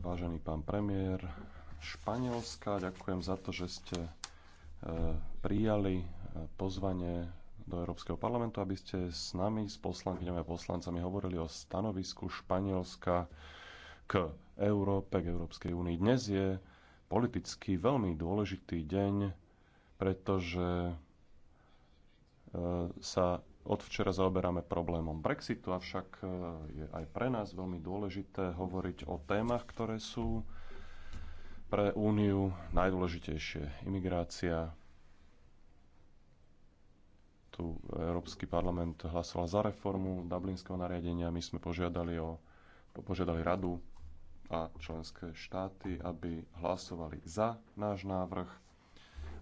Vážený pán premiér Španielska, ďakujem za to, že ste e, prijali e, pozvanie do Európskeho parlamentu, aby ste s nami, s poslankyňami a poslancami hovorili o stanovisku Španielska k Európe, k Európskej únii. Dnes je politicky veľmi dôležitý deň, pretože e, sa od včera zaoberáme problémom Brexitu, avšak e, je aj pre nás veľmi dôležité hovoriť o témach, ktoré sú pre Úniu najdôležitejšie. Imigrácia. Tu Európsky parlament hlasoval za reformu Dublinského nariadenia. My sme požiadali, o, požiadali radu a členské štáty, aby hlasovali za náš návrh.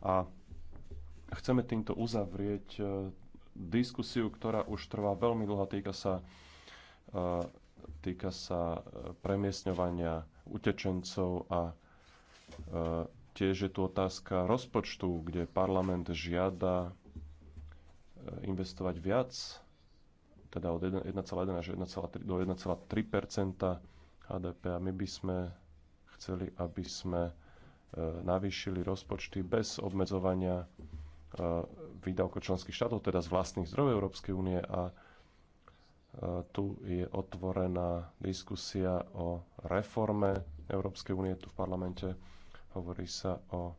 A chceme týmto uzavrieť e, diskusiu, ktorá už trvá veľmi dlho, týka sa, e, týka sa e, premiesňovania utečencov a e, tiež je tu otázka rozpočtu, kde parlament žiada investovať viac, teda od 1,1 až 1,3 do 1,3 HDP a my by sme chceli, aby sme navýšili rozpočty bez obmedzovania Eh, výdavkov členských štátov, teda z vlastných zdrojov Európskej únie a eh, tu je otvorená diskusia o reforme Európskej únie tu v parlamente. Hovorí sa o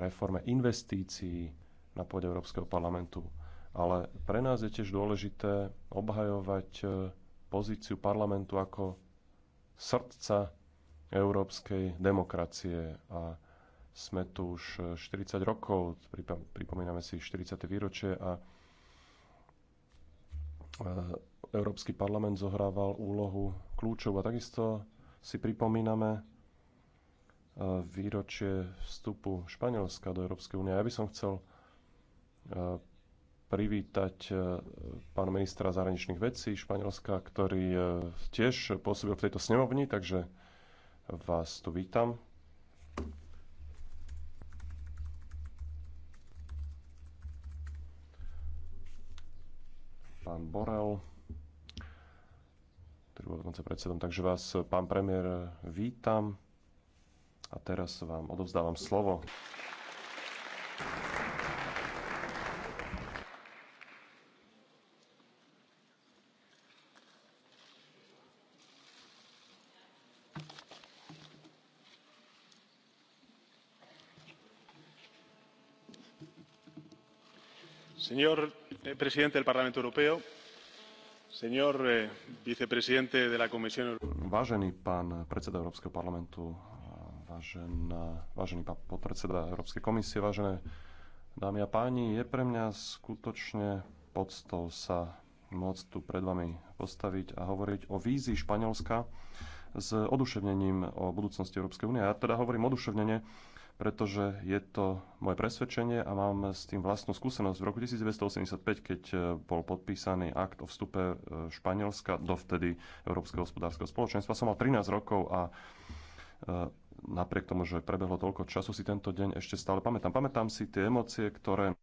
reforme investícií na pôde Európskeho parlamentu. Ale pre nás je tiež dôležité obhajovať eh, pozíciu parlamentu ako srdca európskej demokracie a sme tu už 40 eh, rokov, pripomíname si 40. výročie a eh, Európsky parlament zohrával úlohu kľúčov a takisto si pripomíname eh, výročie vstupu Španielska do Európskej únie. Ja by som chcel privítať pána ministra zahraničných vecí Španielska, ktorý tiež pôsobil v tejto snemovni, takže vás tu vítam. pán Borel, ktorý bol dokonca predsedom. Takže vás, pán premiér, vítam a teraz vám odovzdávam slovo. Señor Eh, presidente del Parlamento Europeo, señor eh, vicepresidente de la Comisión Vážený pán predseda Európskeho parlamentu, eh, vážený pán podpredseda Európskej komisie, vážené dámy a páni, je pre mňa skutočne podstou sa môcť tu pred vami postaviť a hovoriť o vízii Španielska s oduševnením o budúcnosti Európskej únie. Ja teda hovorím oduševnenie, pretože je to moje presvedčenie a mám s tým vlastnú skúsenosť. V roku 1985, keď e, bol podpísaný akt o vstupe e, Španielska do vtedy Európskeho hospodárskeho spoločenstva, som mal 13 rokov a e, napriek tomu, že prebehlo toľko času, si tento deň ešte stále pamätám. Pamätám si tie emócie, ktoré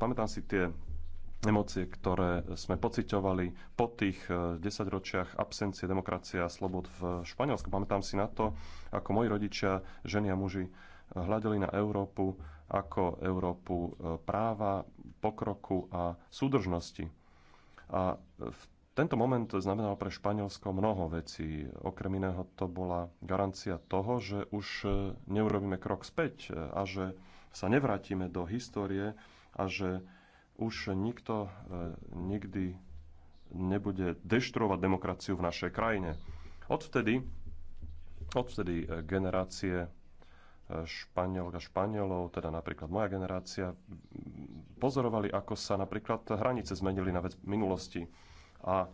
pamätám si tie emócie, ktoré sme pociťovali po tých eh, desaťročiach absencie demokracie a slobod v Španielsku. Pamätám si na to, ako moji rodičia, ženy a muži, eh, hľadeli na Európu ako Európu eh, práva, pokroku a súdržnosti. A v tento moment znamenal pre Španielsko mnoho vecí. Okrem iného to bola garancia toho, že už neurobíme krok späť a že sa nevrátime do histórie a že už nikto e, nikdy nebude deštruovať demokraciu v našej krajine. Odvtedy, odvtedy e, generácie e, Španielok a Španielov, teda napríklad moja generácia, pozorovali, ako sa napríklad hranice zmenili na vec minulosti a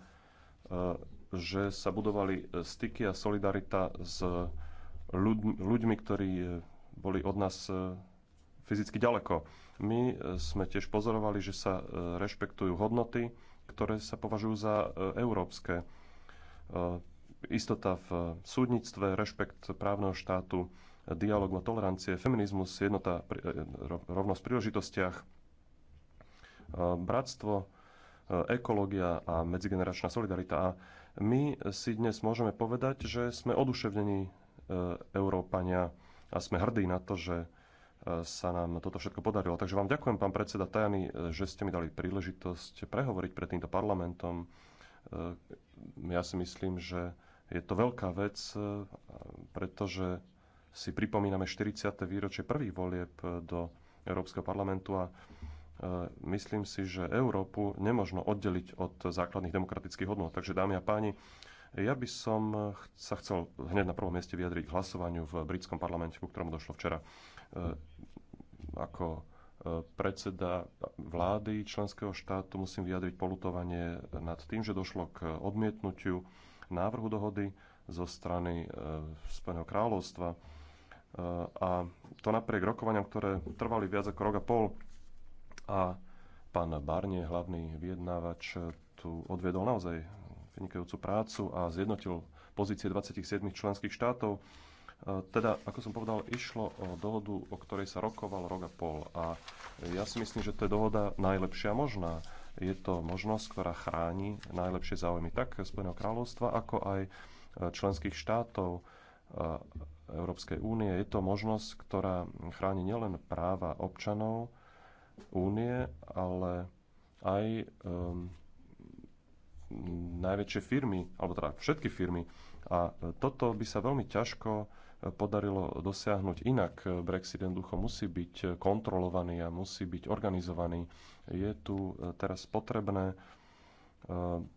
že sa budovali styky a solidarita s ľuďmi, ktorí boli od nás fyzicky ďaleko. My e, sme tiež pozorovali, že sa e, rešpektujú hodnoty, ktoré sa považujú za e, európske. Istota v súdnictve, rešpekt právneho štátu, dialog a tolerancie, feminizmus, jednota, rovnosť v príležitostiach, bratstvo, ekológia a medzigeneračná solidarita. A my si dnes môžeme povedať, že sme oduševnení Európania a sme hrdí na to, že sa nám toto všetko podarilo. Takže vám ďakujem, pán predseda Tajany, že ste mi dali príležitosť prehovoriť pred týmto parlamentom. E, ja si myslím, že je to veľká vec, e, pretože si pripomíname 40. výročie prvých volieb do Európskeho parlamentu a e, myslím si, že Európu nemožno oddeliť od základných demokratických hodnot. Takže dámy a páni, ja by som sa chcel hneď na prvom mieste vyjadriť k hlasovaniu v britskom parlamente, ku ktorému došlo včera. E, ako e, predseda vlády členského štátu musím vyjadriť polutovanie nad tým, že došlo k odmietnutiu návrhu dohody zo strany e, Spojeného kráľovstva. A to napriek rokovaniam, ktoré trvali viac ako rok a pol. A pán Barnie, hlavný vyjednávač, tu odviedol naozaj vynikajúcu prácu a zjednotil pozície 27 členských štátov E, teda, ako som povedal, išlo o dohodu, o ktorej sa rokoval rok a pol. A ja si myslím, že to je dohoda najlepšia možná. Je to možnosť, ktorá chráni najlepšie záujmy tak Spojeného kráľovstva, ako aj e, členských štátov e, Európskej únie. Je to možnosť, ktorá chráni nielen práva občanov únie, ale aj um, najväčšie firmy, alebo teda všetky firmy. A toto by sa veľmi ťažko podarilo dosiahnuť inak. Eh, Brexit jednoducho musí byť eh, kontrolovaný a musí byť organizovaný. Je tu eh, teraz potrebné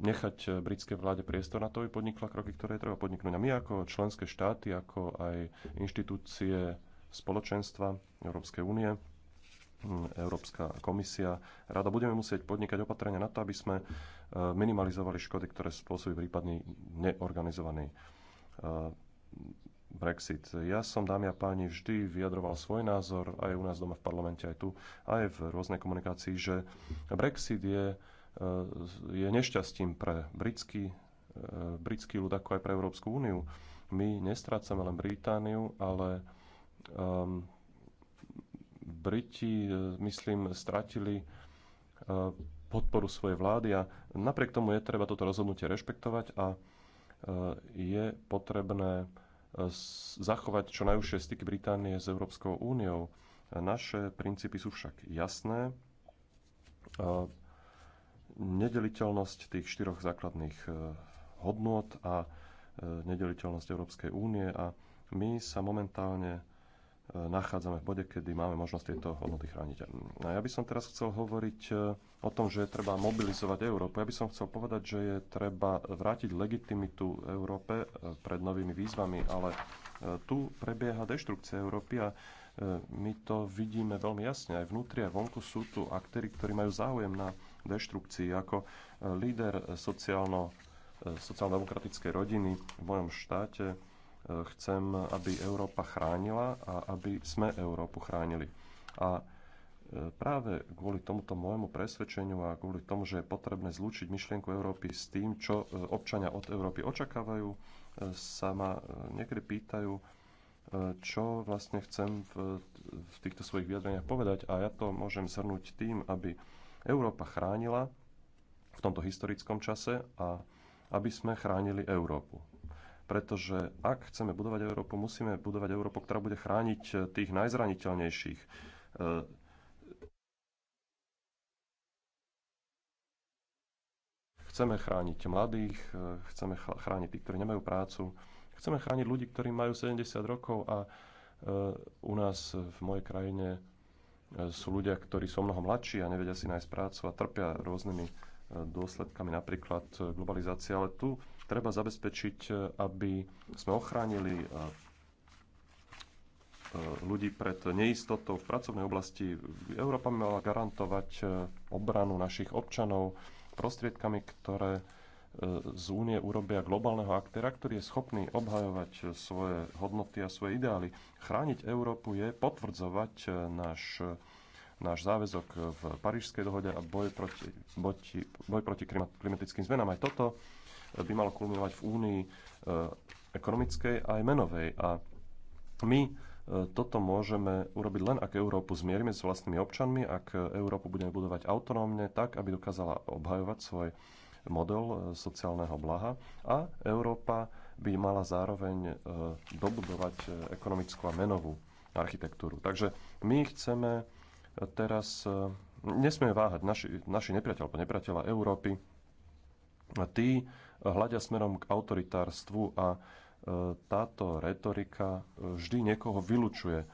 nechať britskej vláde priestor na to, aby podnikla kroky, ktoré treba podniknúť. A my ako členské štáty, ako aj inštitúcie spoločenstva Európskej únie, hm, Európska komisia, rada budeme musieť podnikať opatrenia na to, aby sme minimalizovali škody, ktoré spôsobí prípadný neorganizovaný Brexit. Ja som, dámy a páni, vždy vyjadroval svoj názor aj u nás doma v parlamente, aj tu, aj v rôznej komunikácii, že Brexit je, e, je nešťastím pre britský, e, britský ľud, ako aj pre Európsku úniu. My nestrácame len Britániu, ale um, Briti, e, myslím, stratili uh, podporu svojej vlády a napriek tomu je treba toto rozhodnutie rešpektovať a uh, je potrebné zachovať čo najúžšie styky Británie s Európskou úniou. Naše princípy sú však jasné. Nedeliteľnosť tých štyroch základných e, hodnôt a e, nedeliteľnosť Európskej únie a my sa momentálne E, nachádzame v bode, kedy máme možnosť tieto hodnoty chrániť. A ja by som teraz chcel hovoriť e, o tom, že je treba mobilizovať Európu. Ja by som chcel povedať, že je treba vrátiť legitimitu Európe e, pred novými výzvami, ale tu prebieha deštrukcia Európy a my to vidíme veľmi jasne. Aj vnútri, aj vonku sú tu aktéry, ktorí majú záujem na deštrukcii. Ako líder sociálno, sociálno-demokratickej rodiny v mojom štáte E, chcem, aby Európa chránila a aby sme Európu chránili. A e, práve kvôli tomuto môjmu presvedčeniu a kvôli tomu, že je potrebné zlúčiť myšlienku Európy s tým, čo e, občania od Európy očakávajú, sa ma niekedy pýtajú, čo vlastne chcem v, týchto svojich vyjadreniach povedať a ja to môžem zhrnúť tým, aby Európa chránila v tomto historickom čase a aby sme chránili Európu pretože ak chceme budovať Európu, musíme budovať Európu, ktorá bude chrániť eh, tých najzraniteľnejších. Eh, chceme chrániť mladých, eh, chceme chrániť tých, ktorí nemajú prácu, chceme chrániť ľudí, ktorí majú 70 rokov a u nás v mojej krajine sú ľudia, ktorí sú mnoho mladší a nevedia si nájsť prácu a trpia rôznymi dôsledkami, napríklad globalizácie. Ale tu treba zabezpečiť, e, aby sme ochránili e, e, ľudí pred neistotou v pracovnej oblasti. Európa by mala garantovať obranu našich občanov prostriedkami, ktoré z únie urobia globálneho aktéra, ktorý je schopný obhajovať svoje hodnoty a svoje ideály. Chrániť Európu je potvrdzovať náš, náš záväzok v Parížskej dohode a boj proti, boj, boj proti klimatickým zmenám. Aj toto by malo kulminovať v únii e, ekonomickej a aj menovej. A my e, toto môžeme urobiť len, ak Európu zmierime s vlastnými občanmi, ak Európu budeme budovať autonómne, tak, aby dokázala obhajovať svoj model e, sociálneho blaha a Európa by mala zároveň dobudovať ekonomickú a menovú architektúru. Takže my chceme teraz, nesmieme váhať, naši, naši nepriateľ, nepriateľa Európy, tí hľadia smerom k autoritárstvu a e, táto retorika e, vždy niekoho vylučuje. E,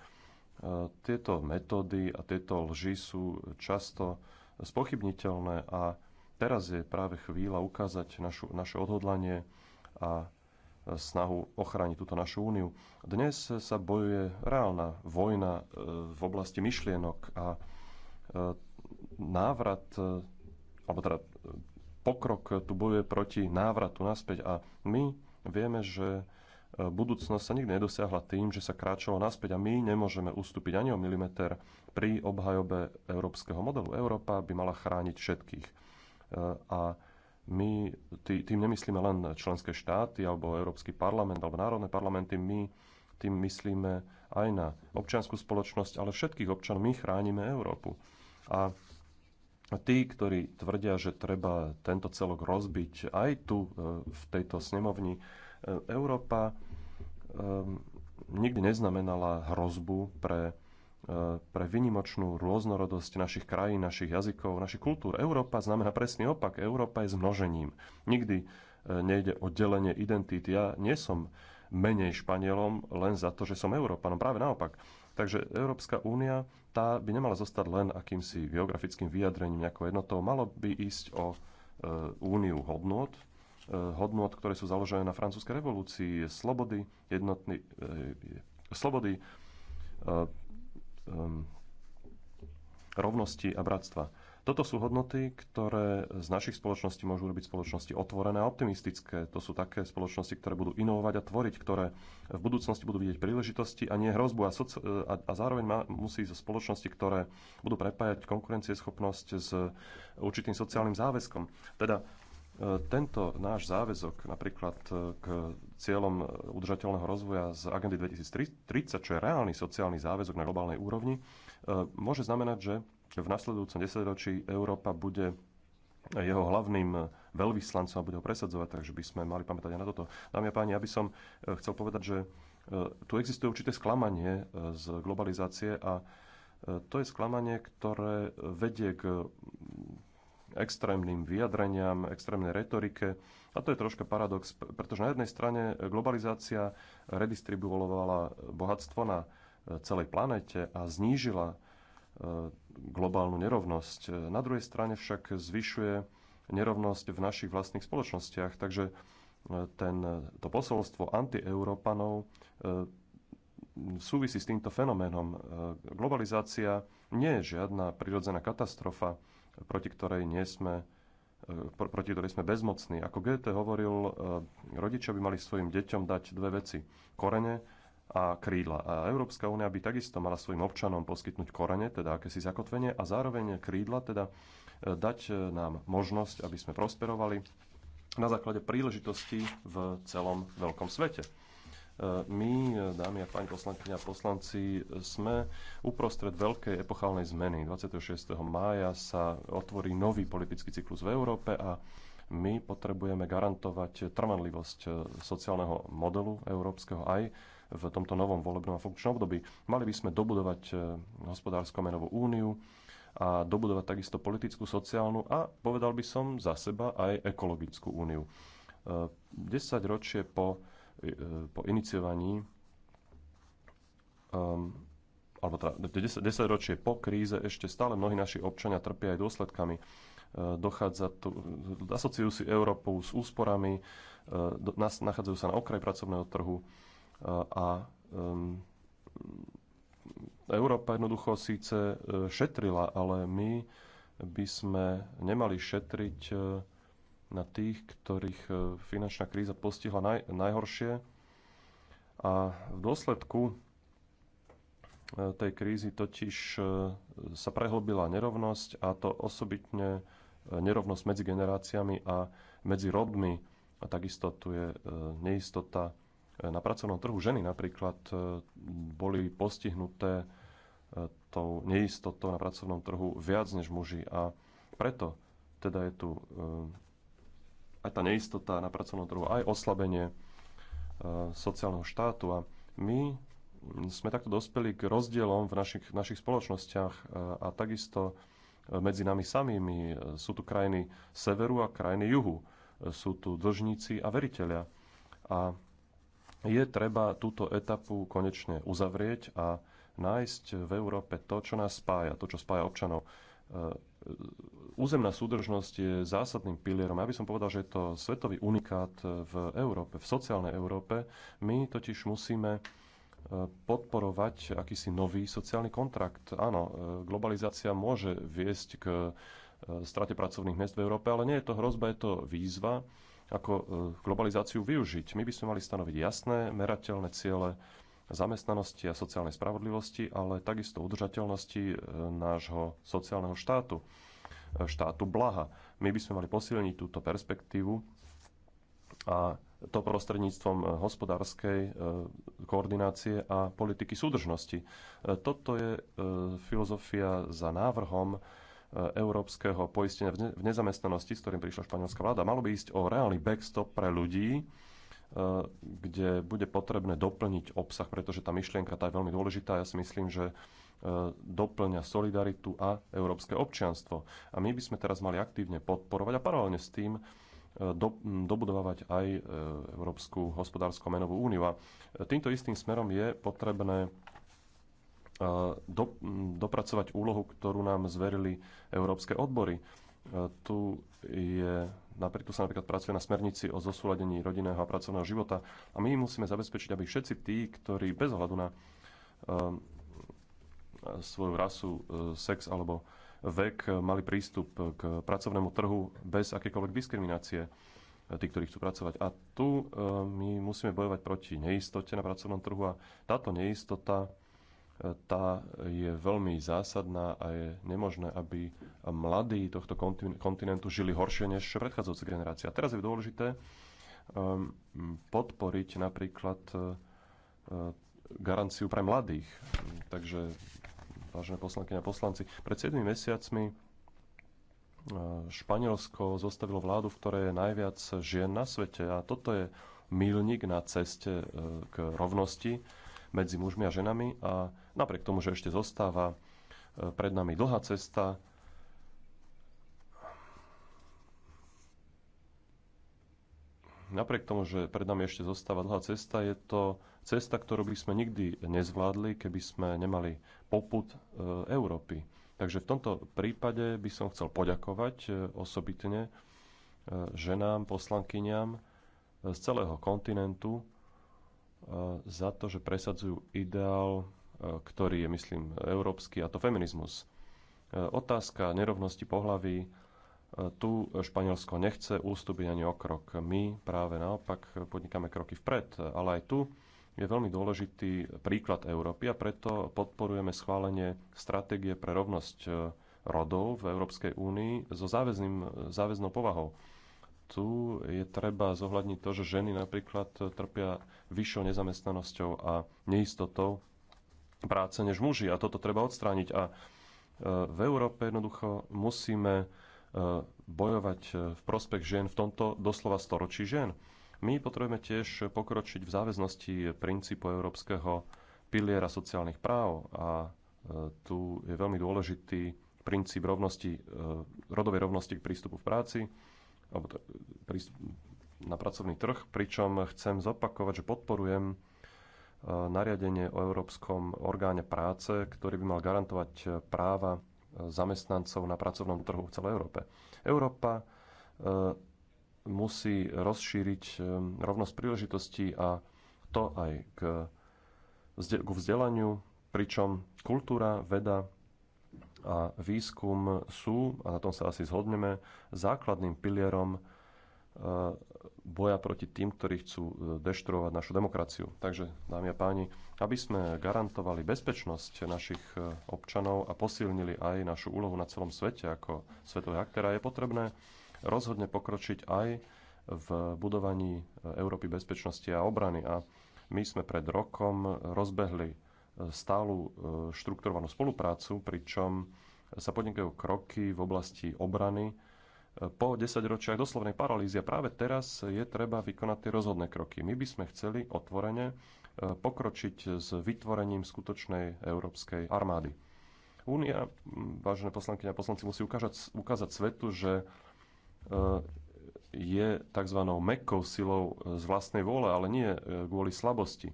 tieto metódy a tieto lži sú často spochybniteľné a teraz je práve chvíľa ukázať našu, naše odhodlanie a snahu ochrániť túto našu úniu. Dnes sa bojuje reálna vojna v oblasti myšlienok a návrat, alebo teda pokrok e, tu bojuje proti návratu naspäť a my vieme, že e, budúcnosť sa nikdy nedosiahla tým, že sa kráčalo naspäť a my nemôžeme ustúpiť ani o milimeter pri obhajobe európskeho modelu. Európa by mala chrániť všetkých. E, a my tým nemyslíme len členské štáty alebo Európsky parlament alebo národné parlamenty, my tým myslíme aj na občianskú spoločnosť, ale všetkých občanov my chránime Európu. A tí, ktorí tvrdia, že treba tento celok rozbiť aj tu e, v tejto snemovni, e, Európa e, nikdy neznamenala hrozbu pre, pre vynimočnú rôznorodosť našich krajín, našich jazykov, našich kultúr. Európa znamená presný opak. Európa je zmnožením. Nikdy nejde o delenie identity. Ja nie som menej Španielom len za to, že som Európanom. Práve naopak. Takže Európska únia tá by nemala zostať len akýmsi geografickým vyjadrením ako jednotou. Malo by ísť o e, úniu hodnot, e, hodnot, ktoré sú založené na francúzskej revolúcii, slobody, jednotný, e, slobody, e, e, rovnosti a bratstva. Toto sú hodnoty, ktoré z našich spoločností môžu robiť spoločnosti otvorené a optimistické. To sú také spoločnosti, ktoré budú inovovať a tvoriť, ktoré v budúcnosti budú vidieť príležitosti a nie hrozbu. A, soci- a, a zároveň ma- musí zo spoločnosti, ktoré budú prepájať konkurencieschopnosť s určitým sociálnym záväzkom. Teda e, tento náš záväzok napríklad e, k cieľom e, udržateľného rozvoja z agendy 2030, čo je reálny sociálny záväzok na globálnej úrovni, môže znamenať, že v nasledujúcom desaťročí Európa bude jeho hlavným veľvyslancom a bude ho presadzovať, takže by sme mali pamätať aj na toto. Dámy a páni, ja by som eh, chcel povedať, že eh, tu existuje určité sklamanie eh, z globalizácie a to je sklamanie, ktoré vedie k mm, extrémnym vyjadreniam, extrémnej retorike. A to je troška paradox, pretože na jednej strane globalizácia redistribuovala bohatstvo na celej planete a znížila globálnu nerovnosť. Na druhej strane však zvyšuje nerovnosť v našich vlastných spoločnostiach. Takže e, ten, to posolstvo antieurópanov e, súvisí s týmto fenoménom. E, globalizácia nie je žiadna prirodzená katastrofa, proti ktorej nie sme proti ktorej sme bezmocní. Ako GT hovoril, rodičia by mali svojim deťom dať dve veci. Korene a krídla. A Európska únia by takisto mala svojim občanom poskytnúť korene, teda akési zakotvenie a zároveň krídla, teda e, dať e, nám možnosť, aby sme prosperovali na základe príležitostí v celom veľkom svete. E, my, dámy a páni poslankyňa a poslanci, sme uprostred veľkej epochálnej zmeny. 26. mája sa otvorí nový politický cyklus v Európe a my potrebujeme garantovať trvanlivosť sociálneho modelu európskeho aj v tomto novom volebnom a funkčnom období. Mali by sme dobudovať e, hospodársko-menovú úniu a dobudovať takisto politickú, sociálnu a povedal by som za seba aj ekologickú úniu. E, desať ročie po, e, po iniciovaní um, alebo teda 10, 10 ročie po kríze ešte stále mnohí naši občania trpia aj dôsledkami. E, dochádza tu, asociujú si Európu s úsporami, e, do, nas, nachádzajú sa na okraj pracovného trhu, a um, Európa jednoducho síce e, šetrila, ale my by sme nemali šetriť e, na tých, ktorých e, finančná kríza postihla naj, najhoršie. A v dôsledku tej krízy totiž sa prehlbila nerovnosť a to osobitne nerovnosť medzi generáciami a medzi rodmi. A takisto tu je neistota na pracovnom trhu ženy napríklad e, boli postihnuté e, tou neistotou na pracovnom trhu viac než muži a preto teda je tu e, aj tá neistota na pracovnom trhu, aj oslabenie sociálneho štátu a my sme takto dospeli k rozdielom v našich, našich spoločnostiach a takisto medzi nami samými. Sú tu krajiny severu a krajiny juhu. Sú tu dlžníci a veriteľia. A je treba túto etapu konečne uzavrieť a nájsť v Európe to, čo nás spája, to, čo spája občanov. E, územná súdržnosť je zásadným pilierom. Ja by som povedal, že je to svetový unikát v Európe, v sociálnej Európe. My totiž musíme e, podporovať akýsi nový sociálny kontrakt. Áno, e, globalizácia môže viesť k strate pracovných miest v Európe, ale nie je to hrozba, je to výzva ako e, globalizáciu využiť. My by sme mali stanoviť jasné, merateľné ciele zamestnanosti a sociálnej spravodlivosti, ale takisto udržateľnosti e, nášho sociálneho štátu, e, štátu blaha. My by sme mali posilniť túto perspektívu a to prostredníctvom hospodárskej koordinácie a politiky súdržnosti. Toto je filozofia za návrhom európskeho poistenia v nezamestnanosti, s ktorým prišla španielská vláda. Malo by ísť o reálny backstop pre ľudí, e, kde bude potrebné doplniť obsah, pretože tá myšlienka tá je veľmi dôležitá. Ja si myslím, že e, doplňa solidaritu a európske občianstvo. A my by sme teraz mali aktívne podporovať a paralelne s tým e, do, dobudovávať aj Európsku hospodársko-menovú úniu. A týmto istým smerom je potrebné do, dopracovať úlohu, ktorú nám zverili európske odbory. Tu, je, tu sa napríklad pracuje na smernici o zosúladení rodinného a pracovného života a my musíme zabezpečiť, aby všetci tí, ktorí bez ohľadu na svoju rasu, e, sex alebo vek e, mali prístup k pracovnému trhu bez akékoľvek diskriminácie e, tí, ktorí chcú pracovať. A tu my musíme bojovať proti neistote na pracovnom trhu a táto neistota tá je veľmi zásadná a je nemožné, aby mladí tohto kontinentu žili horšie než predchádzajúce generácie. A teraz je dôležité um, podporiť napríklad uh, uh, garanciu pre mladých. Takže, vážené poslanky a poslanci, pred 7 mesiacmi uh, Španielsko zostavilo vládu, v ktorej je najviac žien na svete. A toto je milník na ceste k rovnosti medzi mužmi a ženami a napriek tomu, že ešte zostáva e, pred nami dlhá cesta, napriek tomu, že pred nami ešte zostáva dlhá cesta, je to cesta, ktorú by sme nikdy nezvládli, keby sme nemali poput e, Európy. Takže v tomto prípade by som chcel poďakovať e, osobitne ženám, poslankyňam z celého kontinentu, E, za to, že presadzujú ideál, e, ktorý je, myslím, európsky, a to feminizmus. E, otázka nerovnosti pohlaví, tu Španielsko nechce ústupiť ani o krok. My práve naopak podnikáme kroky vpred, ale aj tu je veľmi dôležitý príklad Európy a preto podporujeme schválenie stratégie pre rovnosť rodov v Európskej únii so záväzným, záväznou povahou tu je treba zohľadniť to, že ženy napríklad trpia vyššou nezamestnanosťou a neistotou práce než muži a toto treba odstrániť. A e, v Európe jednoducho musíme e, bojovať e, v prospech žien v tomto doslova storočí žien. My potrebujeme tiež pokročiť v záväznosti princípu európskeho piliera sociálnych práv a tu je veľmi dôležitý princíp rovnosti, rodovej rovnosti k prístupu v práci, alebo na pracovný trh, pričom chcem zopakovať, že podporujem e, nariadenie o Európskom orgáne práce, ktorý by mal garantovať e, práva e, zamestnancov na pracovnom trhu v celej Európe. Európa musí rozšíriť rovnosť príležitostí a to aj k vzdelaniu, pričom kultúra, veda, a výskum sú, a na tom sa asi zhodneme, základným pilierom e, boja proti tým, ktorí chcú e, deštruovať našu demokraciu. Takže, dámy a páni, aby sme garantovali bezpečnosť našich e, občanov a posilnili aj našu úlohu na celom svete ako svetového aktéra, je potrebné rozhodne pokročiť aj v budovaní Európy bezpečnosti a obrany. A my sme pred rokom rozbehli stálu e, štrukturovanú spoluprácu, pričom sa podnikajú kroky v oblasti obrany. E, po 10 ročiach doslovnej paralýzy a práve teraz je treba vykonať tie rozhodné kroky. My by sme chceli otvorene e, pokročiť s vytvorením skutočnej európskej armády. Únia, vážené poslankyne a poslanci, musí ukázať, ukázať svetu, že je tzv. mekou silou z vlastnej vôle, ale nie kvôli slabosti.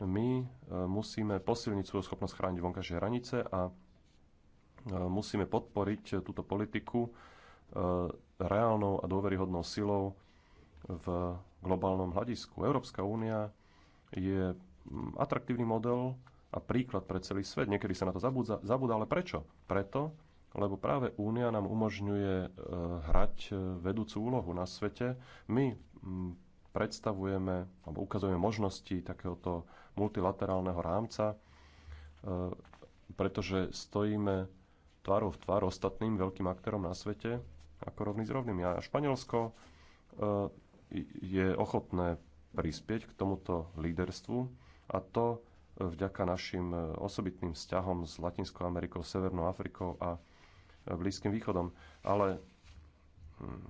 My e, musíme posilniť svoju schopnosť chrániť vonkajšie hranice a e, musíme podporiť túto politiku e, reálnou a dôveryhodnou silou v globálnom hľadisku. Európska únia je atraktívny model a príklad pre celý svet. Niekedy sa na to zabúda, zabúda ale prečo? Preto, lebo práve Únia nám umožňuje hrať vedúcu úlohu na svete. My predstavujeme alebo ukazujeme možnosti takéhoto multilaterálneho rámca, e, pretože stojíme tvárou v tvár ostatným veľkým aktérom na svete ako rovný s rovným. A Španielsko e, je ochotné prispieť k tomuto líderstvu a to e, vďaka našim osobitným vzťahom s Latinskou Amerikou, Severnou Afrikou a Blízkym východom. Ale hm,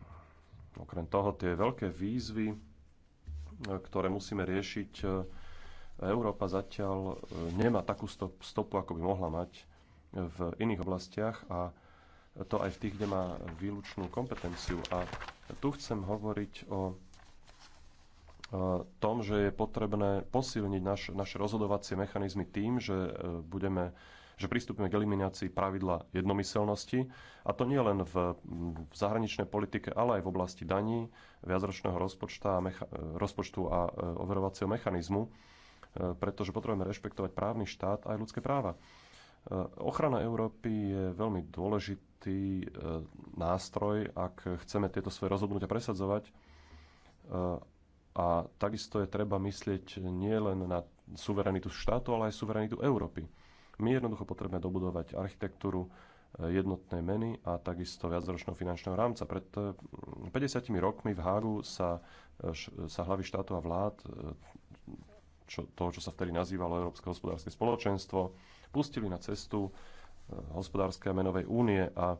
okrem toho tie veľké výzvy ktoré musíme riešiť. E, Európa zatiaľ e, nemá takú stopu, ako by mohla mať e, v iných oblastiach a to aj v tých, kde má výlučnú kompetenciu. A tu chcem hovoriť o tom, že je potrebné posilniť naš, naše rozhodovacie mechanizmy tým, že budeme že pristúpime k eliminácii pravidla jednomyselnosti, a to nie len v, v zahraničnej politike, ale aj v oblasti daní, viacročného rozpočta mecha, rozpočtu a e, overovacieho mechanizmu, e, pretože potrebujeme rešpektovať právny štát a aj ľudské práva. E, ochrana Európy je veľmi dôležitý nástroj, ak chceme tieto svoje rozhodnutia presadzovať. A takisto je treba myslieť nielen na suverenitu štátu, ale aj suverenitu Európy. My jednoducho potrebujeme dobudovať architektúru e, jednotnej meny a takisto viacročného finančného rámca. Pred 50 e, rokmi v Hágu sa, e, sa hlavy štátov a vlád čo, to, čo sa vtedy nazývalo Európske hospodárske spoločenstvo, pustili na cestu hospodárskej a menovej únie a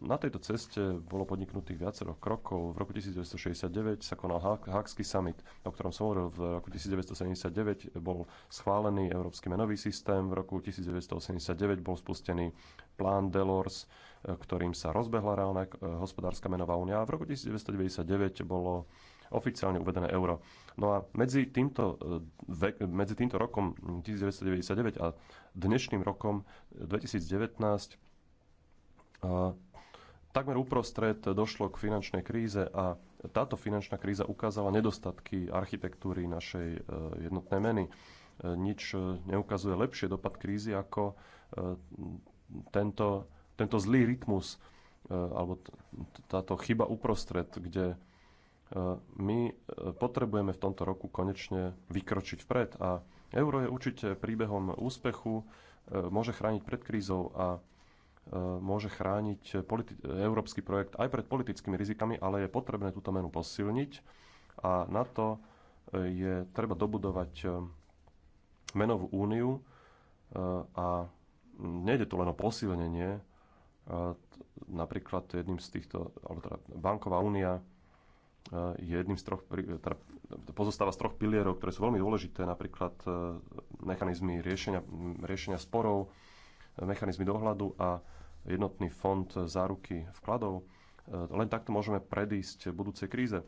na tejto ceste bolo podniknutých viacero krokov. V roku 1969 sa konal Hákský summit, o ktorom som hovoril. V roku 1979 bol schválený Európsky menový systém, v roku 1989 bol spustený plán Delors, e, ktorým sa rozbehla reálna e, hospodárska menová únia a v roku 1999 bolo oficiálne uvedené euro. No a medzi týmto, e, medzi týmto rokom 1999 mm, a dnešným rokom 2019 takmer uprostred došlo k finančnej kríze a táto finančná kríza ukázala nedostatky architektúry našej e, jednotnej meny. E, nič e, neukazuje lepšie dopad krízy ako tento, tento zlý rytmus alebo táto chyba uprostred, kde my potrebujeme v tomto roku konečne vykročiť vpred. A euro je určite príbehom úspechu, môže chrániť pred krízou a E, môže chrániť európsky projekt aj pred politickými rizikami, ale je potrebné túto menu posilniť a na to e, je treba dobudovať e, menovú úniu a nejde tu len o posilnenie, napríklad jedným z týchto, alebo teda banková únia je jedným z troch, teda pozostáva z troch pilierov, ktoré sú veľmi dôležité, napríklad mechanizmy riešenia, riešenia sporov, mechanizmy dohľadu a jednotný fond záruky vkladov. E, len takto môžeme predísť budúcej kríze. E,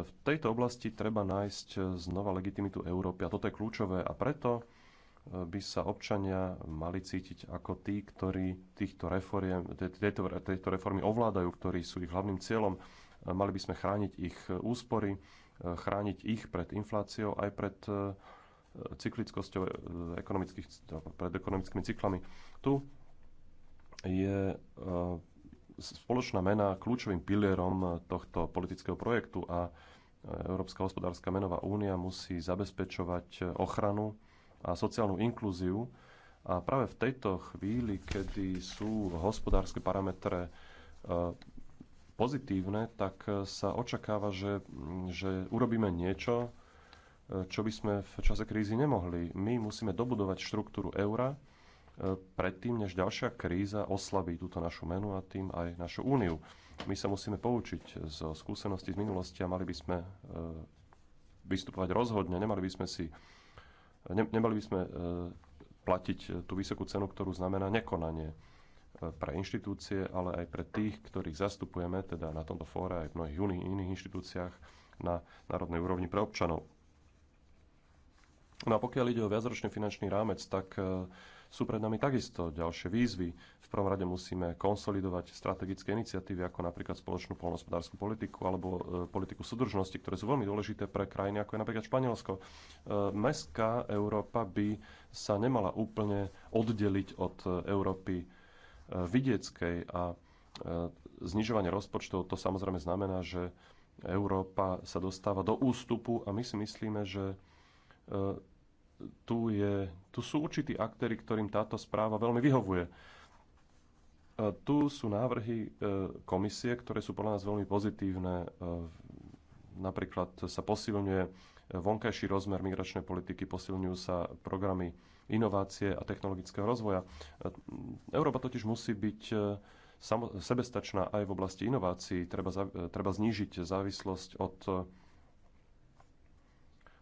v tejto oblasti treba nájsť znova legitimitu Európy a toto je kľúčové a preto e, by sa občania mali cítiť ako tí, ktorí týchto reforiem, tejto, tejto reformy ovládajú, ktorí sú ich hlavným cieľom. Mali by sme chrániť ich úspory, chrániť ich pred infláciou aj pred cyklickosťou ekonomických, pred ekonomickými cyklami. Tu je e, spoločná mena kľúčovým pilierom tohto politického projektu a e, Európska hospodárska menová únia musí zabezpečovať e, ochranu a sociálnu inklúziu. A práve v tejto chvíli, kedy sú hospodárske parametre pozitívne, tak sa očakáva, že, že urobíme niečo, čo by sme v čase krízy nemohli. My musíme dobudovať štruktúru eura, predtým, než ďalšia kríza oslabí túto našu menu a tým aj našu úniu. My sa musíme poučiť zo skúseností z minulosti a mali by sme e, vystupovať rozhodne, nemali by sme si ne, nemali by sme e, platiť tú vysokú cenu, ktorú znamená nekonanie e, pre inštitúcie, ale aj pre tých, ktorých zastupujeme, teda na tomto fóre aj v mnohých iných inštitúciách na národnej úrovni pre občanov. No a pokiaľ ide o viacročný finančný rámec, tak e, sú pred nami takisto ďalšie výzvy. V prvom rade musíme konsolidovať strategické iniciatívy, ako napríklad spoločnú polnospodárskú politiku alebo e, politiku súdržnosti, ktoré sú veľmi dôležité pre krajiny, ako je napríklad Španielsko. E, mestská Európa by sa nemala úplne oddeliť od Európy vidieckej a znižovanie rozpočtov to samozrejme znamená, že Európa sa dostáva do ústupu a my si myslíme, že tu, je, tu sú určití aktéry, ktorým táto správa veľmi vyhovuje. E, tu sú návrhy e, komisie, ktoré sú podľa nás veľmi pozitívne. E, napríklad sa posilňuje vonkajší rozmer migračnej politiky, posilňujú sa programy inovácie a technologického rozvoja. Európa totiž musí byť sebestačná aj v oblasti inovácií. Treba, treba znížiť závislosť od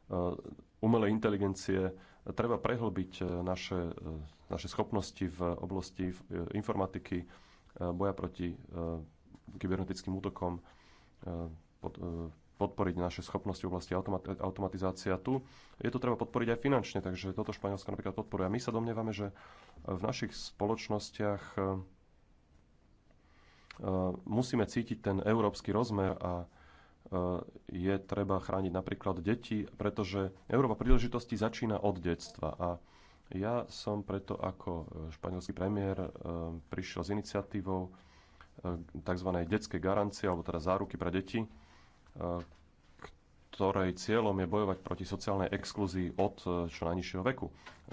Eh, umelej inteligencie. Treba prehlbiť eh, naše, eh, naše schopnosti v oblasti informatiky, boja proti kybernetickým útokom, pod, podporiť naše schopnosti v oblasti automatizácie. A tu je to treba podporiť aj finančne, takže toto Španielsko napríklad podporuje. A my sa domnievame, že v našich spoločnostiach musíme cítiť ten európsky rozmer a E, je treba chrániť napríklad deti, pretože Európa príležitosti začína od detstva. A ja som preto ako e, španielský premiér e, prišiel s iniciatívou tzv. detskej garancie, alebo teda záruky pre deti, ktorej cieľom je bojovať proti sociálnej exklúzii od čo najnižšieho veku.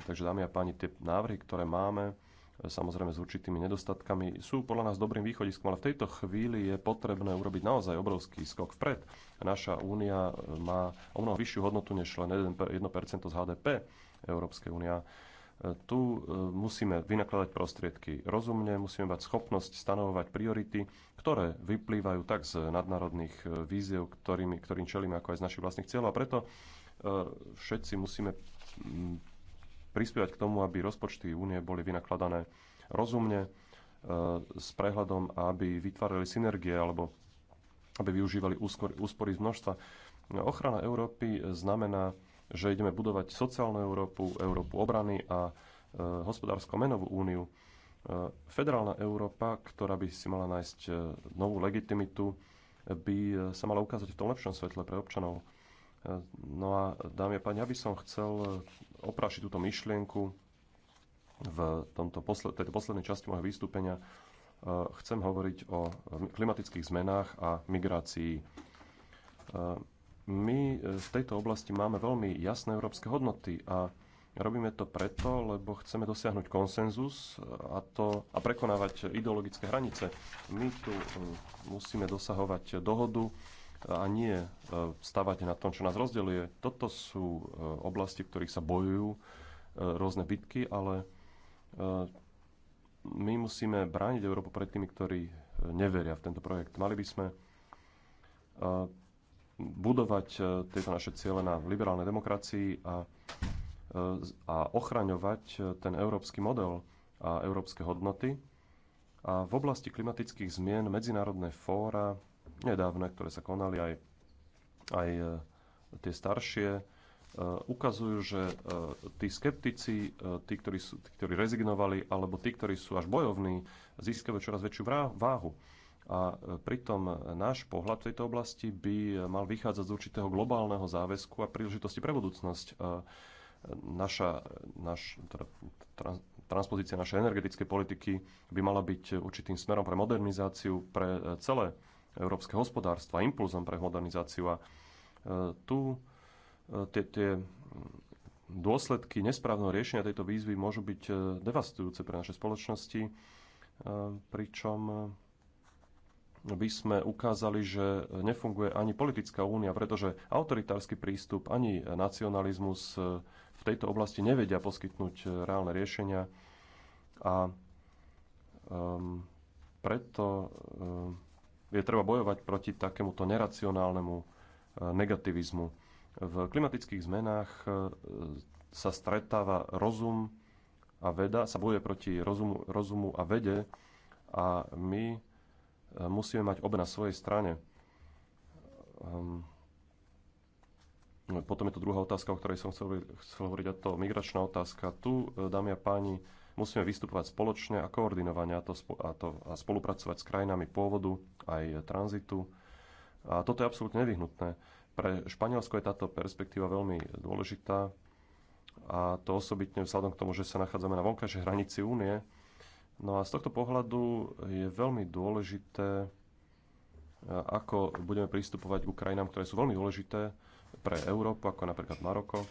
Takže, dámy a páni, tie návrhy, ktoré máme, samozrejme s určitými nedostatkami, sú podľa nás dobrým východiskom, ale v tejto chvíli je potrebné urobiť naozaj obrovský skok vpred. Naša únia má o mnoho vyššiu hodnotu než len 1% z HDP Európskej únia. E, tu e, musíme vynakladať prostriedky rozumne, musíme mať schopnosť stanovovať priority, ktoré vyplývajú tak z nadnárodných e, víziev, ktorým čelíme, ako aj z našich vlastných cieľov. A preto všetci musíme prispievať k tomu, aby rozpočty únie boli vynakladané rozumne, e, s prehľadom aby vytvárali synergie alebo aby využívali úspory z množstva. Ochrana Európy znamená, že ideme budovať sociálnu Európu, Európu obrany a e, hospodársko-menovú úniu. E, federálna Európa, ktorá by si mala nájsť novú legitimitu, by sa mala ukázať v tom lepšom svetle pre občanov. No a dámy a páni, ja by som chcel eh, oprašiť túto myšlienku v tomto posled, tejto poslednej časti môjho vystúpenia. Eh, chcem hovoriť o eh, klimatických zmenách a migrácii. My v tejto oblasti máme veľmi jasné európske hodnoty a Robíme to preto, lebo chceme dosiahnuť konsenzus a, to, a prekonávať ideologické hranice. My tu musíme dosahovať dohodu a nie e, stavať na tom, čo nás rozdeluje. Toto sú e, oblasti, v ktorých sa bojujú e, rôzne bitky, ale my musíme brániť Európu pred tými, ktorí neveria v tento projekt. Mali by sme budovať tieto naše ciele na liberálnej demokracii a, a ochraňovať ten európsky model a európske hodnoty. A v oblasti klimatických zmien medzinárodné fóra nedávne, ktoré sa konali aj, aj e, tie staršie, e, ukazujú, že e, tí skeptici, tí ktorí, sú, tí, ktorí rezignovali, alebo tí, ktorí sú až bojovní, získajú čoraz väčšiu váhu. A pritom náš pohľad v tejto oblasti by mal vychádzať z určitého globálneho záväzku a príležitosti pre budúcnosť. Naša, naš, teda, trans, transpozícia našej energetickej politiky by mala byť určitým smerom pre modernizáciu pre celé európske hospodárstva, impulzom pre modernizáciu. A e, tu e, tie, tie dôsledky nesprávneho riešenia tejto výzvy môžu byť e, devastujúce pre naše spoločnosti, pričom by sme ukázali, že nefunguje ani politická únia, pretože autoritársky prístup ani nacionalizmus v tejto oblasti nevedia poskytnúť reálne riešenia. A um, preto um, je treba bojovať proti takémuto neracionálnemu e, negativizmu. V klimatických zmenách e, sa stretáva rozum a veda, sa boje proti rozumu, rozumu a vede a my e, musíme mať obe na svojej strane. Ehm, no, potom je tu druhá otázka, o ktorej som chcel, chcel hovoriť, a to migračná otázka. Tu, dámy a páni, Musíme vystupovať spoločne a koordinovane a, to, a, to, a spolupracovať s krajinami pôvodu aj tranzitu. A toto je absolútne nevyhnutné. Pre Španielsko je táto perspektíva veľmi dôležitá a to osobitne vzhľadom k tomu, že sa nachádzame na vonkajšej hranici únie. No a z tohto pohľadu je veľmi dôležité, e, ako budeme pristupovať k krajinám, ktoré sú veľmi dôležité pre Európu, ako napríklad Maroko e,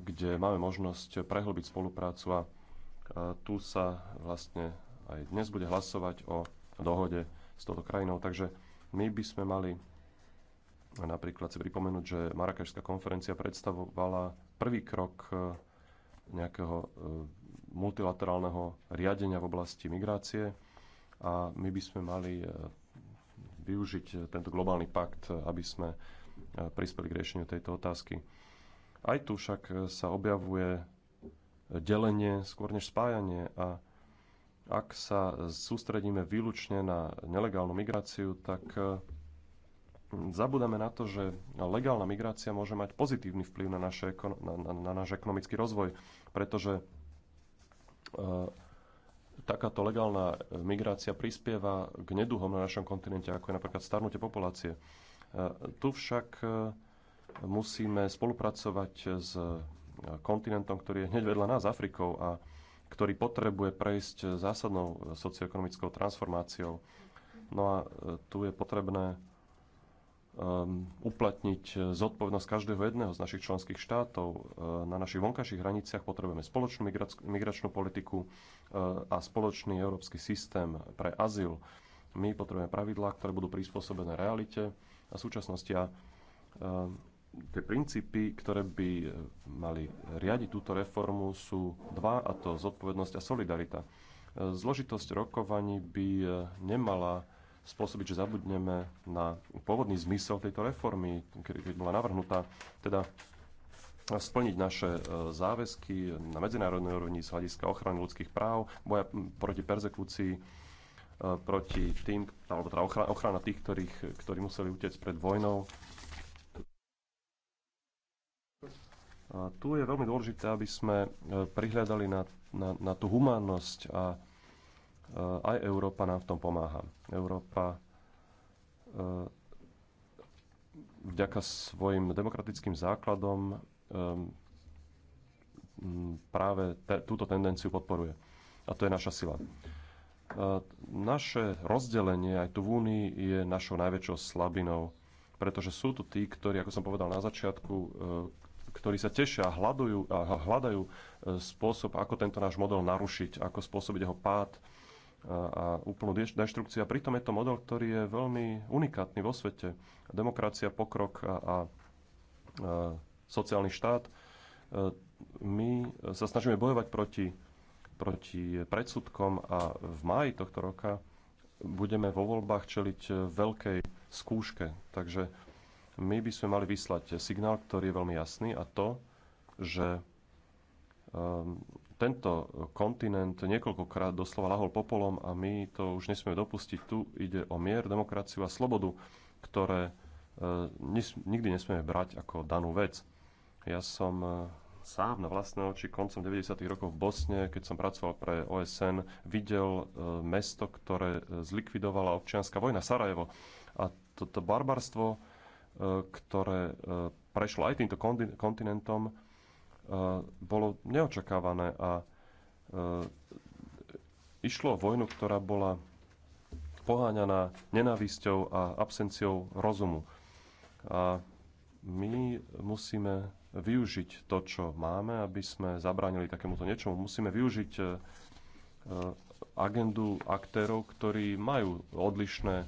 kde máme možnosť prehlbiť spoluprácu a tu sa vlastne aj dnes bude hlasovať o dohode s touto krajinou. Takže my by sme mali napríklad si pripomenúť, že Marrakešská konferencia predstavovala prvý krok e, nejakého e, multilaterálneho riadenia v oblasti migrácie a my by sme mali e, využiť tento globálny pakt, aby sme prispeli k riešeniu tejto otázky. Aj tu však e, sa objavuje delenie skôr než spájanie a ak sa sústredíme výlučne na nelegálnu migráciu, tak e, zabudáme na to, že legálna migrácia môže mať pozitívny vplyv na, naše, na, na, na náš ekonomický rozvoj, pretože e, takáto legálna migrácia prispieva k neduhom na našom kontinente, ako je napríklad starnutie populácie. E, tu však e, musíme spolupracovať s kontinentom, ktorý je hneď vedľa nás, Afrikou, a ktorý potrebuje prejsť zásadnou socioekonomickou transformáciou. No a e, tu je potrebné um, uplatniť zodpovednosť každého jedného z našich členských štátov. E, na našich vonkajších hraniciach potrebujeme spoločnú migračnú politiku a spoločný európsky systém pre azyl. My potrebujeme pravidlá, ktoré budú prispôsobené realite a súčasnosti. A tie princípy, ktoré by eh, mali riadiť túto reformu, sú dva, a to zodpovednosť a solidarita. Eh, zložitosť rokovaní by eh, nemala spôsobiť, že zabudneme na pôvodný zmysel tejto reformy, keď bola navrhnutá, teda splniť naše záväzky na medzinárodnej úrovni z hľadiska ochrany ľudských práv, boja proti persekúcii, proti tým, alebo teda ochrana, ochrana tých, ktorých, ktorí museli utiecť pred vojnou, Tu je veľmi dôležité, aby sme e, prihľadali na, na, na tú humánnosť a e, aj Európa nám v tom pomáha. Európa e, vďaka svojim demokratickým základom práve te, túto tendenciu podporuje. A to je naša sila. Naše rozdelenie aj tu v Únii je našou najväčšou slabinou, pretože sú tu tí, ktorí, ako som povedal na začiatku, ktorí sa tešia a hľadujú, a hľadajú e, spôsob, ako tento náš model narušiť, ako spôsobiť jeho pád e, a úplnú deštrukciu. A pritom je to model, ktorý je veľmi unikátny vo svete. Demokracia, pokrok a, a e, sociálny štát. My sa snažíme bojovať proti, proti predsudkom a v máji tohto roka budeme vo voľbách čeliť veľkej skúške. Takže my by sme mali vyslať signál, ktorý je veľmi jasný a to, že um, tento kontinent niekoľkokrát doslova lahol popolom a my to už nesmieme dopustiť. Tu ide o mier, demokraciu a slobodu, ktoré uh, nes, nikdy nesmieme brať ako danú vec. Ja som uh, sám na vlastné oči koncom 90. rokov v Bosne, keď som pracoval pre OSN, videl uh, mesto, ktoré zlikvidovala občianská vojna Sarajevo. A toto barbarstvo ktoré e, prešlo aj týmto kontinentom, e, bolo neočakávané a e, išlo o vojnu, ktorá bola poháňaná nenávisťou a absenciou rozumu. A my musíme využiť to, čo máme, aby sme zabránili takémuto niečomu. Musíme využiť agendu aktérov, ktorí majú odlišné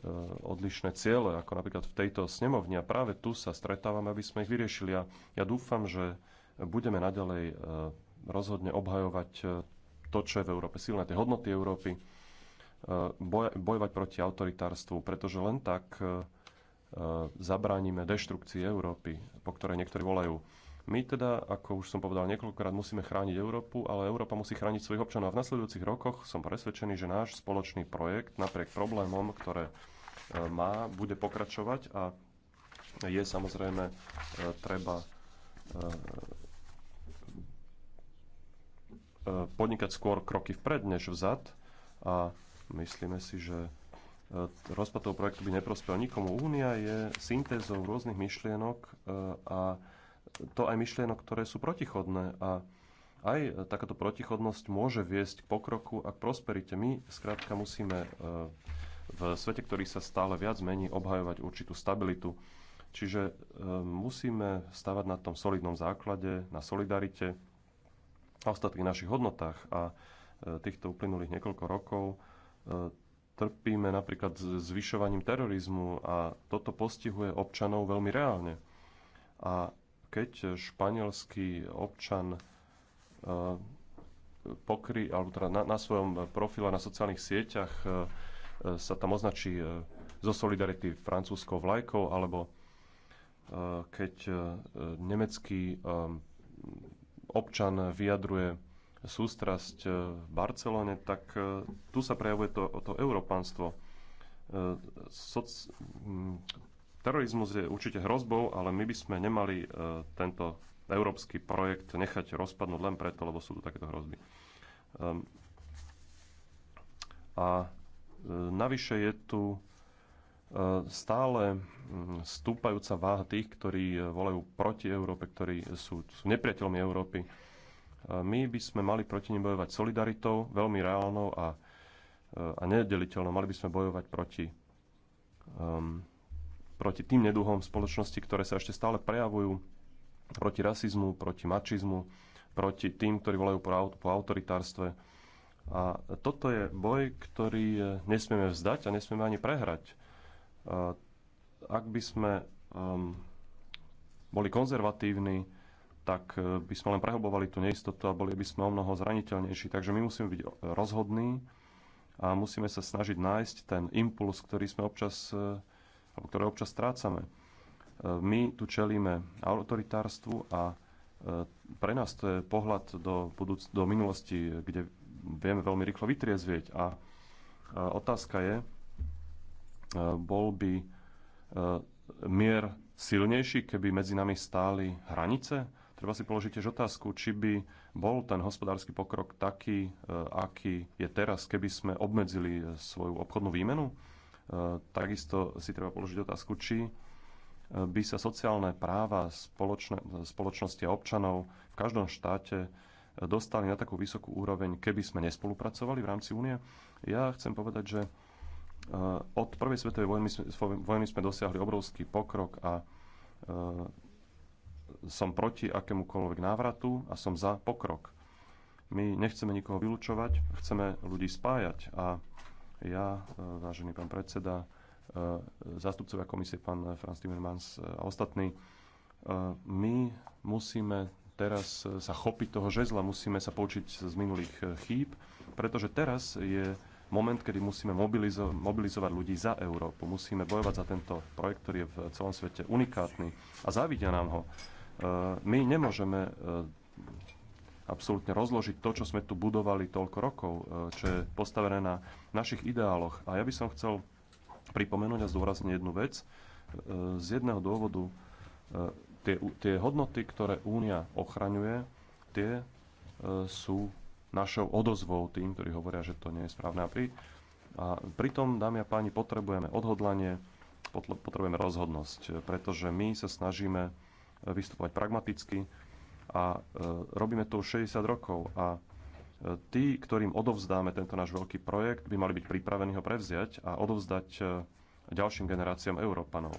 E, odlišné ciele, ako napríklad v tejto snemovni. A práve tu sa stretávame, aby sme ich vyriešili. A ja dúfam, že budeme naďalej e, rozhodne obhajovať e, to, čo je v Európe silné, tie hodnoty Európy, bojovať proti autoritárstvu, pretože len tak zabránime deštrukcii Európy, po ktorej niektorí volajú. My teda, ako už som povedal niekoľkokrát, musíme chrániť Európu, ale Európa musí chrániť svojich občanov. A v nasledujúcich rokoch som presvedčený, že náš spoločný projekt napriek problémom, ktoré e, má, bude pokračovať a je samozrejme e, treba e, podnikať skôr kroky vpred než vzad a myslíme si, že rozpad toho projektu by neprospel nikomu. Únia je syntézou rôznych myšlienok a to aj myšlienok, ktoré sú protichodné. A aj takáto protichodnosť môže viesť k pokroku a k prosperite. My skrátka musíme e, v svete, ktorý sa stále viac mení, obhajovať určitú stabilitu. Čiže e, musíme stavať na tom solidnom základe, na solidarite a ostatných našich hodnotách. A e, týchto uplynulých niekoľko rokov trpíme napríklad zvyšovaním terorizmu a toto postihuje občanov veľmi reálne. A keď španielský občan e, pokry, alebo teda na, na svojom profile na sociálnych sieťach e, e, sa tam označí zo solidarity francúzskou vlajkou, alebo keď nemecký občan vyjadruje sústrasť v Barcelone, tak tu sa prejavuje to, to európanstvo. Soc, Terorizmus je určite hrozbou, ale my by sme nemali e, tento európsky projekt nechať rozpadnúť len preto, lebo sú tu takéto hrozby. Ehm, a e, navyše je tu e, stále stúpajúca váha tých, ktorí volajú proti Európe, ktorí sú, sú nepriateľmi Európy. My by sme mali proti nim bojovať solidaritou, veľmi reálnou a, a nedeliteľnou. Mali by sme bojovať proti um, proti tým neduhom spoločnosti, ktoré sa ešte stále prejavujú, proti rasizmu, proti mačizmu, proti tým, ktorí volajú po, autoritárstve. A toto je boj, ktorý nesmieme vzdať a nesmieme ani prehrať. Ak by sme um, boli konzervatívni, tak e, by sme len prehobovali tú neistotu a boli by sme o mnoho zraniteľnejší. Takže my musíme byť rozhodní a musíme sa snažiť nájsť ten impuls, ktorý sme občas e, ktoré občas strácame. E, my tu čelíme autoritárstvu a e, pre nás to je pohľad do, budúc- do minulosti, kde vieme veľmi rýchlo vytriezvieť. A e, otázka je, bol by mier silnejší, keby medzi nami stáli hranice? Treba si položiť tiež otázku, či by bol ten hospodársky pokrok taký, aký je teraz, keby sme obmedzili svoju obchodnú výmenu. Eh, takisto si treba položiť otázku, či eh, by sa sociálne práva spoločne, spoločnosti a občanov v každom štáte eh, dostali na takú vysokú úroveň, keby sme nespolupracovali v rámci únie. Ja chcem povedať, že od prvej svetovej vojny, vojny sme dosiahli obrovský pokrok a som proti akémukoľvek návratu a som za pokrok. My nechceme nikoho vylúčovať, chceme ľudí spájať a ja, e, vážený pán predseda, e, zástupcovia komisie, pán Franz Timmermans e, a ostatní, my musíme teraz sa chopiť toho žezla, musíme sa poučiť z minulých chýb, pretože teraz je moment, kedy musíme mobilizo- mobilizovať ľudí za Európu. Musíme bojovať za tento projekt, ktorý je v celom svete unikátny a závidia nám ho. My nemôžeme absolútne rozložiť to, čo sme tu budovali toľko rokov, e, čo je postavené na našich ideáloch. A ja by som chcel pripomenúť a zdôrazniť jednu vec. E, z jedného dôvodu e, tie, tie hodnoty, ktoré Únia ochraňuje, tie sú našou odozvou tým, ktorí hovoria, že to nie je správne. A, a pritom, dámy a páni, potrebujeme odhodlanie, potrebujeme rozhodnosť, pretože my sa snažíme vystupovať pragmaticky, a e, robíme to už 60 rokov. A e, tí, ktorým odovzdáme tento náš veľký projekt, by mali byť pripravení ho prevziať a odovzdať e, ďalším generáciám Európanov.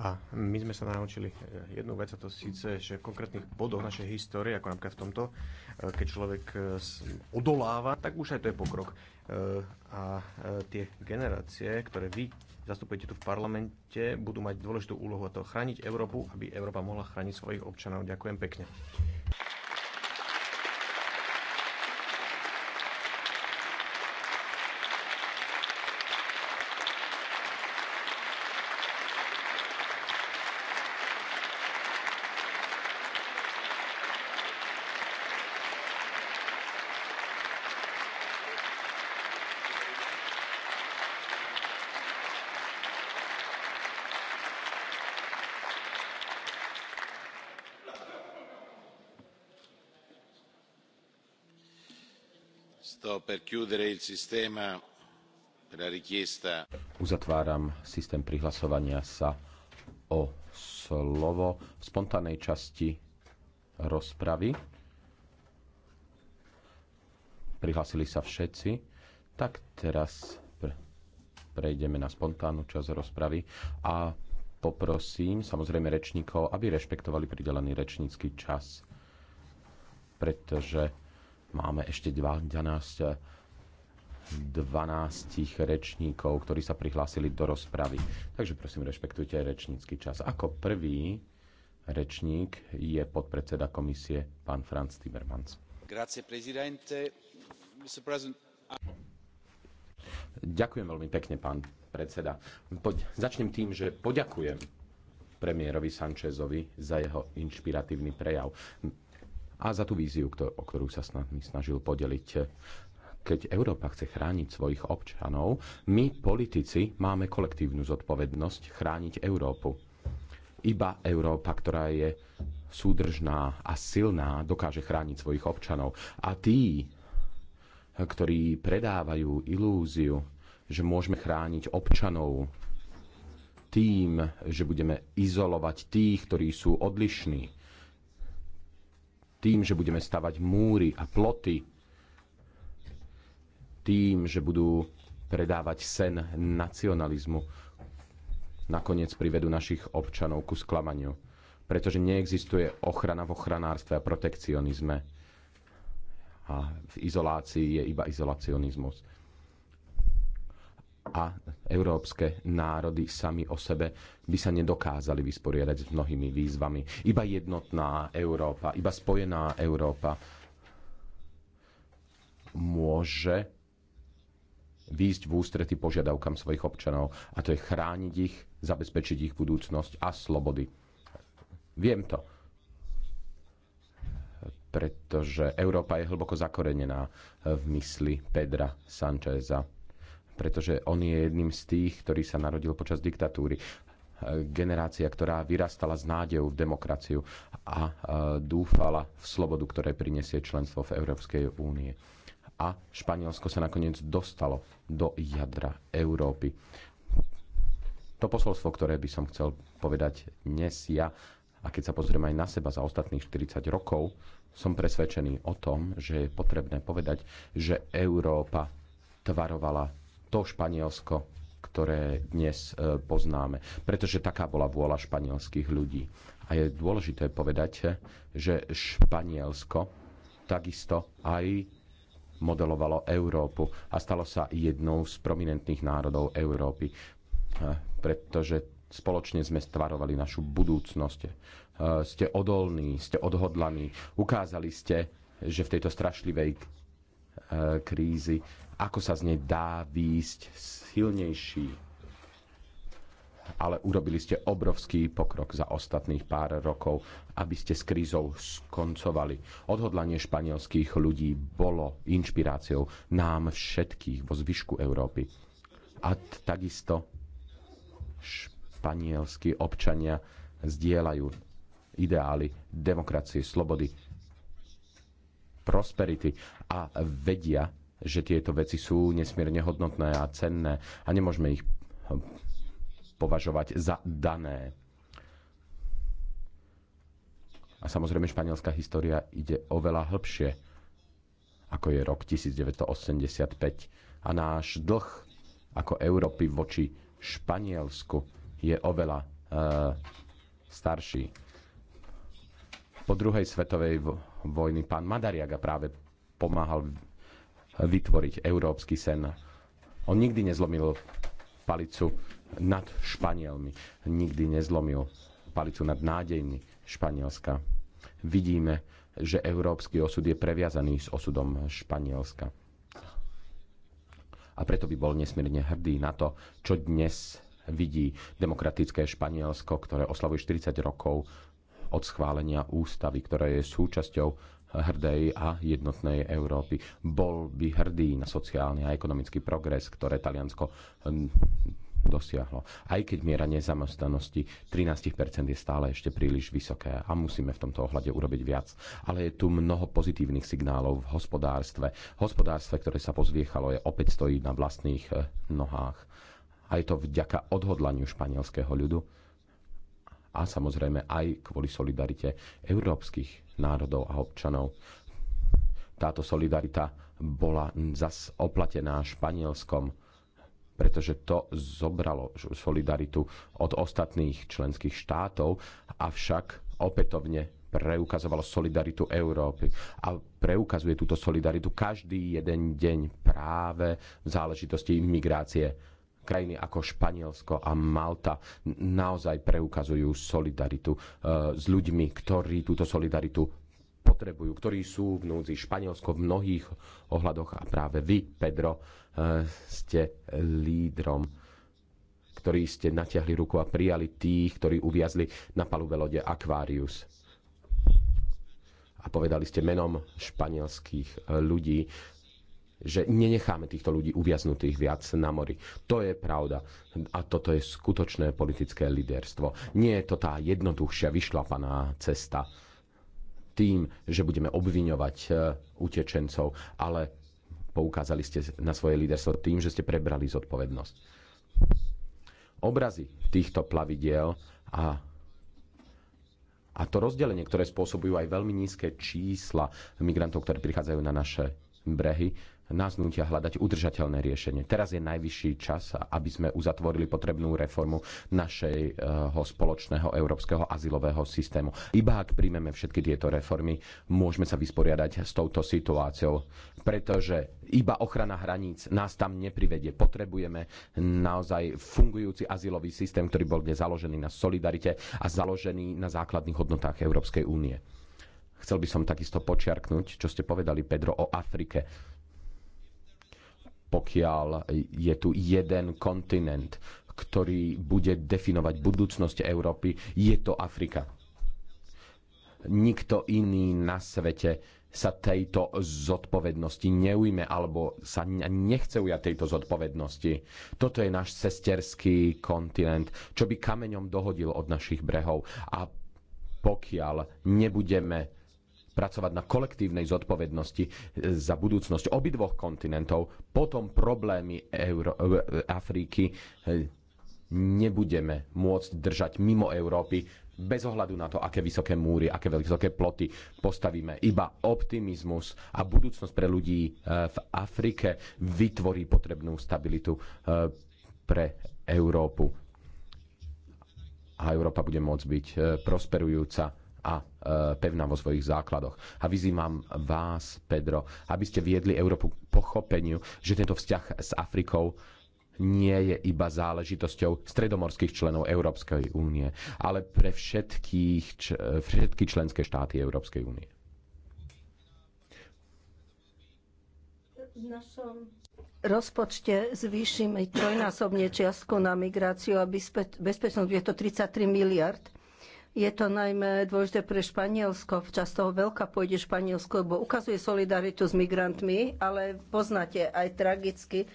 A my sme sa naučili e, jednu vec, a to síce, že v konkrétnych bodoch našej histórie, ako napríklad v tomto, e, keď človek e, odoláva, tak už aj to je pokrok. A tie generácie, ktoré vy zastupujete tu v parlamente, budú mať dôležitú úlohu a to chrániť Európu, aby Európa mohla chrániť svojich občanov. Ďakujem pekne. Uzatváram systém prihlasovania sa o slovo v spontánnej časti rozpravy. Prihlasili sa všetci. Tak teraz prejdeme na spontánnu časť rozpravy a poprosím samozrejme rečníkov, aby rešpektovali pridelený rečnícky čas, pretože Máme ešte 12, 12 rečníkov, ktorí sa prihlásili do rozpravy. Takže prosím, rešpektujte rečnícky čas. Ako prvý rečník je podpredseda komisie pán Franz Timmermans. Grazie, prezidente. Mr. President, Ďakujem veľmi pekne, pán predseda. Poď, začnem tým, že poďakujem premiérovi Sanchezovi za jeho inšpiratívny prejav a za tú víziu, o ktorú sa s nami snažil podeliť. Eh, keď Európa chce chrániť svojich občanov, my, politici, máme kolektívnu zodpovednosť chrániť Európu. Iba Európa, ktorá je súdržná a silná, dokáže chrániť svojich občanov. A tí, ktorí predávajú ilúziu, že môžeme chrániť občanov tým, že budeme izolovať tých, ktorí sú odlišní, tým, že budeme stavať múry a ploty, tým, že budú predávať sen nacionalizmu, nakoniec privedú našich občanov ku sklamaniu, pretože neexistuje ochrana v ochranárstve a protekcionizme. A v izolácii je iba izolacionizmus a európske národy sami o sebe by sa nedokázali vysporiadať s mnohými výzvami. Iba jednotná Európa, iba spojená Európa môže výjsť v ústrety požiadavkám svojich občanov a to je chrániť ich, zabezpečiť ich budúcnosť a slobody. Viem to, pretože Európa je hlboko zakorenená v mysli Pedra Sancheza pretože on je jedným z tých, ktorý sa narodil počas diktatúry generácia, ktorá vyrastala s nádejou v demokraciu a e, dúfala v slobodu, ktoré prinesie členstvo v Európskej únie. A Španielsko sa nakoniec dostalo do jadra Európy. To posolstvo, ktoré by som chcel povedať dnes ja, a keď sa pozrieme aj na seba za ostatných 40 rokov, som presvedčený o tom, že je potrebné povedať, že Európa tvarovala to Španielsko, ktoré dnes e, poznáme. Pretože taká bola vôľa španielských ľudí. A je dôležité povedať, že Španielsko takisto aj modelovalo Európu a stalo sa jednou z prominentných národov Európy, e, pretože spoločne sme stvarovali našu budúcnosť. E, ste odolní, ste odhodlaní, ukázali ste, že v tejto strašlivej krízi ako sa z nej dá výjsť silnejší. Ale urobili ste obrovský pokrok za ostatných pár rokov, aby ste s krízou skoncovali. Odhodlanie španielských ľudí bolo inšpiráciou nám všetkých vo zvyšku Európy. A takisto španielskí občania zdieľajú ideály demokracie, slobody, prosperity a vedia, že tieto veci sú nesmierne hodnotné a cenné a nemôžeme ich hm, považovať za dané. A samozrejme španielská história ide oveľa hĺbšie, ako je rok 1985. A náš dlh ako Európy voči Španielsku je oveľa e, starší. Po druhej svetovej vojny pán Madariaga práve pomáhal vytvoriť európsky sen. On nikdy nezlomil palicu nad Španielmi, nikdy nezlomil palicu nad nádejmi Španielska. Vidíme, že európsky osud je previazaný s osudom Španielska. A preto by bol nesmierne hrdý na to, čo dnes vidí demokratické Španielsko, ktoré oslavuje 40 rokov od schválenia ústavy, ktoré je súčasťou hrdej a jednotnej Európy. Bol by hrdý na sociálny a ekonomický progres, ktoré Taliansko hm, dosiahlo. Aj keď miera nezamestnanosti 13% je stále ešte príliš vysoké a musíme v tomto ohľade urobiť viac. Ale je tu mnoho pozitívnych signálov v hospodárstve. Hospodárstve, ktoré sa pozviechalo, je opäť stojí na vlastných eh, nohách. A je to vďaka odhodlaniu španielského ľudu a samozrejme aj kvôli solidarite európskych národov a občanov. Táto solidarita bola zas oplatená Španielskom, pretože to zobralo solidaritu od ostatných členských štátov, avšak opätovne preukazovalo solidaritu Európy. A preukazuje túto solidaritu každý jeden deň práve v záležitosti migrácie krajiny ako Španielsko a Malta naozaj preukazujú solidaritu eh, s ľuďmi, ktorí túto solidaritu potrebujú, ktorí sú v núdzi. Španielsko v mnohých ohľadoch a práve vy, Pedro, eh, ste lídrom ktorí ste natiahli ruku a prijali tých, ktorí uviazli na palube lode Aquarius. A povedali ste menom španielských eh, ľudí, že nenecháme týchto ľudí uviaznutých viac na mori. To je pravda. A toto je skutočné politické liderstvo. Nie je to tá jednoduchšia vyšlapaná cesta tým, že budeme obviňovať e, utečencov, ale poukázali ste na svoje líderstvo tým, že ste prebrali zodpovednosť. Obrazy týchto plavidiel a a to rozdelenie, ktoré spôsobujú aj veľmi nízke čísla migrantov, ktorí prichádzajú na naše brehy, nás nutia hľadať udržateľné riešenie. Teraz je najvyšší čas, aby sme uzatvorili potrebnú reformu našeho spoločného európskeho azylového systému. Iba ak príjmeme všetky tieto reformy, môžeme sa vysporiadať s touto situáciou, pretože iba ochrana hraníc nás tam neprivedie. Potrebujeme naozaj fungujúci azylový systém, ktorý bol dnes založený na solidarite a založený na základných hodnotách Európskej únie. Chcel by som takisto počiarknúť, čo ste povedali, Pedro, o Afrike pokiaľ je tu jeden kontinent, ktorý bude definovať budúcnosť Európy, je to Afrika. Nikto iný na svete sa tejto zodpovednosti neujme alebo sa nechce ujať tejto zodpovednosti. Toto je náš sesterský kontinent, čo by kameňom dohodil od našich brehov. A pokiaľ nebudeme pracovať na kolektívnej zodpovednosti e, za budúcnosť obidvoch kontinentov, potom problémy Euró- e, Afriky e, nebudeme môcť držať mimo Európy bez ohľadu na to, aké vysoké múry, aké vysoké ploty postavíme. Iba optimizmus a budúcnosť pre ľudí v Afrike vytvorí potrebnú stabilitu pre Európu. A Európa bude môcť byť prosperujúca a e, pevná vo svojich základoch. A vyzývam vás, Pedro, aby ste viedli Európu k pochopeniu, že tento vzťah s Afrikou nie je iba záležitosťou stredomorských členov Európskej únie, ale pre všetkých, všetky členské štáty Európskej únie. V našom rozpočte zvýšime trojnásobne čiastku na migráciu a bezpečnosť, je to 33 miliard je to najmä dôležité pre Španielsko. Včas toho veľká pôjde Španielsko, lebo ukazuje solidaritu s migrantmi, ale poznáte aj tragicky e,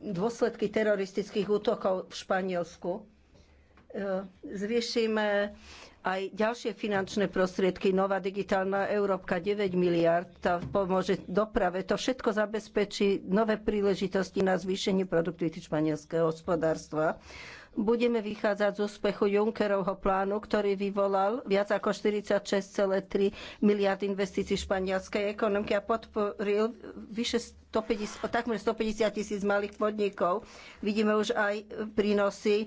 dôsledky teroristických útokov v Španielsku. E, Zvýšime aj ďalšie finančné prostriedky, Nová digitálna Európka 9 miliard, tá pomôže doprave. To všetko zabezpečí nové príležitosti na zvýšenie produktivity španielského hospodárstva. Budeme vychádzať z úspechu Junckerovho plánu, ktorý vyvolal viac ako 46,3 miliard investícií španielskej ekonomiky a podporil vyše 150, takmer 150 tisíc malých podnikov. Vidíme už aj prínosy e,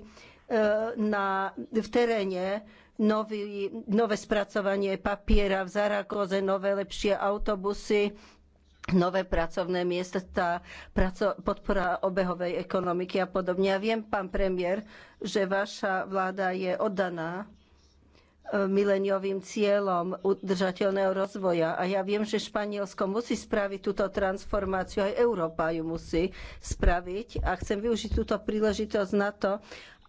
na, v teréne nový, nové spracovanie papiera v Zaragoze, nové lepšie autobusy, nové pracovné miesta, tá praco, podpora obehovej ekonomiky a podobne. Ja viem, pán premiér, že vaša vláda je oddaná e, mileniovým cieľom udržateľného rozvoja. A ja viem, že Španielsko musí spraviť túto transformáciu, aj Európa ju musí spraviť. A chcem využiť túto príležitosť na to,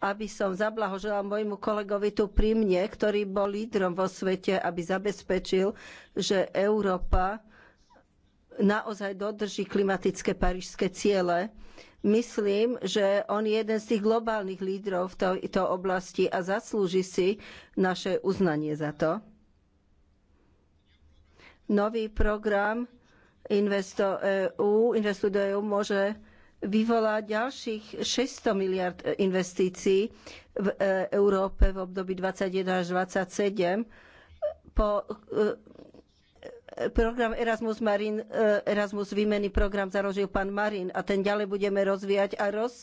aby som zablahožila môjmu kolegovi tu pri mne, ktorý bol lídrom vo svete, aby zabezpečil, že Európa naozaj dodrží klimatické parížske ciele. Myslím, že on je jeden z tých globálnych lídrov v tejto oblasti a zaslúži si naše uznanie za to. Nový program Investo EU, Investu do EU môže vyvolať ďalších 600 miliard investícií v e Európe v období 2021 až 2027. po e, Program Erasmus, Marin, e, Erasmus výmenný program založil pán Marin a ten ďalej budeme rozvíjať a roz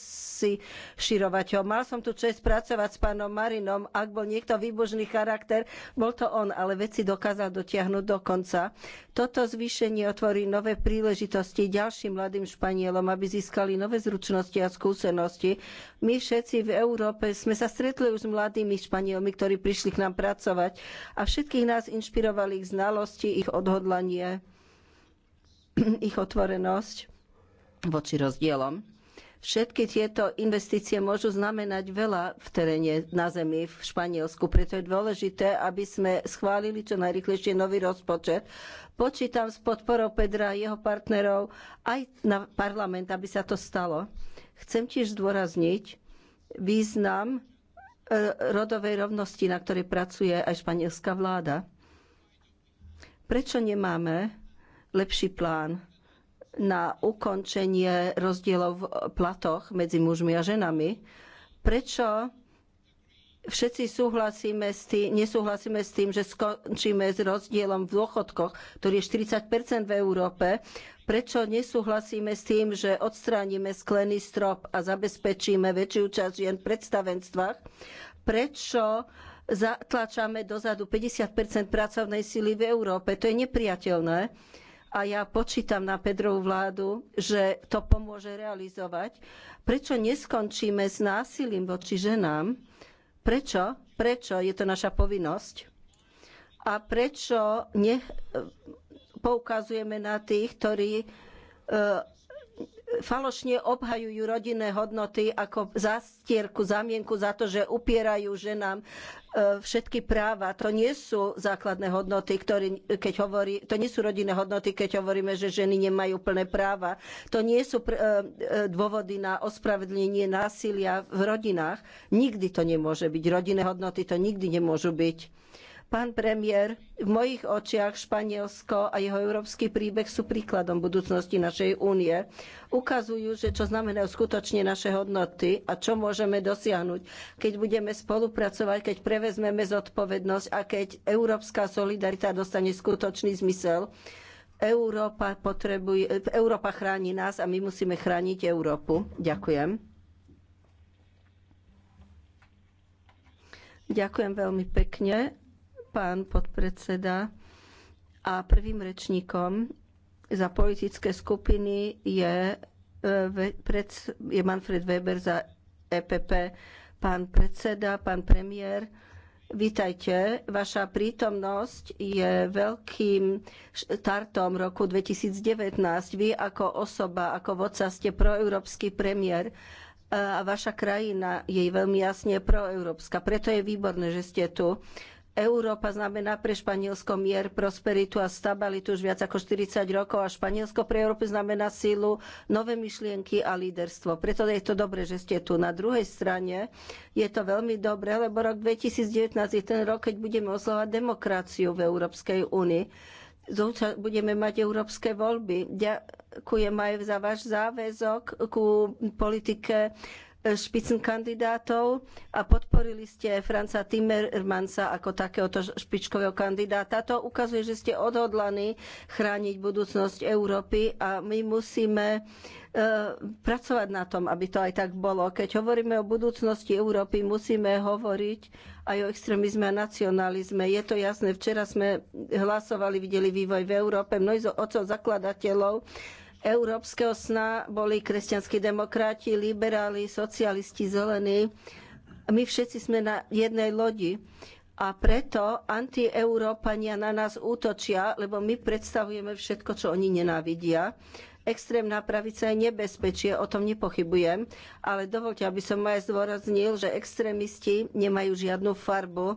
rozširovateľ. Mal som tu čest pracovať s pánom Marinom. Ak bol niekto výbožný charakter, bol to on, ale veci dokázal dotiahnuť do konca. Toto zvýšenie otvorí nové príležitosti ďalším mladým Španielom, aby získali nové zručnosti a skúsenosti. My všetci v Európe sme sa stretli už s mladými Španielmi, ktorí prišli k nám pracovať a všetkých nás inšpirovali ich znalosti, ich odhodlanie, ich otvorenosť voči rozdielom. Všetky tieto investície môžu znamenať veľa v teréne na zemi v Španielsku, preto je dôležité, aby sme schválili čo najrychlejšie nový rozpočet. Počítam s podporou Pedra a jeho partnerov aj na parlament, aby sa to stalo. Chcem tiež zdôrazniť význam e, rodovej rovnosti, na ktorej pracuje aj španielská vláda. Prečo nemáme lepší plán na ukončenie rozdielov v platoch medzi mužmi a ženami. Prečo všetci súhlasíme s tým, nesúhlasíme s tým, že skončíme s rozdielom v dôchodkoch, ktorý je 40 v Európe? Prečo nesúhlasíme s tým, že odstránime sklený strop a zabezpečíme väčšiu časť žien v predstavenstvách? Prečo zatlačame dozadu 50 pracovnej sily v Európe? To je neprijateľné a ja počítam na Pedrovú vládu, že to pomôže realizovať. Prečo neskončíme s násilím voči ženám? Prečo? Prečo je to naša povinnosť? A prečo ne, poukazujeme na tých, ktorí e, falošne obhajujú rodinné hodnoty ako zastierku, zamienku za to, že upierajú ženám e, všetky práva. To nie sú základné hodnoty, keď hovorí, to nie sú rodinné hodnoty, keď hovoríme, že ženy nemajú plné práva. To nie sú e, e, dôvody na ospravedlnenie násilia v rodinách. Nikdy to nemôže byť. Rodinné hodnoty to nikdy nemôžu byť Pán premiér, v mojich očiach Španielsko a jeho európsky príbeh sú príkladom budúcnosti našej únie. Ukazujú, že čo znamenajú skutočne naše hodnoty a čo môžeme dosiahnuť, keď budeme spolupracovať, keď prevezmeme zodpovednosť a keď európska solidarita dostane skutočný zmysel. Európa, potrebuje, Európa chráni nás a my musíme chrániť Európu. Ďakujem. Ďakujem veľmi pekne pán podpredseda. A prvým rečníkom za politické skupiny je, e, je Manfred Weber za EPP. Pán predseda, pán premiér, Vítajte. Vaša prítomnosť je veľkým štartom roku 2019. Vy ako osoba, ako vodca ste proeurópsky premiér e, a vaša krajina je veľmi jasne proeurópska. Preto je výborné, že ste tu. Európa znamená pre Španielsko mier, prosperitu a stabilitu už viac ako 40 rokov a Španielsko pre Európu znamená sílu, nové myšlienky a líderstvo. Preto je to dobre, že ste tu. Na druhej strane je to veľmi dobre, lebo rok 2019 je ten rok, keď budeme oslovať demokraciu v Európskej únii. Budeme mať európske voľby. Ďakujem aj za váš záväzok ku politike špicn kandidátov a podporili ste Franca Timmermansa ako takéhoto špičkového kandidáta. To ukazuje, že ste odhodlaní chrániť budúcnosť Európy a my musíme e, pracovať na tom, aby to aj tak bolo. Keď hovoríme o budúcnosti Európy, musíme hovoriť aj o extrémizme a nacionalizme. Je to jasné, včera sme hlasovali, videli vývoj v Európe, mnohí z otcov zakladateľov európskeho sna boli kresťanskí demokrati, liberáli, socialisti, zelení. My všetci sme na jednej lodi. A preto antieurópania na nás útočia, lebo my predstavujeme všetko, čo oni nenávidia. Extrémna pravica je nebezpečie, o tom nepochybujem, ale dovolte, aby som aj zdôraznil, že extrémisti nemajú žiadnu farbu.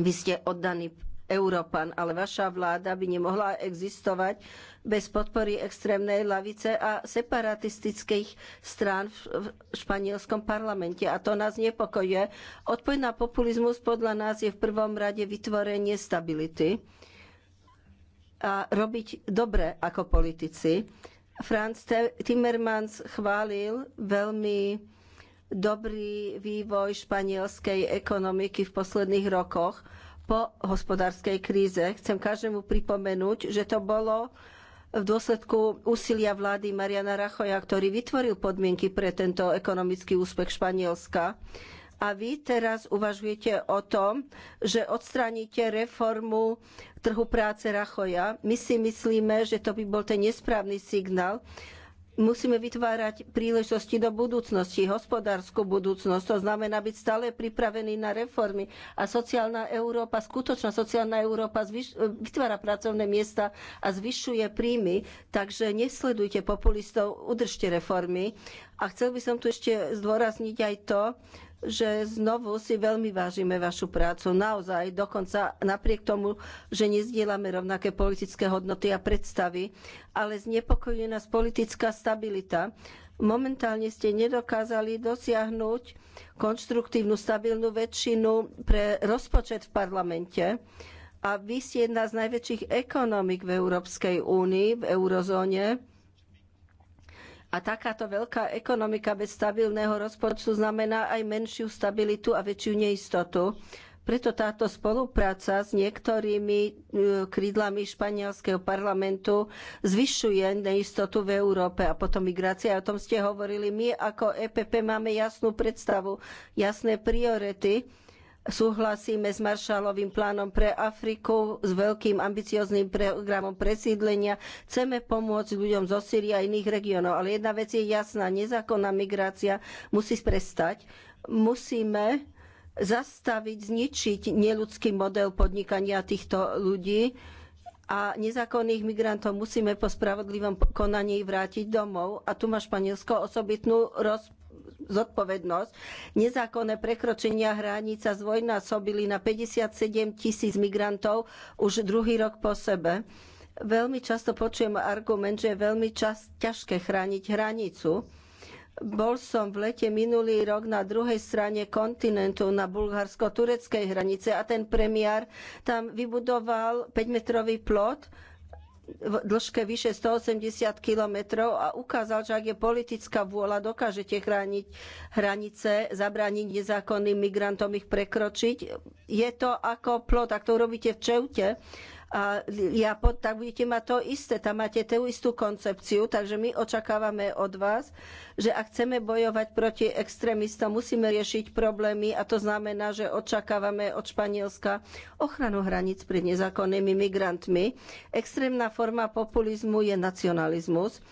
Vy ste oddaní Európan, ale vaša vláda by nemohla existovať bez podpory extrémnej lavice a separatistických strán v španielskom parlamente. A to nás nepokojuje. Odpoveď na populizmus podľa nás je v prvom rade vytvorenie stability a robiť dobre ako politici. Franz Timmermans chválil veľmi dobrý vývoj španielskej ekonomiky v posledných rokoch po hospodárskej kríze. Chcem každému pripomenúť, že to bolo v dôsledku úsilia vlády Mariana Rachoja, ktorý vytvoril podmienky pre tento ekonomický úspech Španielska. A vy teraz uvažujete o tom, že odstránite reformu trhu práce Rachoja. My si myslíme, že to by bol ten nesprávny signál, musíme vytvárať príležitosti do budúcnosti, hospodárskú budúcnosť. To znamená byť stále pripravený na reformy. A sociálna Európa, skutočná sociálna Európa vytvára pracovné miesta a zvyšuje príjmy. Takže nesledujte populistov, udržte reformy. A chcel by som tu ešte zdôrazniť aj to, že znovu si veľmi vážime vašu prácu. Naozaj, dokonca napriek tomu, že nezdielame rovnaké politické hodnoty a predstavy, ale znepokojuje nás politická stabilita. Momentálne ste nedokázali dosiahnuť konštruktívnu stabilnú väčšinu pre rozpočet v parlamente a vy ste jedna z najväčších ekonomik v Európskej únii, v eurozóne a takáto veľká ekonomika bez stabilného rozpočtu znamená aj menšiu stabilitu a väčšiu neistotu. Preto táto spolupráca s niektorými e, krídlami španielského parlamentu zvyšuje neistotu v Európe a potom migrácia. O tom ste hovorili. My ako EPP máme jasnú predstavu, jasné priority Súhlasíme s Maršalovým plánom pre Afriku, s veľkým ambicióznym programom presídlenia. Chceme pomôcť ľuďom zo Syrie a iných regiónov. Ale jedna vec je jasná, nezákonná migrácia musí prestať. Musíme zastaviť, zničiť neludský model podnikania týchto ľudí a nezákonných migrantov musíme po spravodlivom konaní vrátiť domov. A tu má Španielsko osobitnú roz, zodpovednosť. Nezákonné prekročenia hranica sobili na 57 tisíc migrantov už druhý rok po sebe. Veľmi často počujem argument, že je veľmi čas, ťažké chrániť hranicu. Bol som v lete minulý rok na druhej strane kontinentu, na bulharsko-tureckej hranice a ten premiér tam vybudoval 5-metrový plot, v dĺžke vyše 180 kilometrov a ukázal, že ak je politická vôľa, dokážete chrániť hranice, zabrániť nezákonným migrantom ich prekročiť. Je to ako plot, ak to urobíte v Čeute, a ja tak budete mať to isté. Tam máte tú istú koncepciu, takže my očakávame od vás, že ak chceme bojovať proti extrémistom, musíme riešiť problémy a to znamená, že očakávame od Španielska ochranu hraníc pred nezákonnými migrantmi. Extrémna forma populizmu je nacionalizmus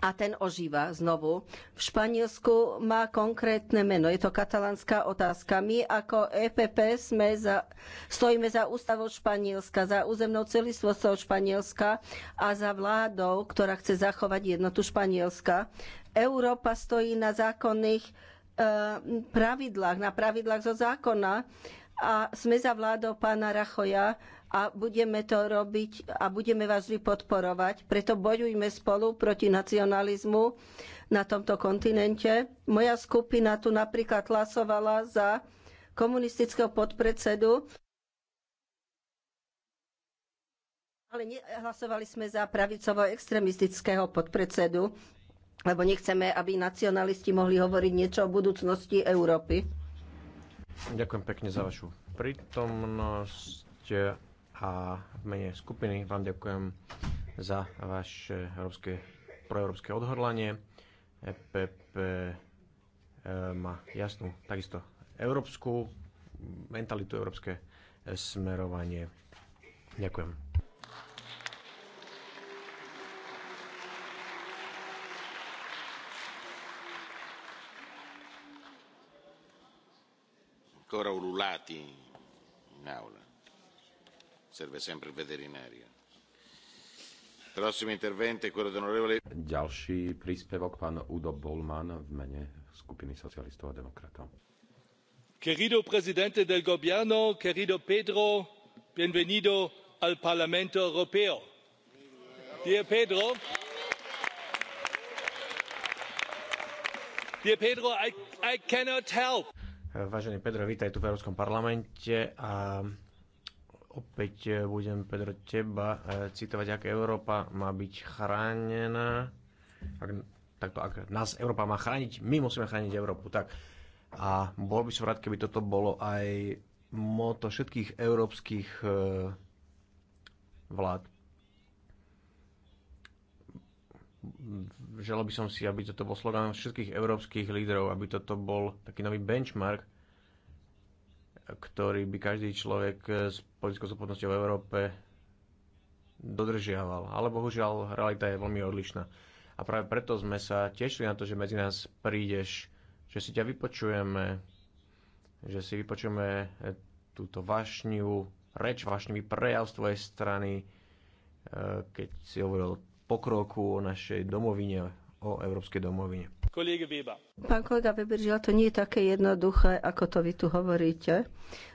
a ten ožíva znovu. V Španielsku má konkrétne meno. Je to katalánska otázka. My ako EPP sme za, stojíme za ústavou Španielska, za územnou celistvosťou Španielska a za vládou, ktorá chce zachovať jednotu Španielska. Európa stojí na zákonných e, pravidlách, na pravidlách zo zákona a sme za vládou pána Rachoja, a budeme to robiť a budeme vás vždy podporovať. Preto bojujme spolu proti nacionalizmu na tomto kontinente. Moja skupina tu napríklad hlasovala za komunistického podpredsedu ale nehlasovali sme za pravicovo-extremistického podpredsedu, lebo nechceme, aby nacionalisti mohli hovoriť niečo o budúcnosti Európy. Ďakujem pekne za vašu prítomnosť a v mene skupiny vám ďakujem za vaše európske, proeurópske odhodlanie. EPP e, má jasnú, takisto európsku mentalitu, európske smerovanie. Ďakujem. Ancora ululati in aula serve sempre il veterinario. Ďalší príspevok pán Udo Bolman v mene skupiny socialistov a demokratov. Querido presidente del gobierno, querido Pedro, bienvenido al Parlamento Europeo. Dear Pedro, dear Pedro, I, I cannot help. Vážený Pedro, vítaj tu v Európskom parlamente a Opäť e, budem, Pedro, teba e, citovať, ak Európa má byť chránená. Ak, takto, ak nás Európa má chrániť, my musíme chrániť Európu. Tak. A bol by som rád, keby toto bolo aj moto všetkých európskych e, vlád. Želal by som si, aby toto bol slogan všetkých európskych lídrov, aby toto bol taký nový benchmark, ktorý by každý človek eh, s politickou schopnosťou v Európe dodržiaval. Ale bohužiaľ, realita je veľmi odlišná. A práve preto sme sa tešili na to, že medzi nás prídeš, že si ťa vypočujeme, že si vypočujeme eh, túto vášňu, reč, vášňový prejav z tvojej strany, eh, keď si hovoril o pokroku, o našej domovine, o európskej domovine. Pán kolega Weber, žiaľ to nie je také jednoduché, ako to vy tu hovoríte.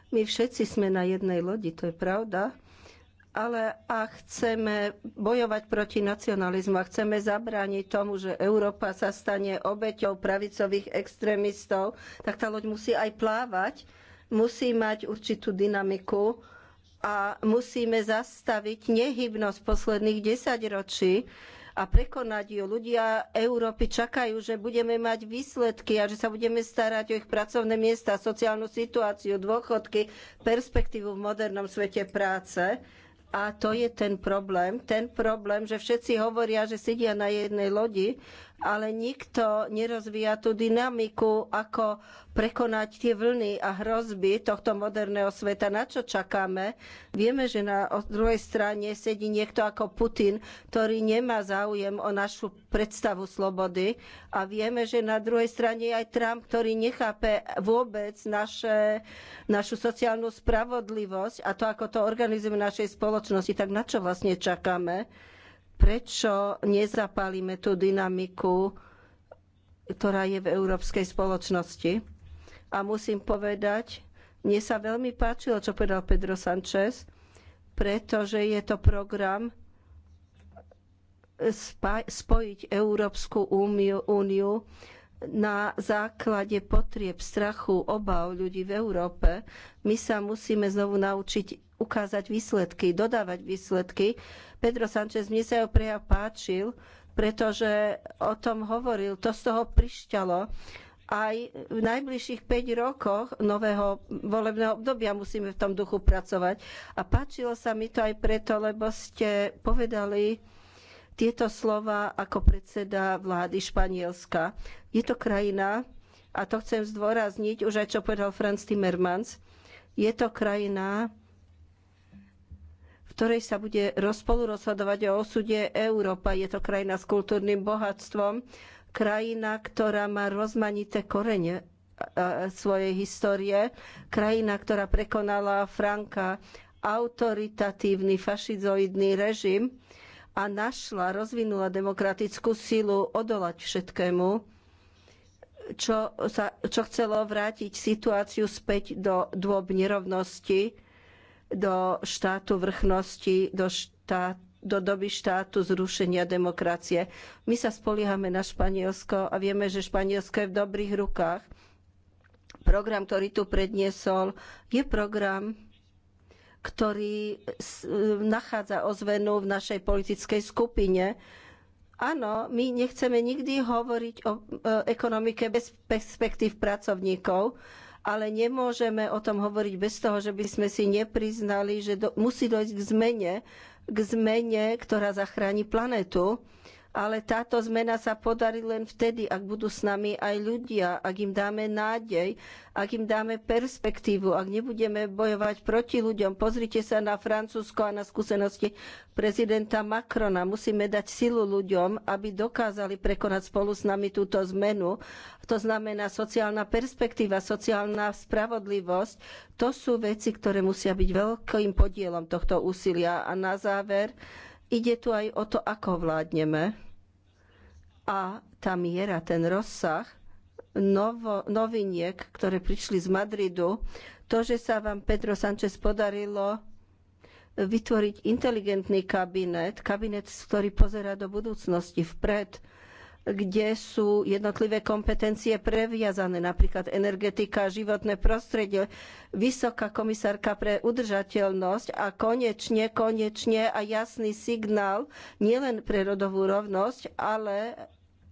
My všetci sme na jednej lodi, to je pravda, ale ak chceme bojovať proti nacionalizmu a chceme zabrániť tomu, že Európa sa stane obeťou pravicových extrémistov, tak tá loď musí aj plávať, musí mať určitú dynamiku a musíme zastaviť nehybnosť posledných desaťročí, ročí, a prekonať ju. Ľudia Európy čakajú, že budeme mať výsledky a že sa budeme starať o ich pracovné miesta, sociálnu situáciu, dôchodky, perspektívu v modernom svete práce. A to je ten problém. Ten problém, že všetci hovoria, že sedia na jednej lodi, ale nikto nerozvíja tú dynamiku, ako prekonať tie vlny a hrozby tohto moderného sveta. Na čo čakáme? Vieme, že na druhej strane sedí niekto ako Putin, ktorý nemá záujem o našu predstavu slobody a vieme, že na druhej strane je aj Trump, ktorý nechápe vôbec naše, našu sociálnu spravodlivosť a to, ako to organizujeme v našej spoločnosti. Tak na čo vlastne čakáme? prečo nezapálime tú dynamiku, ktorá je v európskej spoločnosti. A musím povedať, mne sa veľmi páčilo, čo povedal Pedro Sanchez, pretože je to program spojiť Európsku úniu na základe potrieb, strachu, obav ľudí v Európe. My sa musíme znovu naučiť ukázať výsledky, dodávať výsledky. Pedro Sanchez, mne sa jeho prejav páčil, pretože o tom hovoril, to z toho prišťalo. Aj v najbližších 5 rokoch nového volebného obdobia musíme v tom duchu pracovať. A páčilo sa mi to aj preto, lebo ste povedali, tieto slova ako predseda vlády Španielska. Je to krajina, a to chcem zdôrazniť, už aj čo povedal Franz Timmermans, je to krajina, v ktorej sa bude spolu rozhodovať o osude Európa. Je to krajina s kultúrnym bohatstvom, krajina, ktorá má rozmanité korene svojej histórie, krajina, ktorá prekonala Franka autoritatívny fašizoidný režim a našla, rozvinula demokratickú silu odolať všetkému, čo, sa, čo chcelo vrátiť situáciu späť do dôb nerovnosti, do štátu vrchnosti, do, štát, do doby štátu zrušenia demokracie. My sa spoliehame na Španielsko a vieme, že Španielsko je v dobrých rukách. Program, ktorý tu predniesol, je program, ktorý e, nachádza ozvenu v našej politickej skupine. Áno, my nechceme nikdy hovoriť o e, ekonomike bez perspektív pracovníkov, ale nemôžeme o tom hovoriť bez toho, že by sme si nepriznali, že do, musí dojsť k zmene, k zmene, ktorá zachráni planetu ale táto zmena sa podarí len vtedy, ak budú s nami aj ľudia, ak im dáme nádej, ak im dáme perspektívu, ak nebudeme bojovať proti ľuďom. Pozrite sa na Francúzsko a na skúsenosti prezidenta Macrona. Musíme dať silu ľuďom, aby dokázali prekonať spolu s nami túto zmenu. To znamená sociálna perspektíva, sociálna spravodlivosť. To sú veci, ktoré musia byť veľkým podielom tohto úsilia. A na záver, Ide tu aj o to, ako vládneme. A tá miera, ten rozsah novo, noviniek, ktoré prišli z Madridu, to, že sa vám Pedro Sanchez podarilo vytvoriť inteligentný kabinet, kabinet, ktorý pozera do budúcnosti vpred, kde sú jednotlivé kompetencie previazané, napríklad energetika, životné prostredie, vysoká komisárka pre udržateľnosť a konečne, konečne a jasný signál nielen pre rodovú rovnosť, ale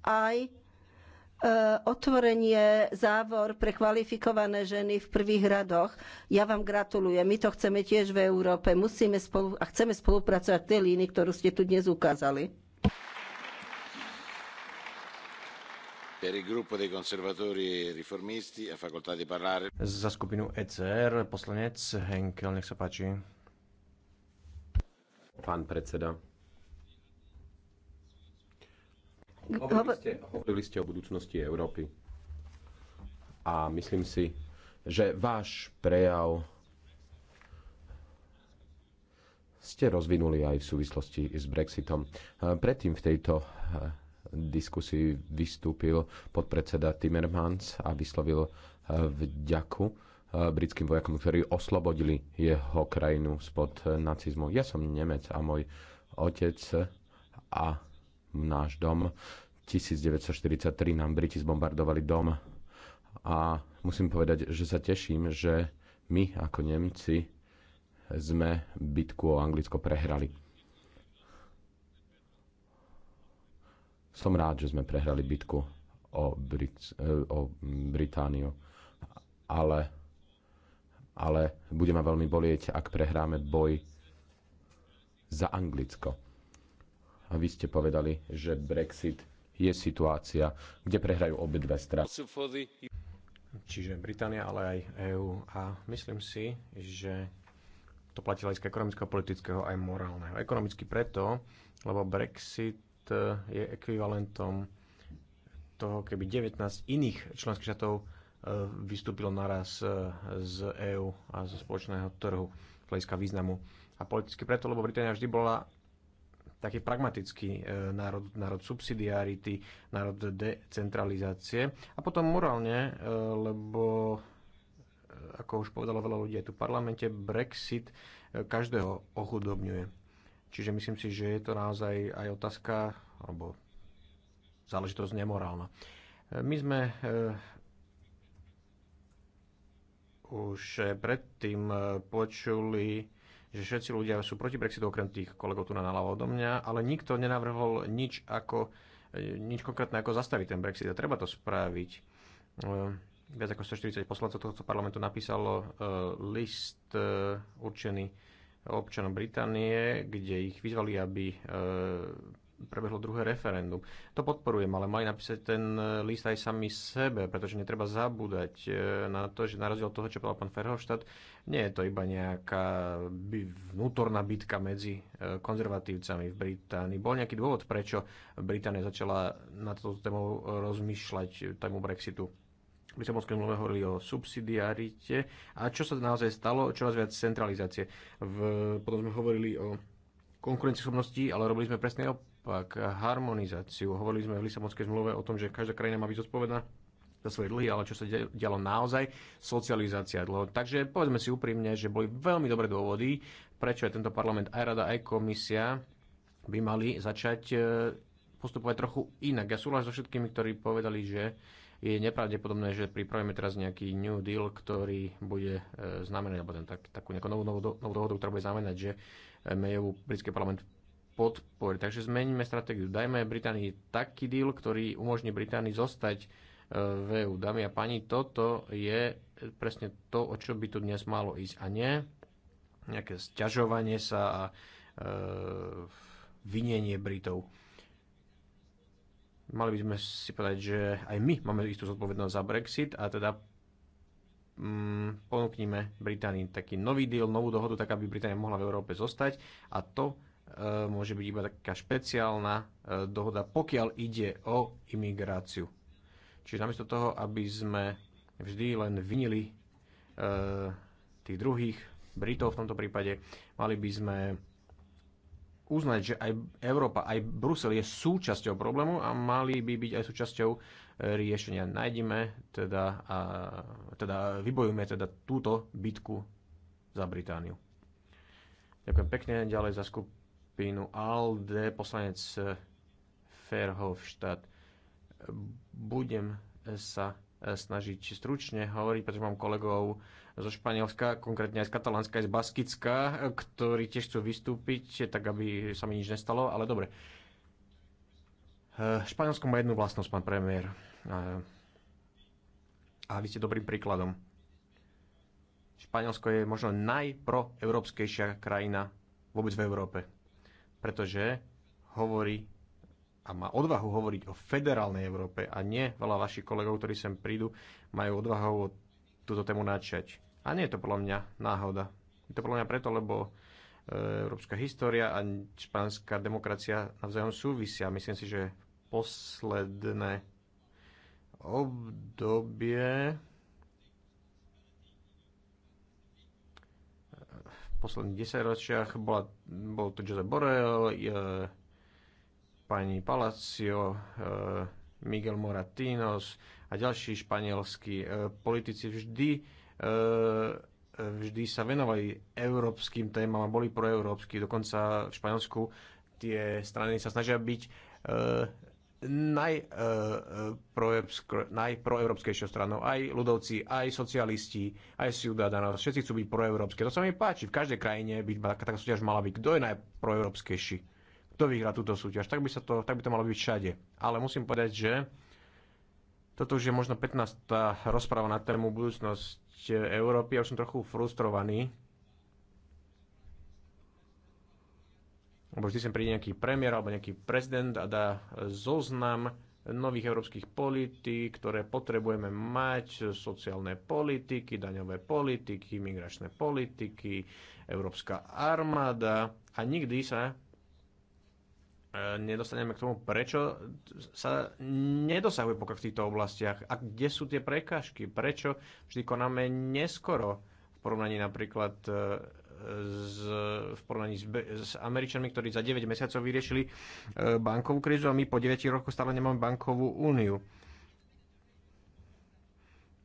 aj e, otvorenie závor pre kvalifikované ženy v prvých radoch. Ja vám gratulujem. My to chceme tiež v Európe. Musíme spolu, a chceme spolupracovať v tej línii, ktorú ste tu dnes ukázali. E Za skupinu ECR poslanec Henkel, nech sa páči. Pán predseda. Hovorili ste, hovorili ste o budúcnosti Európy. A myslím si, že váš prejav ste rozvinuli aj v súvislosti s Brexitom. Predtým v tejto diskusii vystúpil podpredseda Timmermans a vyslovil eh, vďaku eh, britským vojakom, ktorí oslobodili jeho krajinu spod eh, nacizmu. Ja som Nemec a môj otec a náš dom 1943 nám Briti zbombardovali dom a musím povedať, že sa teším, že my ako Nemci sme bitku o Anglicko prehrali. Som rád, že sme prehrali bitku o, Brit- e, o Britániu, ale, ale bude ma veľmi bolieť, ak prehráme boj za Anglicko. A vy ste povedali, že Brexit je situácia, kde prehrajú dve strany. Čiže Británia, ale aj EÚ. A myslím si, že to platí z ekonomického, politického aj morálneho. Ekonomicky preto, lebo Brexit E, je ekvivalentom toho, keby 19 iných členských štátov e, vystúpilo naraz e, z EÚ a zo spoločného trhu hľadiska významu. A politicky preto, lebo Británia vždy bola taký pragmatický národ, národ subsidiarity, národ decentralizácie a potom morálne, lebo ako už povedalo veľa ľudí aj tu v parlamente, Brexit každého ochudobňuje. Čiže myslím si, že je to naozaj aj otázka, alebo záležitosť nemorálna. My sme eh, už predtým eh, počuli, že všetci ľudia sú proti Brexitu, okrem tých kolegov tu na naľavo odo mňa, ale nikto nenavrhol nič, ako, eh, nič konkrétne, ako zastaviť ten Brexit. A treba to spraviť. Viac ako 140 poslancov tohto parlamentu napísalo list určený občanom Británie, kde ich vyzvali, aby e, prebehlo druhé referendum. To podporujem, ale mali napísať ten e, list aj sami sebe, pretože netreba zabúdať e, na to, že na rozdiel toho, čo povedal pán Ferhoštát, nie je to iba nejaká vnútorná bitka medzi konzervatívcami v Británii. Bol nejaký dôvod, prečo Británia začala na toto tému rozmýšľať, tému Brexitu? Lisabonskej mluve hovorili o subsidiarite a čo sa naozaj stalo, čoraz viac centralizácie. V, potom sme hovorili o konkurencieschopnosti, ale robili sme presne opak, harmonizáciu. Hovorili sme v Lisabonskej zmluve o tom, že každá krajina má byť zodpovedná za svoje dlhy, ale čo sa dialo naozaj, socializácia dlho. Takže povedzme si úprimne, že boli veľmi dobré dôvody, prečo aj tento parlament, aj rada, aj komisia by mali začať e, postupovať trochu inak. Ja súhlasím so všetkými, ktorí povedali, že je nepravdepodobné, že pripravíme teraz nejaký New Deal, ktorý bude e, znamenať, alebo ten, tak, takú nejakú novú, novú, novú dohodu, ktorá bude znamenať, že e, Mayovú britský parlament podporí. Takže zmeníme stratégiu. Dajme Británii taký deal, ktorý umožní Británii zostať e, v EU. Dámy a pani, toto je presne to, o čo by tu dnes malo ísť. A nie nejaké sťažovanie sa a e, vinenie Britov mali by sme si povedať, že aj my máme istú zodpovednosť za Brexit a teda mm, ponúknime Británii taký nový deal, novú dohodu, tak aby Británia mohla v Európe zostať a to e, môže byť iba taká špeciálna e, dohoda, pokiaľ ide o imigráciu. Čiže namiesto toho, aby sme vždy len vinili e, tých druhých, Britov v tomto prípade, mali by sme uznať, že aj Európa, aj Brusel je súčasťou problému a mali by byť aj súčasťou e, riešenia. Nájdime teda, a, teda vybojujme teda túto bitku za Britániu. Ďakujem pekne. Ďalej za skupinu ALDE poslanec e, Ferhofštát. Budem sa e, snažiť stručne hovoriť, pretože mám kolegov zo Španielska, konkrétne aj z Katalánska, aj z Baskicka, ktorí tiež chcú vystúpiť, tak aby sa mi nič nestalo, ale dobre. Eh, Španielsko má jednu vlastnosť, pán premiér. Eh, a vy ste dobrým príkladom. Španielsko je možno najproeurópskejšia krajina vôbec v Európe. Pretože hovorí a má odvahu hovoriť o federálnej Európe a nie veľa vašich kolegov, ktorí sem prídu, majú odvahu túto tému načať. A nie je to podľa mňa náhoda. Je to podľa mňa preto, lebo e, európska história a španská demokracia navzájom súvisia. Myslím si, že posledné obdobie v posledných desaťročiach bola, bol to Jose Borrell, e, pani Palacio, e, Miguel Moratinos a ďalší španielskí e, politici vždy E, vždy sa venovali európskym témam a boli proeurópsky. Dokonca v Španielsku tie strany sa snažia byť e, naj, e, najproeurópskejšou stranou. Aj ľudovci, aj socialisti, aj Ciudadanos, všetci chcú byť proeurópske. To sa mi páči. V každej krajine by taká súťaž mala byť. Kto je najproeurópskejší? Kto vyhrá túto súťaž? Tak by, sa to, tak by to malo byť všade. Ale musím povedať, že toto už je možno 15. rozpráva na tému budúcnosť Európy. Ja už som trochu frustrovaný. Lebo vždy sem príde nejaký premiér alebo nejaký prezident a dá zoznam nových európskych politík, ktoré potrebujeme mať, sociálne politiky, daňové politiky, migračné politiky, európska armáda a nikdy sa E, nedostaneme k tomu, prečo sa nedosahuje pokrok v týchto oblastiach a kde sú tie prekážky, prečo vždy konáme neskoro v porovnaní napríklad e, z, v porovnaní s, s Američanmi, ktorí za 9 mesiacov vyriešili e, bankovú krízu a my po 9 rokoch stále nemáme bankovú úniu.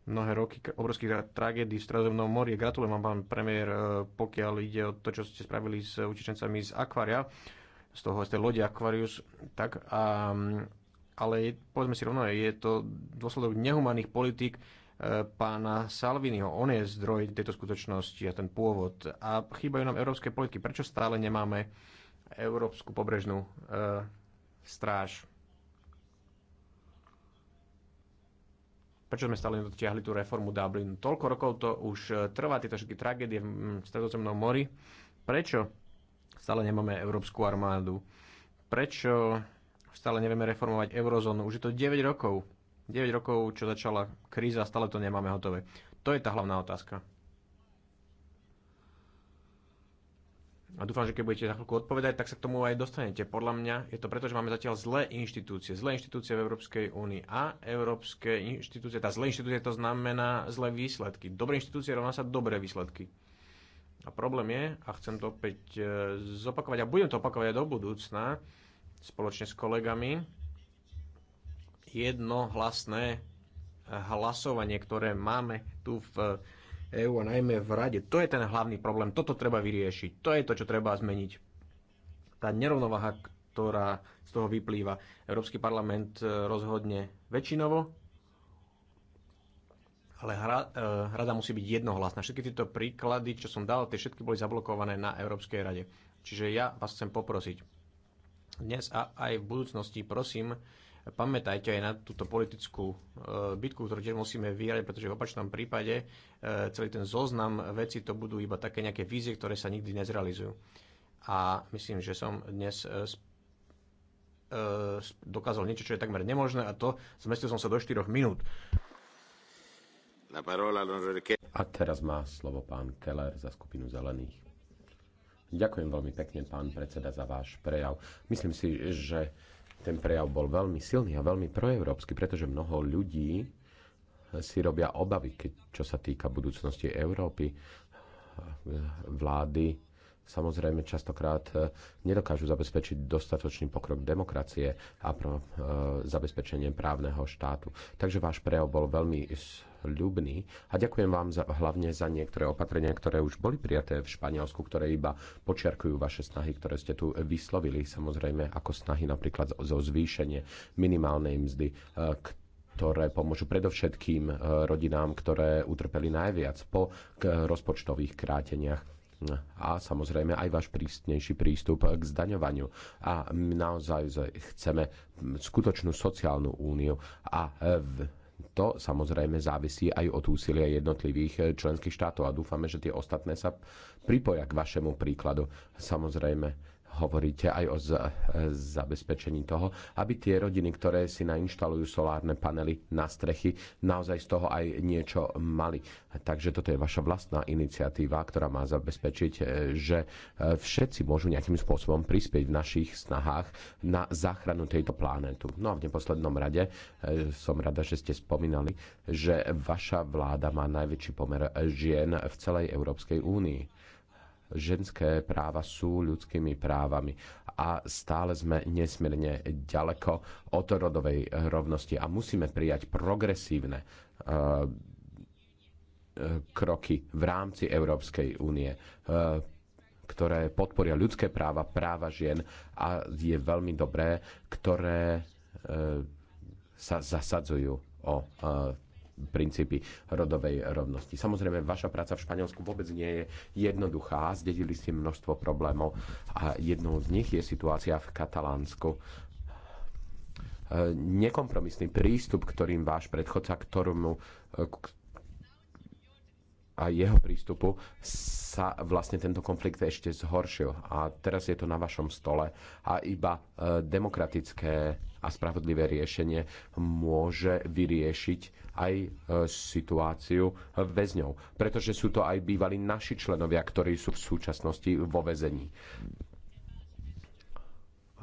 Mnohé roky obrovských tragédií v Stredozemnom mori. Gratulujem vám, pán premiér, pokiaľ ide o to, čo ste spravili s utečencami z akvária z toho z tej lode Aquarius, tak a, ale je, povedzme si rovno, je to dôsledok nehumaných politik. e, pána Salviniho. On je zdroj tejto skutočnosti a ten pôvod. A chýbajú nám európske politiky. Prečo stále nemáme európsku pobrežnú e, stráž? Prečo sme stále nedotiahli tú reformu Dublinu? Toľko rokov to už e, trvá, tieto všetky tragédie v Stredozemnom mori. Prečo stále nemáme európsku armádu. Prečo stále nevieme reformovať eurozónu? Už je to 9 rokov. 9 rokov, čo začala kríza, stále to nemáme hotové. To je tá hlavná otázka. A dúfam, že keď budete za chvíľku odpovedať, tak sa k tomu aj dostanete. Podľa mňa je to preto, že máme zatiaľ zlé inštitúcie. Zlé inštitúcie v Európskej únii a európske inštitúcie. Tá zlé inštitúcie to znamená zlé výsledky. Dobré inštitúcie rovná sa dobré výsledky. A problém je, a chcem to opäť e, zopakovať, a budem to opakovať aj do budúcna, spoločne s kolegami, jednohlasné hlasovanie, ktoré máme tu v EÚ e a najmä v Rade. To je ten hlavný problém. Toto treba vyriešiť. To je to, čo treba zmeniť. Tá nerovnováha, ktorá z toho vyplýva. Európsky parlament e, rozhodne väčšinovo, ale hra, e, rada musí byť jednohlasná. Všetky tieto príklady, čo som dal, tie všetky boli zablokované na Európskej rade. Čiže ja vás chcem poprosiť. Dnes a aj v budúcnosti, prosím, pamätajte aj na túto politickú e, bitku, ktorú tiež musíme vyhrať, pretože v opačnom prípade e, celý ten zoznam veci to budú iba také nejaké vízie, ktoré sa nikdy nezrealizujú. A myslím, že som dnes dokázal niečo, čo je takmer nemožné a to zmestil som sa do 4 minút. A teraz má slovo pán Keller za skupinu zelených. Ďakujem veľmi pekne, pán predseda, za váš prejav. Myslím si, že ten prejav bol veľmi silný a veľmi proeurópsky, pretože mnoho ľudí si robia obavy, keď, čo sa týka budúcnosti Európy, vlády samozrejme častokrát e, nedokážu zabezpečiť dostatočný pokrok demokracie a pro e, zabezpečenie právneho štátu. Takže váš prejav bol veľmi ľubný a ďakujem vám za, hlavne za niektoré opatrenia, ktoré už boli prijaté v Španielsku, ktoré iba počiarkujú vaše snahy, ktoré ste tu vyslovili, samozrejme ako snahy napríklad zo zvýšenie minimálnej mzdy, e, ktoré pomôžu predovšetkým rodinám, ktoré utrpeli najviac po rozpočtových kráteniach a samozrejme aj váš prísnejší prístup k zdaňovaniu. A my naozaj chceme skutočnú sociálnu úniu a v to samozrejme závisí aj od úsilia jednotlivých eh, členských štátov a dúfame, že tie ostatné sa pripoja k vašemu príkladu. Samozrejme, hovoríte aj o zabezpečení toho, aby tie rodiny, ktoré si nainštalujú solárne panely na strechy, naozaj z toho aj niečo mali. Takže toto je vaša vlastná iniciatíva, ktorá má zabezpečiť, e, že e, všetci môžu nejakým spôsobom prispieť v našich snahách na záchranu tejto planétu. No a v neposlednom rade e, som rada, že ste spomínali, že vaša vláda má najväčší pomer žien v celej Európskej únii ženské práva sú ľudskými právami a stále sme nesmierne ďaleko od rodovej rovnosti a musíme prijať progresívne eh, kroky v rámci Európskej únie eh, ktoré podporia ľudské práva, práva žien a je veľmi dobré, ktoré eh, sa zasadzujú o princípy rodovej rovnosti. Samozrejme, vaša práca v Španielsku vôbec nie je jednoduchá. Zdedili ste množstvo problémov a jednou z nich je situácia v Katalánsku nekompromisný prístup, ktorým váš predchodca, ktorému a jeho prístupu sa vlastne tento konflikt ešte zhoršil. A teraz je to na vašom stole a iba eh, demokratické a spravodlivé riešenie môže vyriešiť aj e, situáciu väzňov. Pretože sú to aj bývalí naši členovia, ktorí sú v súčasnosti vo väzení.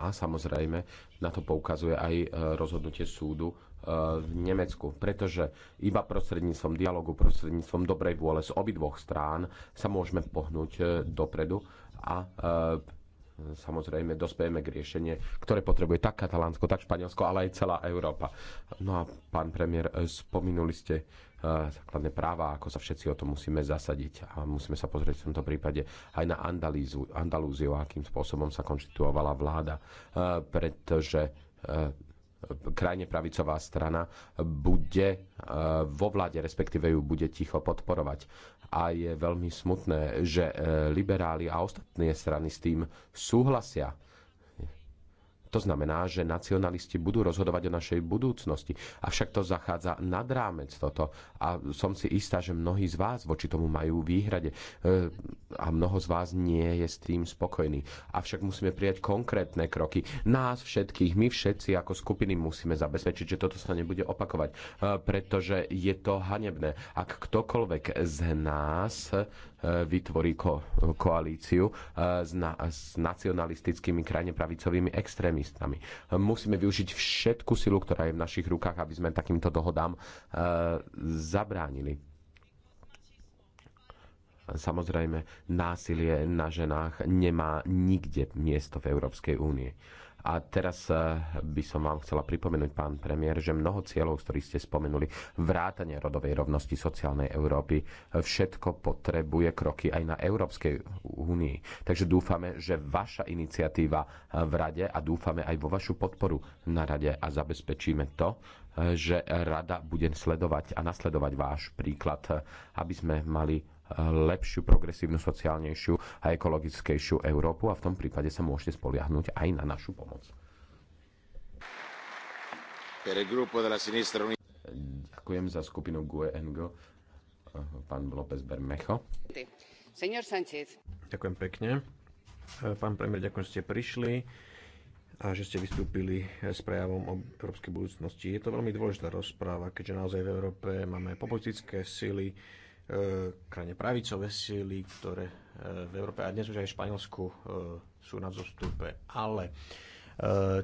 A samozrejme, na to poukazuje aj e, rozhodnutie súdu e, v Nemecku, pretože iba prostredníctvom dialogu, prostredníctvom dobrej vôle z obidvoch strán sa môžeme pohnúť dopredu a samozrejme dospejeme k riešenie, ktoré potrebuje tak Katalánsko, tak Španielsko, ale aj celá Európa. No a pán premiér, e, spomínuli ste e, základné práva, ako sa všetci o to musíme zasadiť. A musíme sa pozrieť v tomto prípade aj na Andalízu, Andalúziu, akým spôsobom sa konštituovala vláda. E, pretože krajne pravicová strana bude vo vláde, respektíve ju bude ticho podporovať a je veľmi smutné, že eh, liberáli a ostatné strany s tým súhlasia. To znamená, že nacionalisti budú rozhodovať o našej budúcnosti. Avšak to zachádza nad rámec toto. A som si istá, že mnohí z vás voči tomu majú výhrade. E, a mnoho z vás nie je s tým spokojný. Avšak musíme prijať konkrétne kroky. Nás všetkých, my všetci ako skupiny musíme zabezpečiť, že toto sa nebude opakovať. E, pretože je to hanebné. Ak ktokoľvek z nás e, vytvorí ko- koalíciu s, na- s nacionalistickými krajne pravicovými extrémy, extrémistami. Musíme využiť všetku silu, ktorá je v našich rukách, aby sme takýmto dohodám eh, zabránili samozrejme násilie na ženách nemá nikde miesto v Európskej únie. A teraz eh, by som vám chcela pripomenúť, pán premiér, že mnoho cieľov, z ktorých ste spomenuli, vrátanie rodovej rovnosti sociálnej Európy, eh, všetko potrebuje kroky aj na Európskej únii. Takže dúfame, že vaša iniciatíva eh, v rade a dúfame aj vo vašu podporu na rade a zabezpečíme to, že rada bude sledovať a nasledovať váš príklad, aby sme mali lepšiu, progresívnu, sociálnejšiu a ekologickejšiu Európu a v tom prípade sa môžete spoliahnuť aj na našu pomoc. Ďakujem za skupinu GUE pán López Bermecho. Ďakujem pekne. Pán premiér, ďakujem, že ste prišli a že ste vystúpili s prejavom o európskej budúcnosti. Je to veľmi dôležitá rozpráva, keďže naozaj v Európe máme populistické sily, E, krajne pravicové sily, ktoré e, v Európe a dnes už aj v Španielsku e, sú na vzostupe. Ale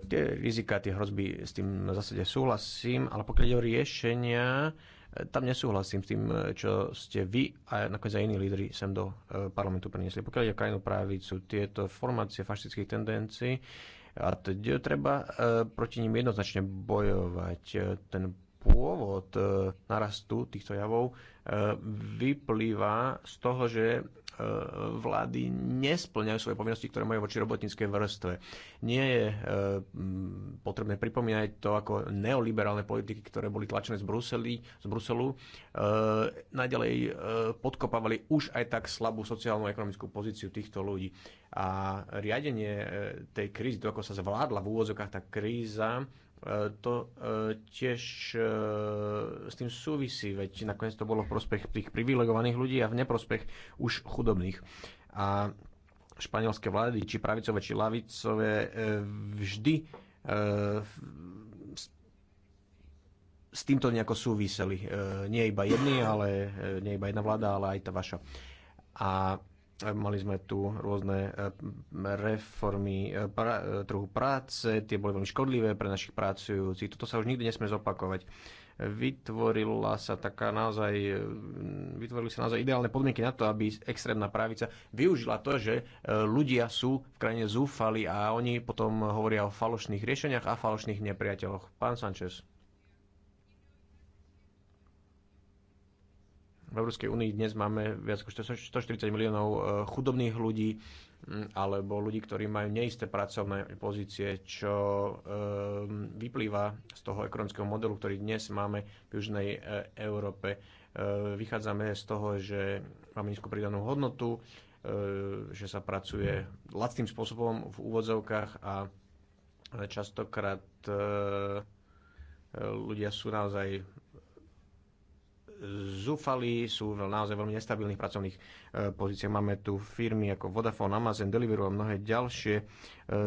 tie rizika, tie hrozby, s tým na zásade súhlasím, ale pokiaľ ide o riešenia, tam nesúhlasím s tým, čo ste vy a nakoniec aj iní lídry sem do parlamentu priniesli. Pokiaľ ide o krajnú pravicu, tieto formácie fašistických tendencií, a teď treba proti ním jednoznačne bojovať. Ten pôvod e, narastu týchto javov e, vyplýva z toho, že e, vlády nesplňajú svoje povinnosti, ktoré majú voči robotníckej vrstve. Nie je potrebné pripomínať to ako neoliberálne politiky, ktoré boli tlačené z, Bruseli, z Bruselu, naďalej podkopávali už aj tak slabú sociálnu a ekonomickú pozíciu týchto ľudí. A riadenie tej krízy, to ako sa zvládla v úvodzokách tá kríza, E, to e, tiež e, s tým súvisí, veď nakoniec to bolo v prospech tých privilegovaných ľudí a v neprospech už chudobných. A španielské vlády, či pravicové, či lavicové, vždy s týmto nejako súviseli. Nie iba jedný, ale nie iba jedna vláda, ale aj tá vaša. A E, mali sme tu rôzne e, reformy e, pra, trhu práce, tie boli veľmi škodlivé pre našich pracujúcich. Toto sa už nikdy nesme zopakovať. Vytvorila sa taká naozaj, vytvorili sa naozaj ideálne podmienky na to, aby extrémna pravica využila to, že ľudia sú v krajine zúfali a oni potom hovoria o falošných riešeniach a falošných nepriateľoch. Pán Sanchez. V Európskej únii dnes máme viac ako 140 miliónov e, chudobných ľudí alebo ľudí, ktorí majú neisté pracovné pozície, čo e, vyplýva z toho ekonomického modelu, ktorý dnes máme v Južnej e, Európe. Vychádzame z toho, že máme nízku pridanú hodnotu, že sa pracuje lacným spôsobom v úvodzovkách a častokrát ľudia sú naozaj zúfali, sú naozaj veľmi nestabilných pracovných e, pozíciách. Máme tu firmy ako Vodafone, Amazon, Deliveroo a mnohé ďalšie. E,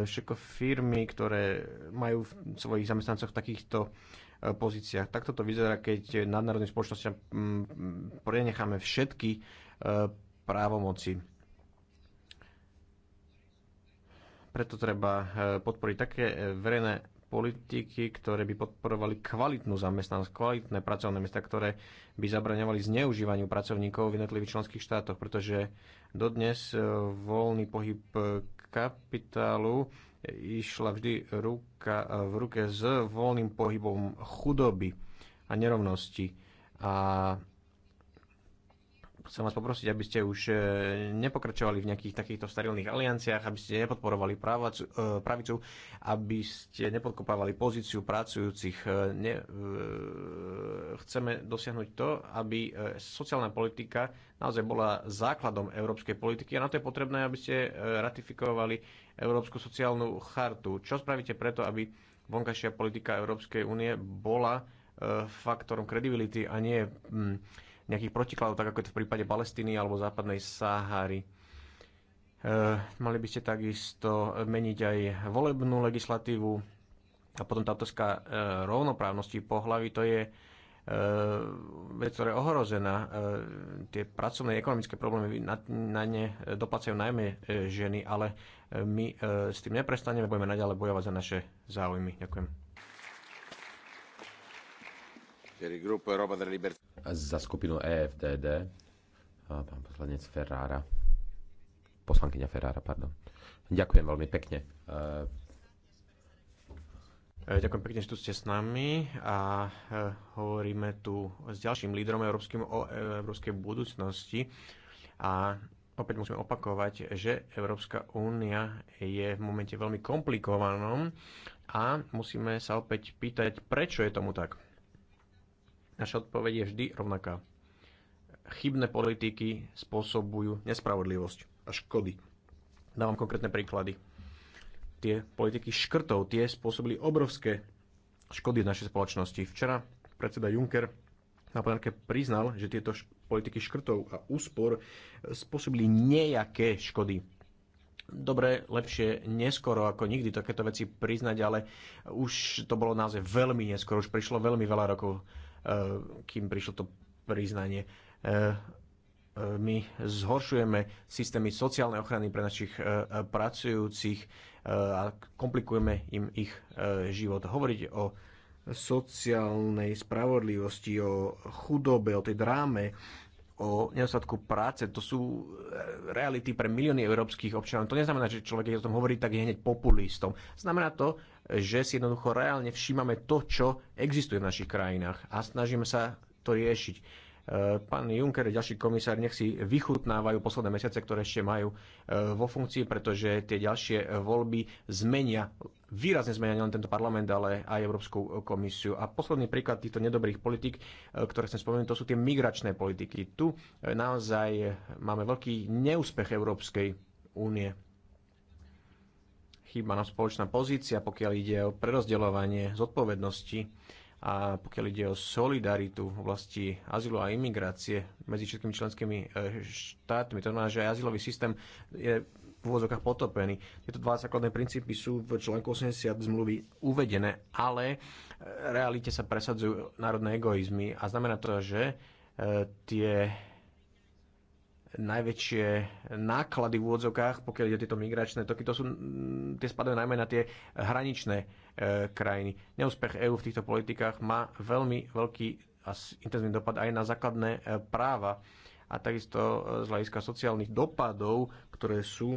všetko firmy, ktoré majú v svojich zamestnancoch takýchto e, pozíciách. Takto to vyzerá, keď nadnárodným spoločnosťam prenecháme všetky právomoci. Preto treba podporiť také verejné politiky, ktoré by podporovali kvalitnú zamestnanosť, kvalitné pracovné miesta, ktoré by zabraňovali zneužívaniu pracovníkov v jednotlivých členských štátoch, pretože dodnes e, voľný pohyb kapitálu išla vždy ruka v ruke s voľným pohybom chudoby a nerovnosti. A chcem vás poprosiť, aby ste už e, nepokračovali v nejakých takýchto starilných alianciách, aby ste nepodporovali právacu, e, pravicu, aby ste nepodkopávali pozíciu pracujúcich. E, ne, chceme dosiahnuť to, aby sociálna politika naozaj bola základom európskej politiky a na to je potrebné, aby ste ratifikovali Európsku sociálnu chartu. Čo spravíte preto, aby vonkajšia politika Európskej únie bola faktorom kredibility a nie mm, nejakých protikladov, tak ako je to v prípade Palestíny alebo západnej Sahary. E, mali by ste takisto meniť aj volebnú legislatívu a potom tá otázka e, rovnoprávnosti pohlavy, to je e, vec, ktorá je ohrozená. Tie pracovné ekonomické problémy na, na ne doplacajú najmä ženy, ale my s tým neprestaneme, budeme naďalej bojovať za naše záujmy. Ďakujem. Za skupinu EFDD pán poslanec Ferrara. Poslankyňa Ferrara, pardon. Ďakujem veľmi pekne. E, ďakujem pekne, že tu ste s nami a e, hovoríme tu s ďalším lídrom európskym, o e, európskej budúcnosti a opäť musíme opakovať, že Európska únia je v momente veľmi komplikovanom a musíme sa opäť pýtať, prečo je tomu tak. Naša odpoveď je vždy rovnaká. Chybné politiky spôsobujú nespravodlivosť a škody. Dávam konkrétne príklady. Tie politiky škrtov, tie spôsobili obrovské škody v našej spoločnosti. Včera predseda Juncker na plenárke priznal, že tieto politiky škrtov a úspor spôsobili nejaké škody. Dobre, lepšie neskoro ako nikdy takéto veci priznať, ale už to bolo naozaj veľmi neskoro, už prišlo veľmi veľa rokov Eh, kým prišlo to priznanie. Eh, eh, my zhoršujeme systémy sociálnej ochrany pre našich pracujúcich a komplikujeme im ich život. Hovoriť o sociálnej spravodlivosti, o chudobe, o tej dráme, o nedostatku práce. To sú reality pre milióny európskych občanov. To neznamená, že človek, keď o tom hovorí, tak je hneď populistom. Znamená to, že si jednoducho reálne všímame to, čo existuje v našich krajinách a snažíme sa to riešiť. E, pán Juncker, ďalší komisár, nech si vychutnávajú posledné mesiace, ktoré ešte majú e, vo funkcii, pretože tie ďalšie voľby zmenia, výrazne zmenia nielen tento parlament, ale aj Európsku komisiu. A posledný príklad týchto nedobrých politik, e, ktoré chcem spomenúť, to sú tie migračné politiky. Tu naozaj máme veľký neúspech Európskej únie chýba nám spoločná pozícia, pokiaľ ide o prerozdeľovanie zodpovednosti a pokiaľ ide o solidaritu v oblasti azylu a imigrácie medzi všetkými členskými e, štátmi. To znamená, že aj azylový systém je v úvodzovkách potopený. Tieto dva základné princípy sú v článku 80 zmluvy uvedené, ale v e, realite sa presadzujú národné egoizmy a znamená to, že e, tie najväčšie náklady v úvodzokách, pokiaľ ide tieto migračné toky, to sú, mm, tie spadajú najmä na tie hraničné e, krajiny. Neúspech EÚ v týchto politikách má veľmi veľký a intenzívny dopad aj na základné e, práva a takisto e, z hľadiska sociálnych dopadov, ktoré sú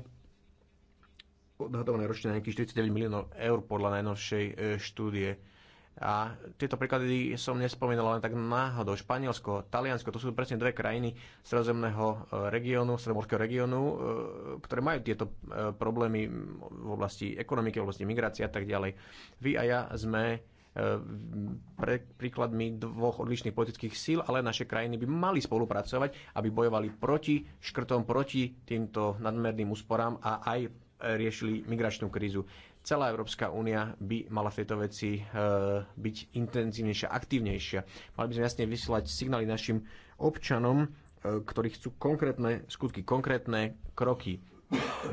odhadované ročne na nejakých 49 miliónov eur podľa najnovšej e, štúdie a tieto príklady som nespomenul len tak náhodou. Španielsko, Taliansko, to sú presne dve krajiny stredozemného e, regiónu, stredomorského regiónu, e, ktoré majú tieto e, problémy v oblasti ekonomiky, v oblasti migrácie a tak ďalej. Vy a ja sme pre príkladmi dvoch odlišných politických síl, ale naše krajiny by mali spolupracovať, aby bojovali proti škrtom, proti týmto nadmerným úsporám a aj riešili migračnú krízu. Celá Európska únia by mala v tejto veci e, byť intenzívnejšia, aktívnejšia. Mali by sme jasne vysielať signály našim občanom, e, ktorí chcú konkrétne skutky, konkrétne kroky.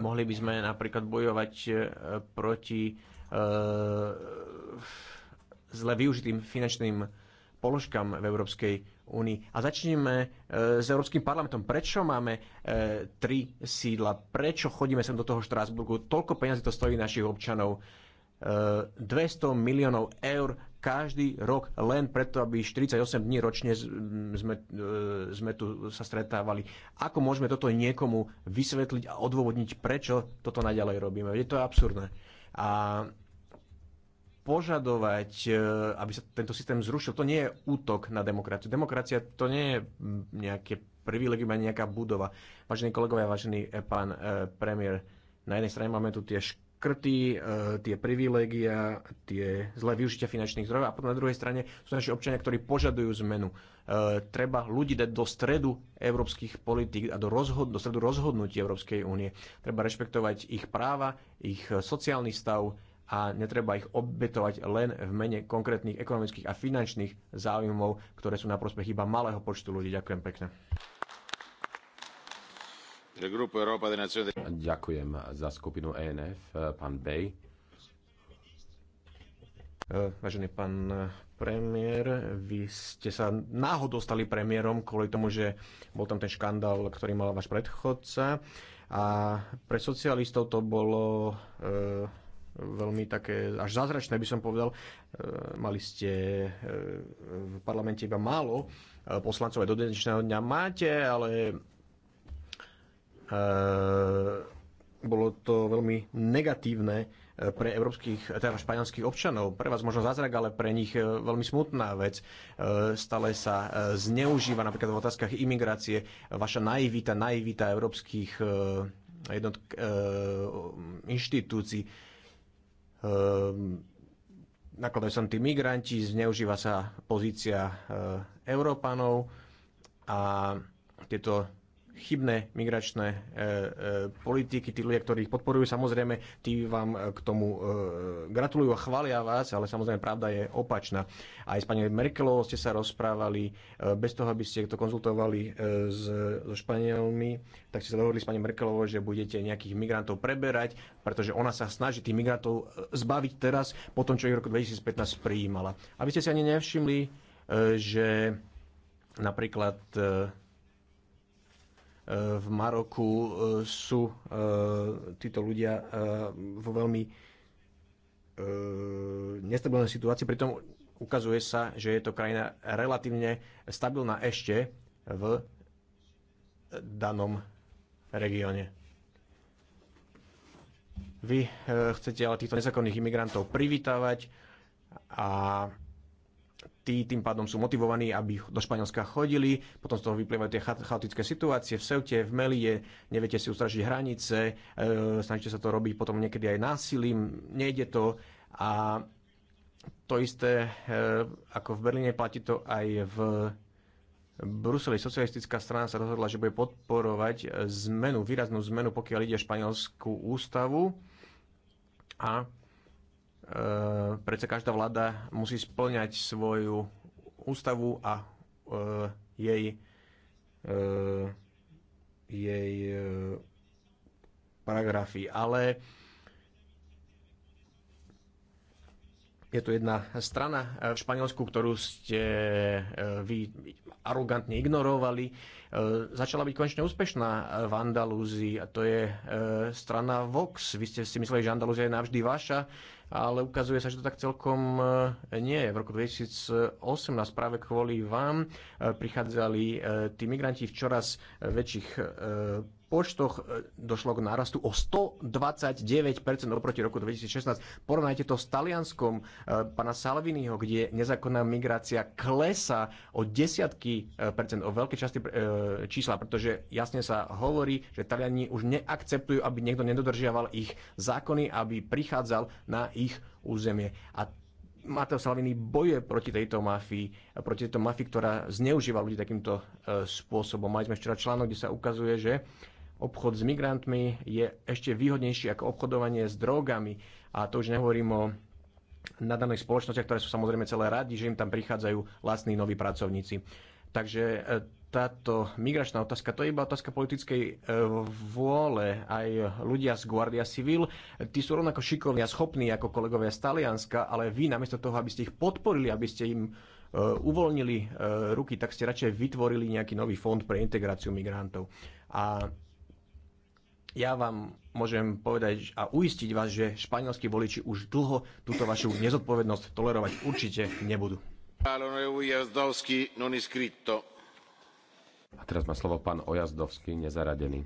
Mohli by sme napríklad bojovať e, proti zle využitým finančným položkám v Európskej únii. A začneme e, s Európskym parlamentom. Prečo máme e, tri sídla? Prečo chodíme sem do toho Štrásburgu? Toľko peniazy to stojí našich občanov. 200 e, miliónov eur každý rok len preto, aby 48 dní ročne sme, sme tu sa stretávali. Ako môžeme toto niekomu vysvetliť a odôvodniť, prečo toto naďalej robíme? Je to absurdné. A požadovať, e, aby sa tento systém zrušil. To nie je útok na demokraciu. Demokracia to nie je nejaké privilegium ani nejaká budova. Vážení kolegovia, vážený e, pán e, premiér, na jednej strane máme tu tie škrty, tie privilégia, tie zlé využitia finančných zdrojov a potom na druhej strane sú naši občania, ktorí požadujú zmenu. Treba ľudí dať do stredu európskych politík a do, rozhod- do stredu rozhodnutí Európskej únie. Treba rešpektovať ich práva, ich sociálny stav, a netreba ich obetovať len v mene konkrétnych ekonomických a finančných záujmov, ktoré sú na prospech iba malého počtu ľudí. Ďakujem pekne. Ďakujem za skupinu ENF, pán Bej. E, vážený pán premiér, vy ste sa náhodou stali premiérom kvôli tomu, že bol tam ten škandál, ktorý mal váš predchodca. A pre socialistov to bolo e, veľmi také až zázračné, by som povedal. E, mali ste e, v parlamente iba málo e, poslancov aj do dnešného dňa máte, ale bolo to veľmi negatívne pre európskych, teda španielských občanov. Pre vás možno zázrak, ale pre nich veľmi smutná vec. Stále sa zneužíva napríklad v otázkach imigrácie vaša naivita, naivita európskych jednotk, inštitúcií Ehm, nakladajú sa tí migranti, zneužíva sa pozícia eh, Európanov a tieto chybné migračné e, e, politiky. Tí ľudia, ktorí ich podporujú, samozrejme, tí vám e, k tomu e, gratulujú a chvália vás, ale samozrejme pravda je opačná. Aj s pani Merkelovou ste sa rozprávali, e, bez toho, aby ste to konzultovali e, s, so Španielmi, tak ste sa dohodli s pani Merkelovou, že budete nejakých migrantov preberať, pretože ona sa snaží tých migrantov e, zbaviť teraz, po tom, čo ich v roku 2015 prijímala. Aby ste si ani nevšimli, e, že napríklad e, v Maroku e, sú e, títo ľudia e, vo veľmi nestabilnej situácii. Pritom ukazuje sa, že je to krajina relatívne stabilná ešte v danom regióne. Vy chcete ale týchto nezákonných imigrantov privítavať a tí tým pádom sú motivovaní, aby do Španielska chodili, potom z toho vyplývajú tie chaotické situácie v Seute, v Melie, neviete si ustražiť hranice, e, snažíte sa to robiť potom niekedy aj násilím, nejde to a to isté e, ako v Berlíne platí to aj v Bruseli socialistická strana sa rozhodla, že bude podporovať e, zmenu, výraznú zmenu, pokiaľ ide španielskú ústavu a E, predsa každá vláda musí splňať svoju ústavu a e, jej e, jej paragrafy, ale je tu jedna strana v Španielsku, ktorú ste vy arogantne ignorovali, začala byť konečne úspešná v Andalúzii a to je strana Vox. Vy ste si mysleli, že Andalúzia je navždy vaša ale ukazuje sa, že to tak celkom e, nie je. V roku 2018 práve kvôli vám e, prichádzali e, tí migranti v čoraz väčších počtoch e, došlo k nárastu o 129% oproti roku 2016. Porovnajte to s Talianskom e, pana Salviniho, kde nezákonná migrácia klesa o desiatky e, percent, o veľké časti čísla, pretože jasne sa hovorí, že Taliani už neakceptujú, aby niekto nedodržiaval ich zákony, aby prichádzal na ich územie. A Mateo Salvini boje proti tejto mafii, proti tejto mafii, ktorá zneužíva ľudí takýmto spôsobom. Mali sme včera článok, kde sa ukazuje, že obchod s migrantmi je ešte výhodnejší ako obchodovanie s drogami. A to už nehovorím o nadaných spoločnostiach, ktoré sú samozrejme celé radi, že im tam prichádzajú lacní noví pracovníci. Takže e, táto migračná otázka, to je iba otázka politickej e, vôle. Aj ľudia z Guardia Civil, tí sú rovnako šikovní a schopní ako kolegovia z Talianska, ale vy namiesto toho, aby ste ich podporili, aby ste im e, uvoľnili ruky, tak ste radšej vytvorili nejaký nový fond pre integráciu migrantov. A ja vám môžem povedať a uistiť vás, že španielskí voliči už dlho túto vašu nezodpovednosť tolerovať určite nebudú. A teraz má slovo pán Ojazdovský, nezaradený.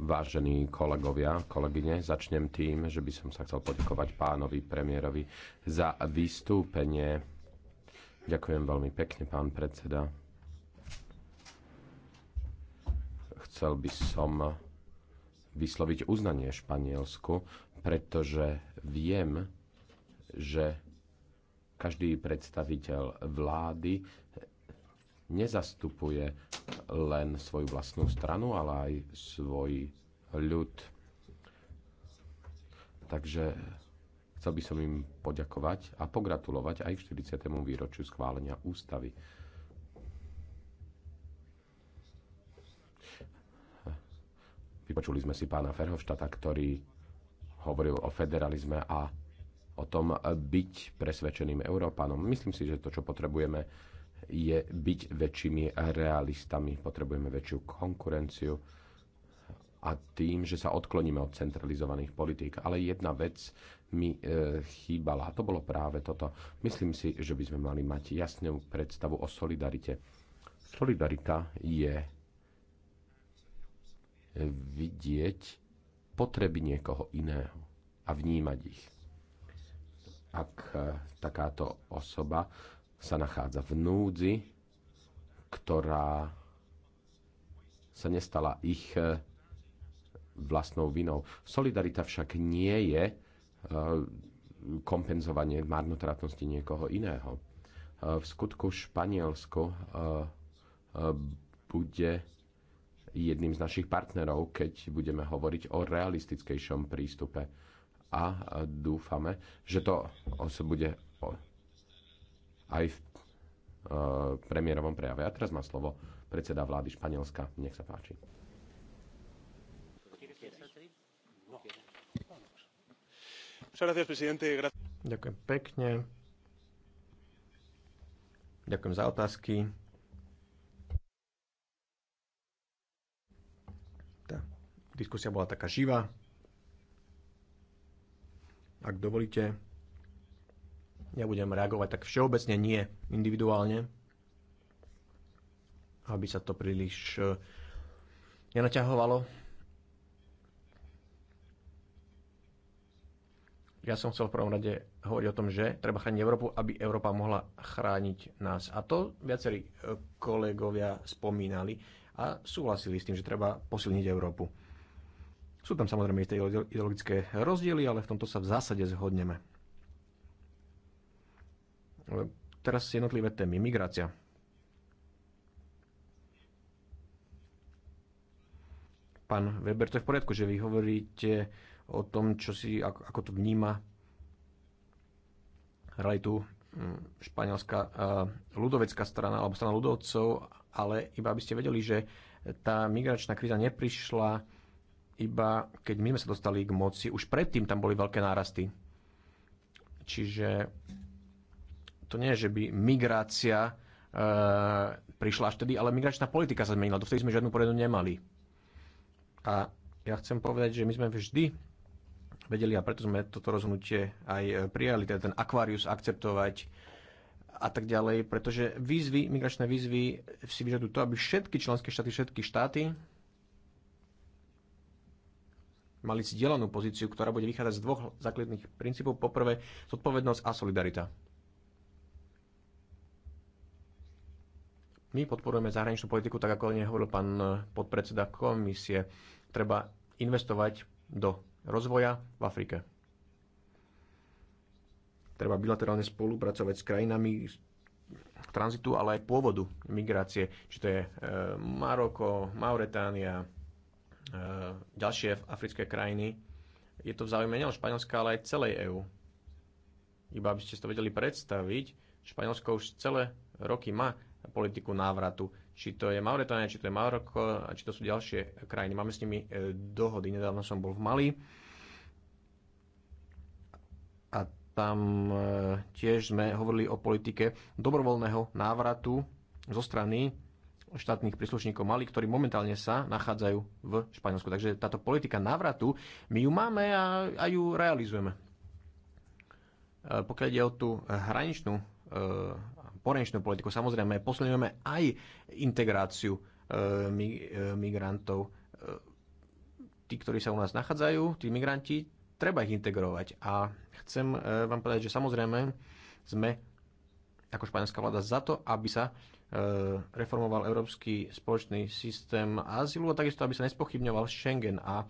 Vážení kolegovia, kolegyne, začnem tým, že by som sa chcel poďakovať pánovi premiérovi za vystúpenie. Ďakujem veľmi pekne, pán predseda. Chcel by som vysloviť uznanie Španielsku, pretože viem, že každý predstaviteľ vlády nezastupuje len svoju vlastnú stranu, ale aj svoj ľud. Takže chcel by som im poďakovať a pogratulovať aj k 40. výročiu schválenia ústavy. Vypočuli sme si pána Ferhoštata, ktorý hovoril o federalizme a o tom byť presvedčeným Európanom. Myslím si, že to, čo potrebujeme, je byť väčšími realistami. Potrebujeme väčšiu konkurenciu a tým, že sa odkloníme od centralizovaných politík. Ale jedna vec mi e, chýbala a to bolo práve toto. Myslím si, že by sme mali mať jasnú predstavu o solidarite. Solidarita je vidieť potreby niekoho iného a vnímať ich. Ak eh, takáto osoba sa nachádza v núdzi, ktorá sa nestala ich eh, vlastnou vinou. Solidarita však nie je eh, kompenzovanie marnotratnosti niekoho iného. V skutku Španielsku bude jedným z našich partnerov, keď budeme hovoriť o realistickejšom prístupe. A dúfame, že to sa bude aj v e, premiérovom prejave. A teraz má slovo predseda vlády Španielska. Nech sa páči. Ďakujem pekne. Ďakujem za otázky. Diskusia bola taká živá. Ak dovolíte, ja budem reagovať tak všeobecne, nie individuálne, aby sa to príliš e, nenaťahovalo. Ja som chcel v prvom rade hovoriť o tom, že treba chrániť Európu, aby Európa mohla chrániť nás. A to viacerí e, kolegovia spomínali a súhlasili s tým, že treba posilniť Európu. Sú tam samozrejme isté ideologické rozdiely, ale v tomto sa v zásade zhodneme. Teraz jednotlivé témy. Migrácia. Pán Weber, to je v poriadku, že vy hovoríte o tom, čo si, ako, ako to vníma realitu mm, španielská ľudovecká strana alebo strana ľudovcov, ale iba aby ste vedeli, že tá migračná kríza neprišla iba keď my sme sa dostali k moci. Už predtým tam boli veľké nárasty. Čiže to nie je, že by migrácia e, prišla až tedy, ale migračná politika sa zmenila. Dovtedy sme žiadnu poriadnu nemali. A ja chcem povedať, že my sme vždy vedeli a preto sme toto rozhodnutie aj e, prijali, teda ten Aquarius akceptovať a tak ďalej, pretože výzvy, migračné výzvy si vyžadujú to, aby všetky členské štáty, všetky štáty mali zdieľanú pozíciu, ktorá bude vychádzať z dvoch základných princípov. Poprvé, zodpovednosť a solidarita. My podporujeme zahraničnú politiku, tak ako hovoril pán podpredseda komisie. Treba investovať do rozvoja v Afrike. Treba bilaterálne spolupracovať s krajinami tranzitu, ale aj pôvodu migrácie, či to je e, Maroko, Mauretánia, Eh, ďalšie africké krajiny. Je to v záujme nielen Španielska, ale aj celej EÚ. Iba aby ste to vedeli predstaviť, Španielsko už celé roky má politiku návratu. Či to je Mauretania, či to je Maroko, či to sú ďalšie krajiny. Máme s nimi eh, dohody. Nedávno som bol v Mali a tam eh, tiež sme hovorili o politike dobrovoľného návratu zo strany štátnych príslušníkov Mali, ktorí momentálne sa nachádzajú v Španielsku. Takže táto politika návratu, my ju máme a, a ju realizujeme. E, pokiaľ ide o tú hraničnú, e, porenčnú politiku, samozrejme posledujeme aj integráciu e, migrantov. Tí, ktorí sa u nás nachádzajú, tí migranti, treba ich integrovať. A chcem vám povedať, že samozrejme sme ako španielská vláda za to, aby sa Eh, reformoval európsky spoločný systém azylu a takisto, aby sa nespochybňoval Schengen a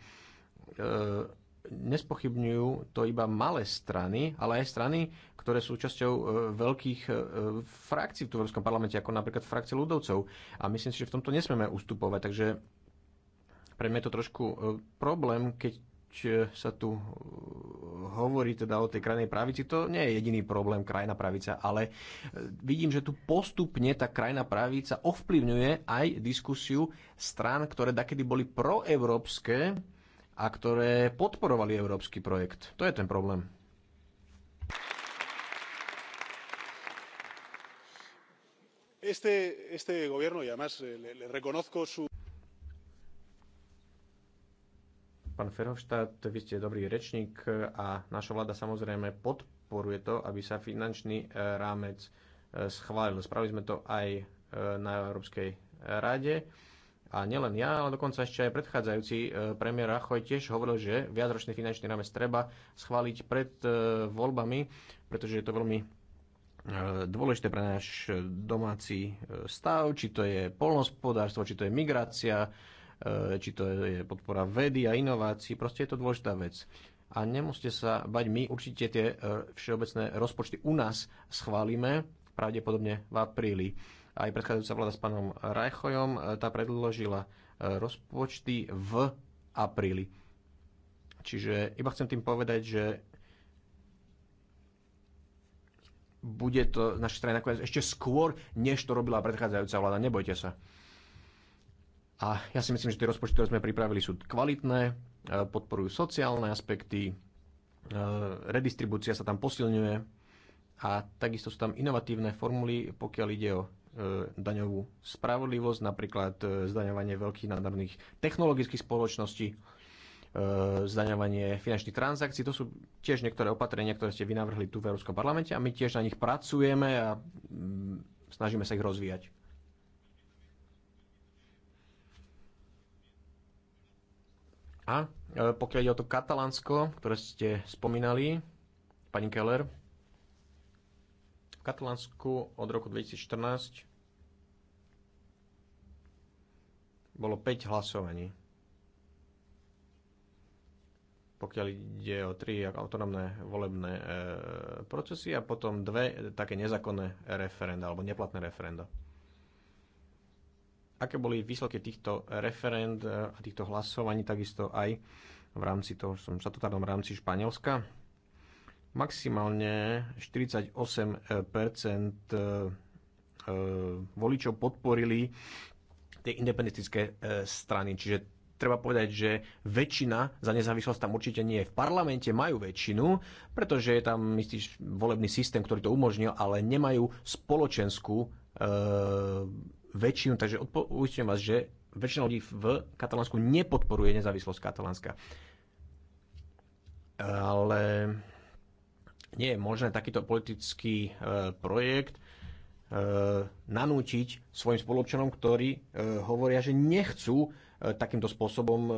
eh, nespochybňujú to iba malé strany, ale aj strany, ktoré sú časťou eh, veľkých frakcií v Európskom parlamente, ako napríklad frakcie ľudovcov. A myslím si, že v tomto nesmieme ustupovať. Takže pre mňa je to trošku problém, keď Eh, sa tu eh, hovorí teda o tej krajnej pravici, to nie je jediný problém krajná pravica, ale eh, vidím, že tu postupne tá krajná pravica ovplyvňuje aj diskusiu strán, ktoré dakedy boli proeurópske a ktoré podporovali európsky projekt. To je ten problém. Este, este gobierno, y además le, le reconozco su... Pán Ferhovštát, vy ste dobrý rečník a naša vláda samozrejme podporuje to, aby sa finančný e, rámec e, schválil. Spravili sme to aj e, na Európskej rade. A nielen ja, ale dokonca ešte aj predchádzajúci premiér Rachoj tiež hovoril, že viacročný finančný rámec treba schváliť pred voľbami, pretože je to veľmi dôležité pre náš domáci stav, či to je polnospodárstvo, či to je migrácia, E, či to je podpora vedy a inovácií, proste je to dôležitá vec. A nemusíte sa bať, my určite tie e, všeobecné rozpočty u nás schválime, pravdepodobne v apríli. Aj predchádzajúca vláda s pánom Rajchojom, e, tá predložila rozpočty v apríli. Čiže iba chcem tým povedať, že bude to naša strana ešte skôr, než to robila predchádzajúca vláda. Nebojte sa. A ja si myslím, že tie rozpočty, ktoré sme pripravili, sú kvalitné, e, podporujú sociálne aspekty, e, redistribúcia sa tam posilňuje a takisto sú tam inovatívne formuly, pokiaľ ide o e, daňovú spravodlivosť, napríklad zdaňovanie veľkých národných technologických spoločností, zdaňovanie finančných transakcií. To sú tiež niektoré opatrenia, ktoré ste vynavrhli tu v Európskom parlamente a my tiež na nich pracujeme a mm, snažíme sa ich rozvíjať. A e, pokiaľ ide o to Katalánsko, ktoré ste spomínali, pani Keller, v Katalánsku od roku 2014 bolo 5 hlasovaní. Pokiaľ ide o 3 autonómne volebné e, procesy a potom dve také nezákonné referenda alebo neplatné referenda aké boli výsledky týchto referend eh, a týchto hlasovaní, takisto aj v rámci toho, som v štatutárnom rámci Španielska. Maximálne 48% eh, eh, voličov podporili tie independentické strany, čiže treba povedať, že väčšina za nezávislosť tam určite nie je. V parlamente majú väčšinu, pretože je tam istý volebný systém, ktorý to umožnil, ale nemajú spoločenskú väčšinu, takže odpo- uistujem vás, že väčšina ľudí v Katalánsku nepodporuje nezávislosť Katalánska. Ale nie je možné takýto politický e, projekt e, nanútiť svojim spoločanom, ktorí e, hovoria, že nechcú e, takýmto spôsobom e,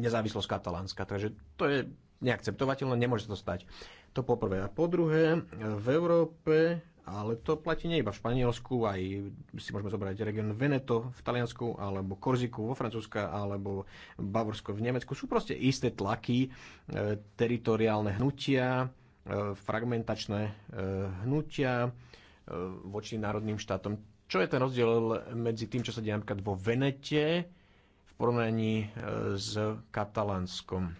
nezávislosť Katalánska. Takže to je neakceptovateľné, nemôže to stať. To poprvé A po druhé, v Európe ale to platí nie iba v Španielsku, aj si môžeme zobrať region Veneto v Taliansku, alebo Korziku vo Francúzsku, alebo Bavorsko v Nemecku. Sú proste isté tlaky, e, teritoriálne hnutia, e, fragmentačné e, hnutia e, voči národným štátom. Čo je ten rozdiel medzi tým, čo sa deje napríklad vo Venete v porovnaní e, s Katalánskom?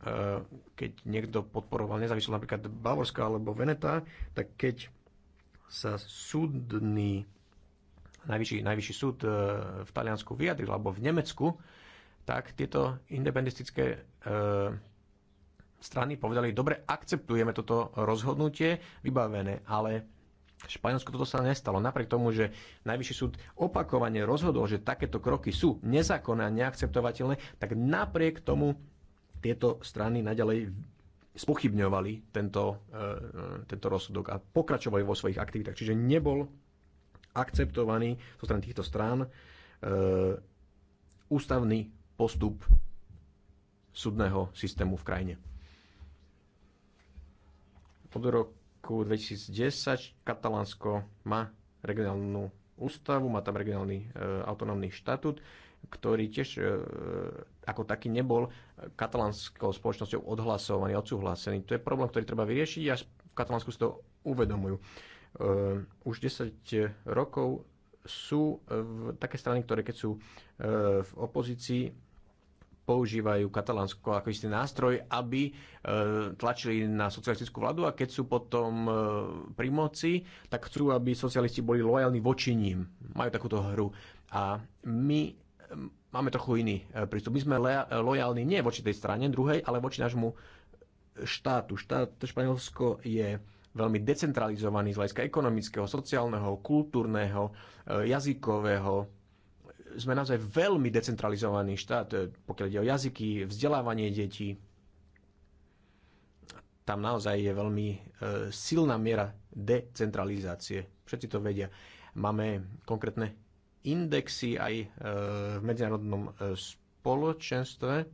Eh, keď niekto podporoval nezávislosť napríklad Bavorska alebo Veneta, tak keď sa súdny, najvyšší, najvyšší súd eh, v Taliansku vyjadril alebo v Nemecku, tak tieto independistické eh, strany povedali, dobre, akceptujeme toto rozhodnutie, vybavené, ale v Španielsku toto sa nestalo. Napriek tomu, že Najvyšší súd opakovane rozhodol, že takéto kroky sú nezákonné a neakceptovateľné, tak napriek tomu tieto strany naďalej spochybňovali tento, eh, tento rozsudok a pokračovali vo svojich aktivitách. Čiže nebol akceptovaný zo strany týchto strán eh, ústavný postup súdneho systému v krajine. Od roku 2010 Katalánsko má regionálnu ústavu, má tam regionálny e, autonómny štatút, ktorý tiež ako taký nebol eh, katalánskou spoločnosťou odhlasovaný, odsúhlasený. To je problém, ktorý treba vyriešiť a v Katalánsku si to uvedomujú. Eh, už 10 rokov sú eh, také strany, ktoré keď sú v opozícii, používajú Katalánsko ako istý nástroj, aby tlačili na socialistickú vládu a keď sú potom pri moci, tak chcú, aby socialisti boli lojálni voči ním. Majú takúto hru. A my máme trochu iný e, prístup. My sme lojálni nie voči tej strane druhej, ale voči nášmu štátu. Štát Španielsko je veľmi decentralizovaný z hľadiska ekonomického, sociálneho, kultúrneho, e, jazykového. Sme naozaj veľmi decentralizovaný štát, e, pokiaľ ide o jazyky, vzdelávanie detí. Tam naozaj je veľmi silná miera decentralizácie. Všetci to vedia. Máme konkrétne indexy aj e, v medzinárodnom e, spoločenstve, e,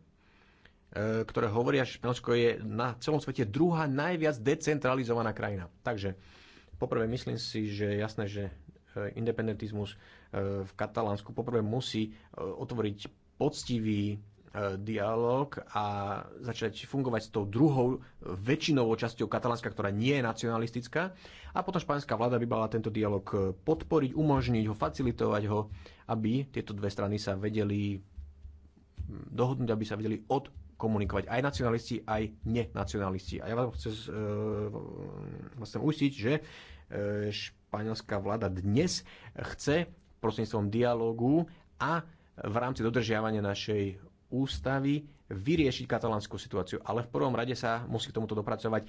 ktoré hovoria, že Španielsko je na celom svete druhá najviac decentralizovaná krajina. Takže poprvé myslím si, že jasné, že independentizmus v Katalánsku poprvé musí otvoriť poctivý E, dialog a začať fungovať s tou druhou väčšinovou časťou Katalánska, ktorá nie je nacionalistická. A potom španielská vláda by mala tento dialog podporiť, umožniť ho, facilitovať ho, aby tieto dve strany sa vedeli mm, dohodnúť, aby sa vedeli odkomunikovať aj nacionalisti, aj nenacionalisti. A ja e, vás chcem vlastne ujistiť, že e, španielská vláda dnes chce prostredníctvom dialogu a v rámci dodržiavania našej ústavy vyriešiť katalánsku situáciu. Ale v prvom rade sa musí k tomuto dopracovať e,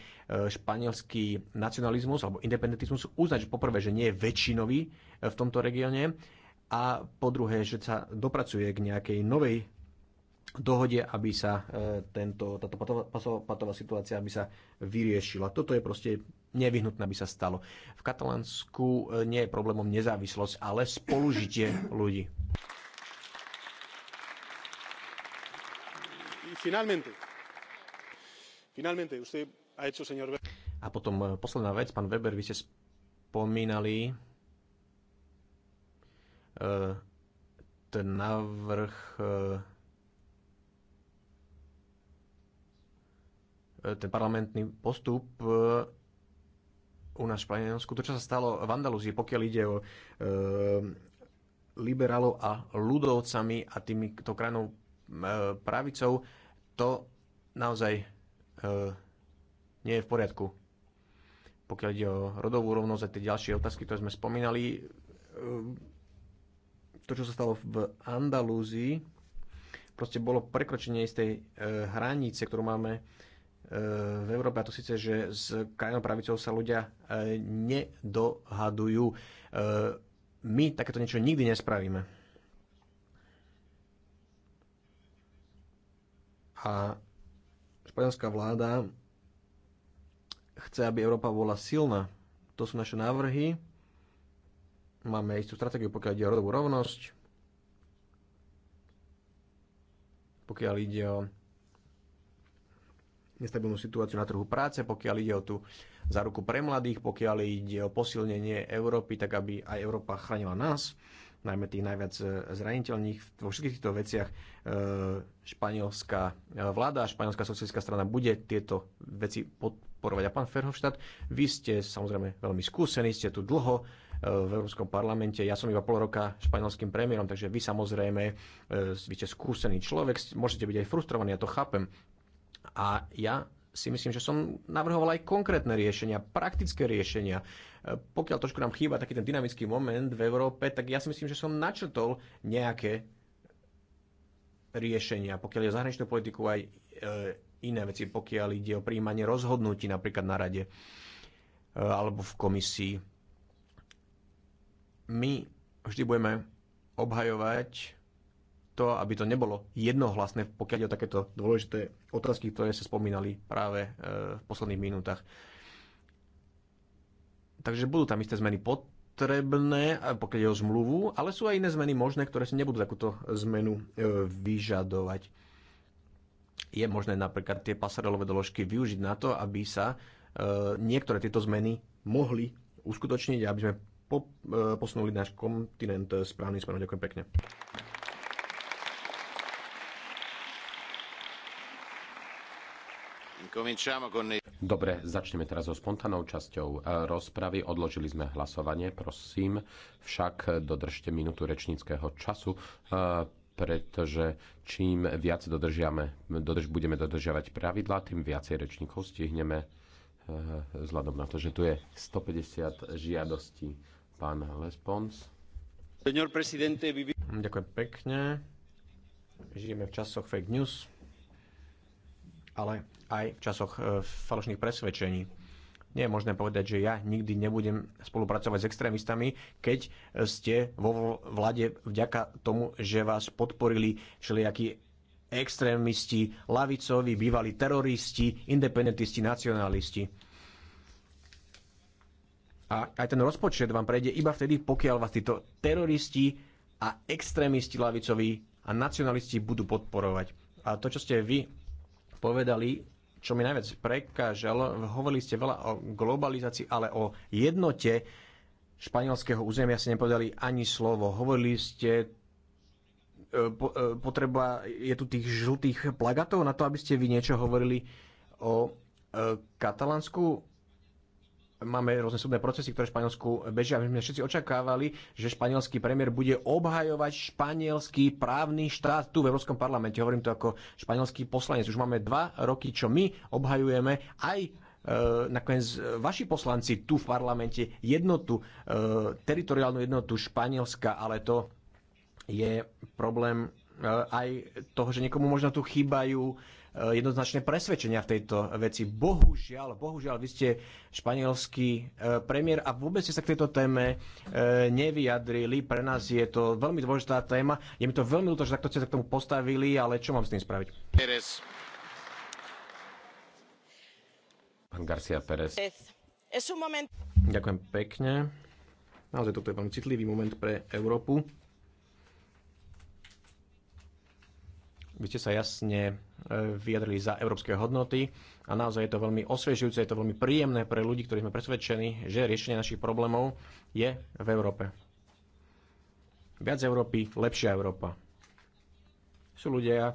španielský nacionalizmus alebo independentizmus. Uznať, že poprvé, že nie je väčšinový e, v tomto regióne a po druhé, že sa dopracuje k nejakej novej dohode, aby sa e, tento, táto patová, patová situácia aby sa vyriešila. Toto je proste nevyhnutné, aby sa stalo. V Katalánsku nie je problémom nezávislosť, ale spolužitie ľudí. A potom eh, posledná vec, pán Weber, vy ste spomínali eh, ten návrh eh, ten parlamentný postup u nás v Španielsku, to, čo sa stalo v Andalúzii, pokiaľ ide o liberálov a ľudovcami a týmito krajinou pravicou to naozaj e, nie je v poriadku. Pokiaľ ide o rodovú rovnosť a tie ďalšie otázky, ktoré sme spomínali, e, to, čo sa stalo v Andalúzii, proste bolo prekročenie istej e, hranice, ktorú máme e, v Európe, a to síce, že s krajinou pravicou sa ľudia e, nedohadujú. E, my takéto niečo nikdy nespravíme. A španielská vláda chce, aby Európa bola silná. To sú naše návrhy. Máme istú stratégiu, pokiaľ ide o rodovú rovnosť, pokiaľ ide o nestabilnú situáciu na trhu práce, pokiaľ ide o tú záruku pre mladých, pokiaľ ide o posilnenie Európy, tak aby aj Európa chránila nás najmä tých najviac e, zraniteľných. Vo všetkých týchto veciach e, španielská e, vláda, španielská socialistická strana bude tieto veci podporovať. A pán Ferhofštát, vy ste samozrejme veľmi skúsení, ste tu dlho v Európskom parlamente. Ja som iba pol roka španielským premiérom, takže vy samozrejme, vy ste skúsený človek, môžete byť aj frustrovaní, ja to chápem. A ja si myslím, že som navrhoval aj konkrétne riešenia, praktické riešenia. E, pokiaľ trošku nám chýba taký ten dynamický moment v Európe, tak ja si myslím, že som načrtol nejaké riešenia, pokiaľ je zahraničnú politiku aj e, iné veci, pokiaľ ide o príjmanie rozhodnutí napríklad na rade e, alebo v komisii. My vždy budeme obhajovať to, aby to nebolo jednohlasné, pokiaľ je o takéto dôležité otázky, ktoré sa spomínali práve e, v posledných minútach. Takže budú tam isté zmeny potrebné, e, pokiaľ je o zmluvu, ale sú aj iné zmeny možné, ktoré si nebudú takúto zmenu e, vyžadovať. Je možné napríklad tie pasarelové doložky využiť na to, aby sa niektoré tieto zmeny mohli uskutočniť, aby sme posunuli náš kontinent správnym smerom. Ďakujem pekne. Dobre, začneme teraz so spontánnou časťou eh, rozpravy. Odložili sme hlasovanie, prosím. Však dodržte minútu rečníckého času, eh, pretože čím viac dodržiame, dodrž, budeme dodržiavať pravidlá, tým viacej rečníkov stihneme eh, vzhľadom na to, že tu je 150 žiadostí. Pán Lespons. Ďakujem pekne. Žijeme v časoch fake news ale aj v časoch e, falošných presvedčení. Nie je možné povedať, že ja nikdy nebudem spolupracovať s extrémistami, keď ste vo vláde vďaka tomu, že vás podporili všelijakí extrémisti, lavicovi, bývalí teroristi, independentisti, nacionalisti. A aj ten rozpočet vám prejde iba vtedy, pokiaľ vás títo teroristi a extrémisti lavicovi a nacionalisti budú podporovať. A to, čo ste vy povedali, čo mi najviac prekážalo. Hovorili ste veľa o globalizácii, ale o jednote španielského územia ste nepovedali ani slovo. Hovorili ste e, e, potreba je tu tých žltých plagatov na to, aby ste vy niečo hovorili o e, Katalánsku máme rôzne súdne procesy, ktoré v Španielsku bežia. My sme všetci očakávali, že španielský premiér bude obhajovať španielský právny štát tu v Európskom parlamente. Hovorím to ako španielský poslanec. Už máme dva roky, čo my obhajujeme aj e, nakoniec vaši poslanci tu v parlamente jednotu, e, teritoriálnu jednotu Španielska, ale to je problém e, aj toho, že niekomu možno tu chýbajú E, jednoznačné presvedčenia v tejto veci. Bohužiaľ, bohužiaľ, vy ste španielský e, premiér a vôbec ste sa k tejto téme e, nevyjadrili. Pre nás je to veľmi dôležitá téma. Je mi to veľmi ľúto, že takto ste sa k tomu postavili, ale čo mám s tým spraviť? Pérez. Pán Garcia Pérez. Ďakujem pekne. Naozaj toto je veľmi citlivý moment pre Európu Vy ste sa jasne e, vyjadrili za európske hodnoty a naozaj je to veľmi osviežujúce, je to veľmi príjemné pre ľudí, ktorí sme presvedčení, že riešenie našich problémov je v Európe. Viac Európy, lepšia Európa. Sú ľudia,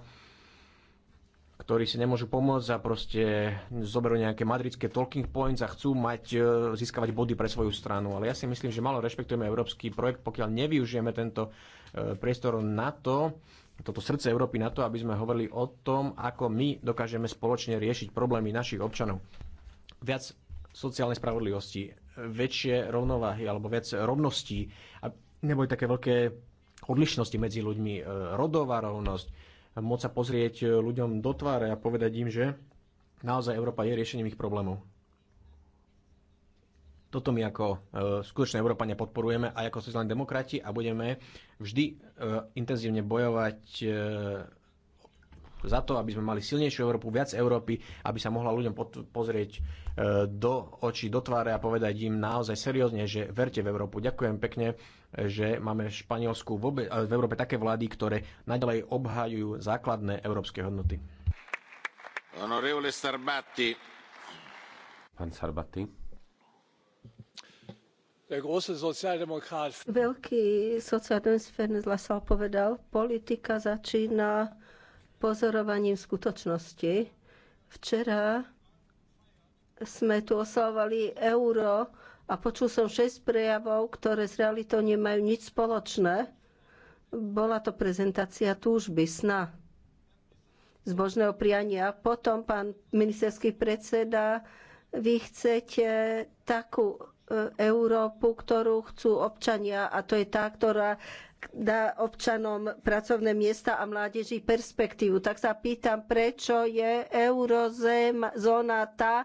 ktorí si nemôžu pomôcť a proste zoberú nejaké madridské talking points a chcú mať, e, získavať body pre svoju stranu. Ale ja si myslím, že malo rešpektujeme európsky projekt, pokiaľ nevyužijeme tento e, priestor na to, toto srdce Európy na to, aby sme hovorili o tom, ako my dokážeme spoločne riešiť problémy našich občanov. Viac sociálnej spravodlivosti, väčšie rovnováhy alebo viac rovností a neboli také veľké odlišnosti medzi ľuďmi, e, rodová rovnosť, môcť sa pozrieť ľuďom do tváre a povedať im, že naozaj Európa je riešením ich problémov. Toto my ako uh, e, skutočné Európania podporujeme aj ako sociálni demokrati a budeme vždy uh, intenzívne bojovať uh, za to, aby sme mali silnejšiu Európu, viac Európy, aby sa mohla ľuďom pozrieť do očí, do tváre a povedať im naozaj seriózne, že verte v Európu. Ďakujem pekne, že máme v Španielsku v, v Európe také vlády, ktoré nadalej obhajujú základné európske hodnoty. Honorevole Sarbatti. Pán Sarbatti. Veľký sociálny Fernsla povedal, politika začína pozorovaním skutočnosti. Včera sme tu oslavovali euro a počul som 6 prejavov, ktoré s realitou nemajú nič spoločné. Bola to prezentácia túžby, sna, zbožného priania. Potom, pán ministerský predseda, vy chcete takú Európu, ktorú chcú občania a to je tá, ktorá dá občanom pracovné miesta a mládeži perspektívu. Tak sa pýtam, prečo je eurozóna tá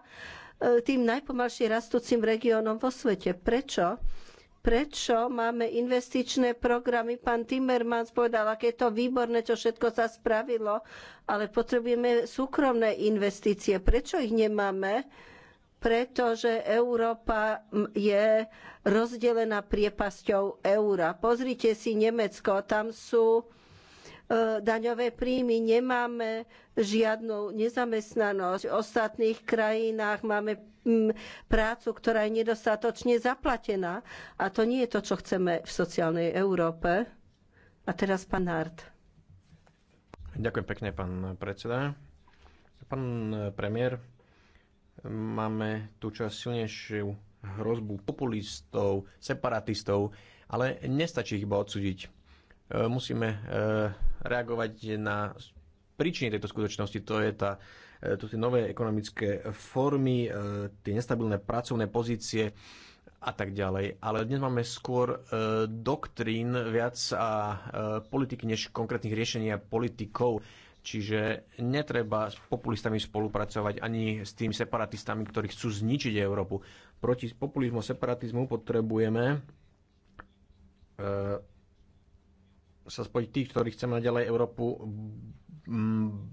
e, tým najpomalšie rastúcim regiónom vo svete. Prečo? Prečo máme investičné programy? Pán Timmermans povedal, aké je to výborné, čo všetko sa spravilo, ale potrebujeme súkromné investície. Prečo ich nemáme? pretože Európa je rozdelená priepasťou eura. Pozrite si Nemecko, tam sú e, daňové príjmy, nemáme žiadnu nezamestnanosť. V ostatných krajinách máme prácu, ktorá je nedostatočne zaplatená. A to nie je to, čo chceme v sociálnej Európe. A teraz pán Hart. Ďakujem pekne, pán predseda. Pán premiér, Máme tu čas silnejšiu hrozbu populistov, separatistov, ale nestačí ich iba odsúdiť. E, musíme e, reagovať na príčiny tejto skutočnosti, to je tá, e, to tie nové ekonomické formy, tie nestabilné pracovné pozície a tak ďalej. Ale dnes máme skôr doktrín viac a politiky než konkrétnych riešení a politikov. Čiže netreba s populistami spolupracovať ani s tými separatistami, ktorí chcú zničiť Európu. Proti populizmu a separatizmu potrebujeme e, sa spojiť tých, ktorí chceme naďalej Európu m,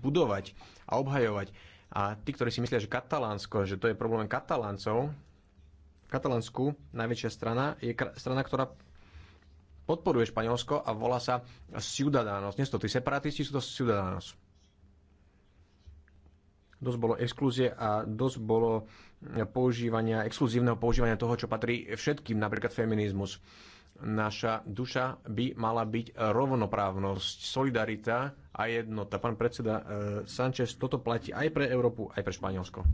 budovať a obhajovať. A tí, ktorí si myslia, že Katalánsko, že to je problém Kataláncov, v Katalánsku najväčšia strana je strana, ktorá podporuje Španielsko a volá sa Ciudadanos. Nie sú to tí separatisti, sú to Ciudadanos. Dosť bolo exkluzie a dosť bolo používania, exkluzívneho používania toho, čo patrí všetkým, napríklad feminizmus. Naša duša by mala byť rovnoprávnosť, solidarita a jednota. Pán predseda eh, Sanchez, toto platí aj pre Európu, aj pre Španielsko.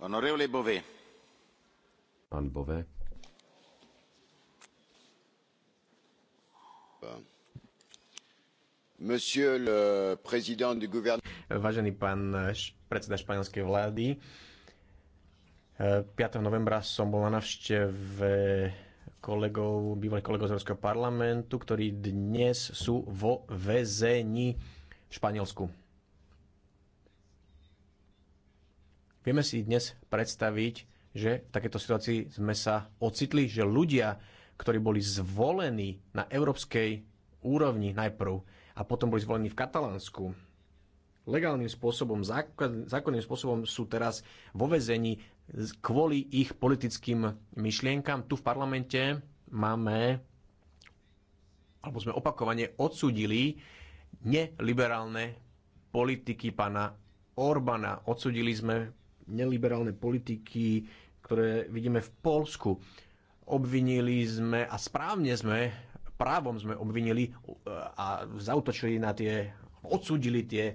Honorable Bové. Pán Bové. Vážený pán predseda španielskej vlády, 5. E, novembra som bol na navšteve kolegov, bývalých kolegov z Európskeho parlamentu, ktorí dnes sú vo väzení v Španielsku. Vieme si dnes predstaviť, že v takéto situácii sme sa ocitli, že ľudia, ktorí boli zvolení na európskej úrovni najprv a potom boli zvolení v Katalánsku, legálnym spôsobom, zákonným spôsobom sú teraz vo vezení kvôli ich politickým myšlienkam. Tu v parlamente máme, alebo sme opakovane odsudili neliberálne politiky pána Orbana. Odsudili sme neliberálne politiky, ktoré vidíme v Polsku. Obvinili sme a správne sme, právom sme obvinili e, a zautočili na tie, odsudili tie e,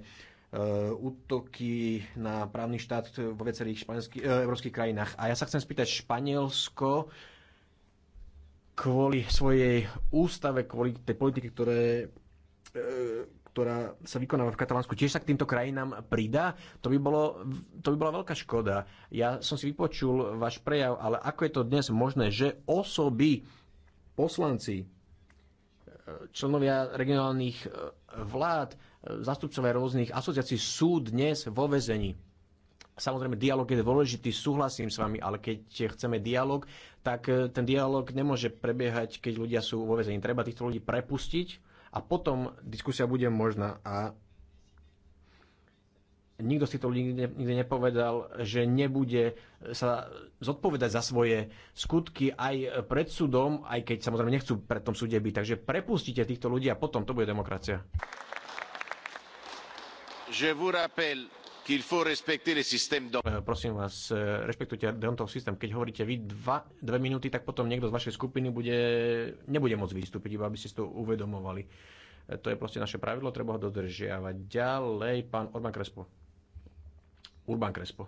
útoky na právny štát vo viacerých e, európskych krajinách. A ja sa chcem spýtať, Španielsko kvôli svojej ústave, kvôli tej politike, ktoré, ktorá sa vykonáva v Katalánsku, tiež sa k týmto krajinám pridá, to by, bolo, to by bola veľká škoda. Ja som si vypočul váš prejav, ale ako je to dnes možné, že osoby, poslanci, e, členovia regionálnych e, vlád, e, zastupcovia rôznych asociácií sú dnes vo väzení. Samozrejme, dialog je dôležitý, súhlasím s vami, ale keď chceme dialog, tak ten dialog nemôže prebiehať, keď ľudia sú vo väzení. Treba týchto ľudí prepustiť, a potom diskusia bude možná a nikto si to nikdy, nikdy nepovedal, že nebude sa zodpovedať za svoje skutky aj pred súdom, aj keď samozrejme nechcú pred tom súde byť. Takže prepustite týchto ľudí a potom to bude demokracia. Je vous rappelle qu'il faut respecter les systèmes eh, Prosím vás, eh, rešpektujte Deontov systém. Keď hovoríte vy dva, dve minúty, tak potom niekto z vašej skupiny bude, nebude môcť vystúpiť, iba aby ste si to uvedomovali. Eh, to je proste naše pravidlo, treba ho dodržiavať. Ďalej, pán Urban Krespo. Urban Krespo.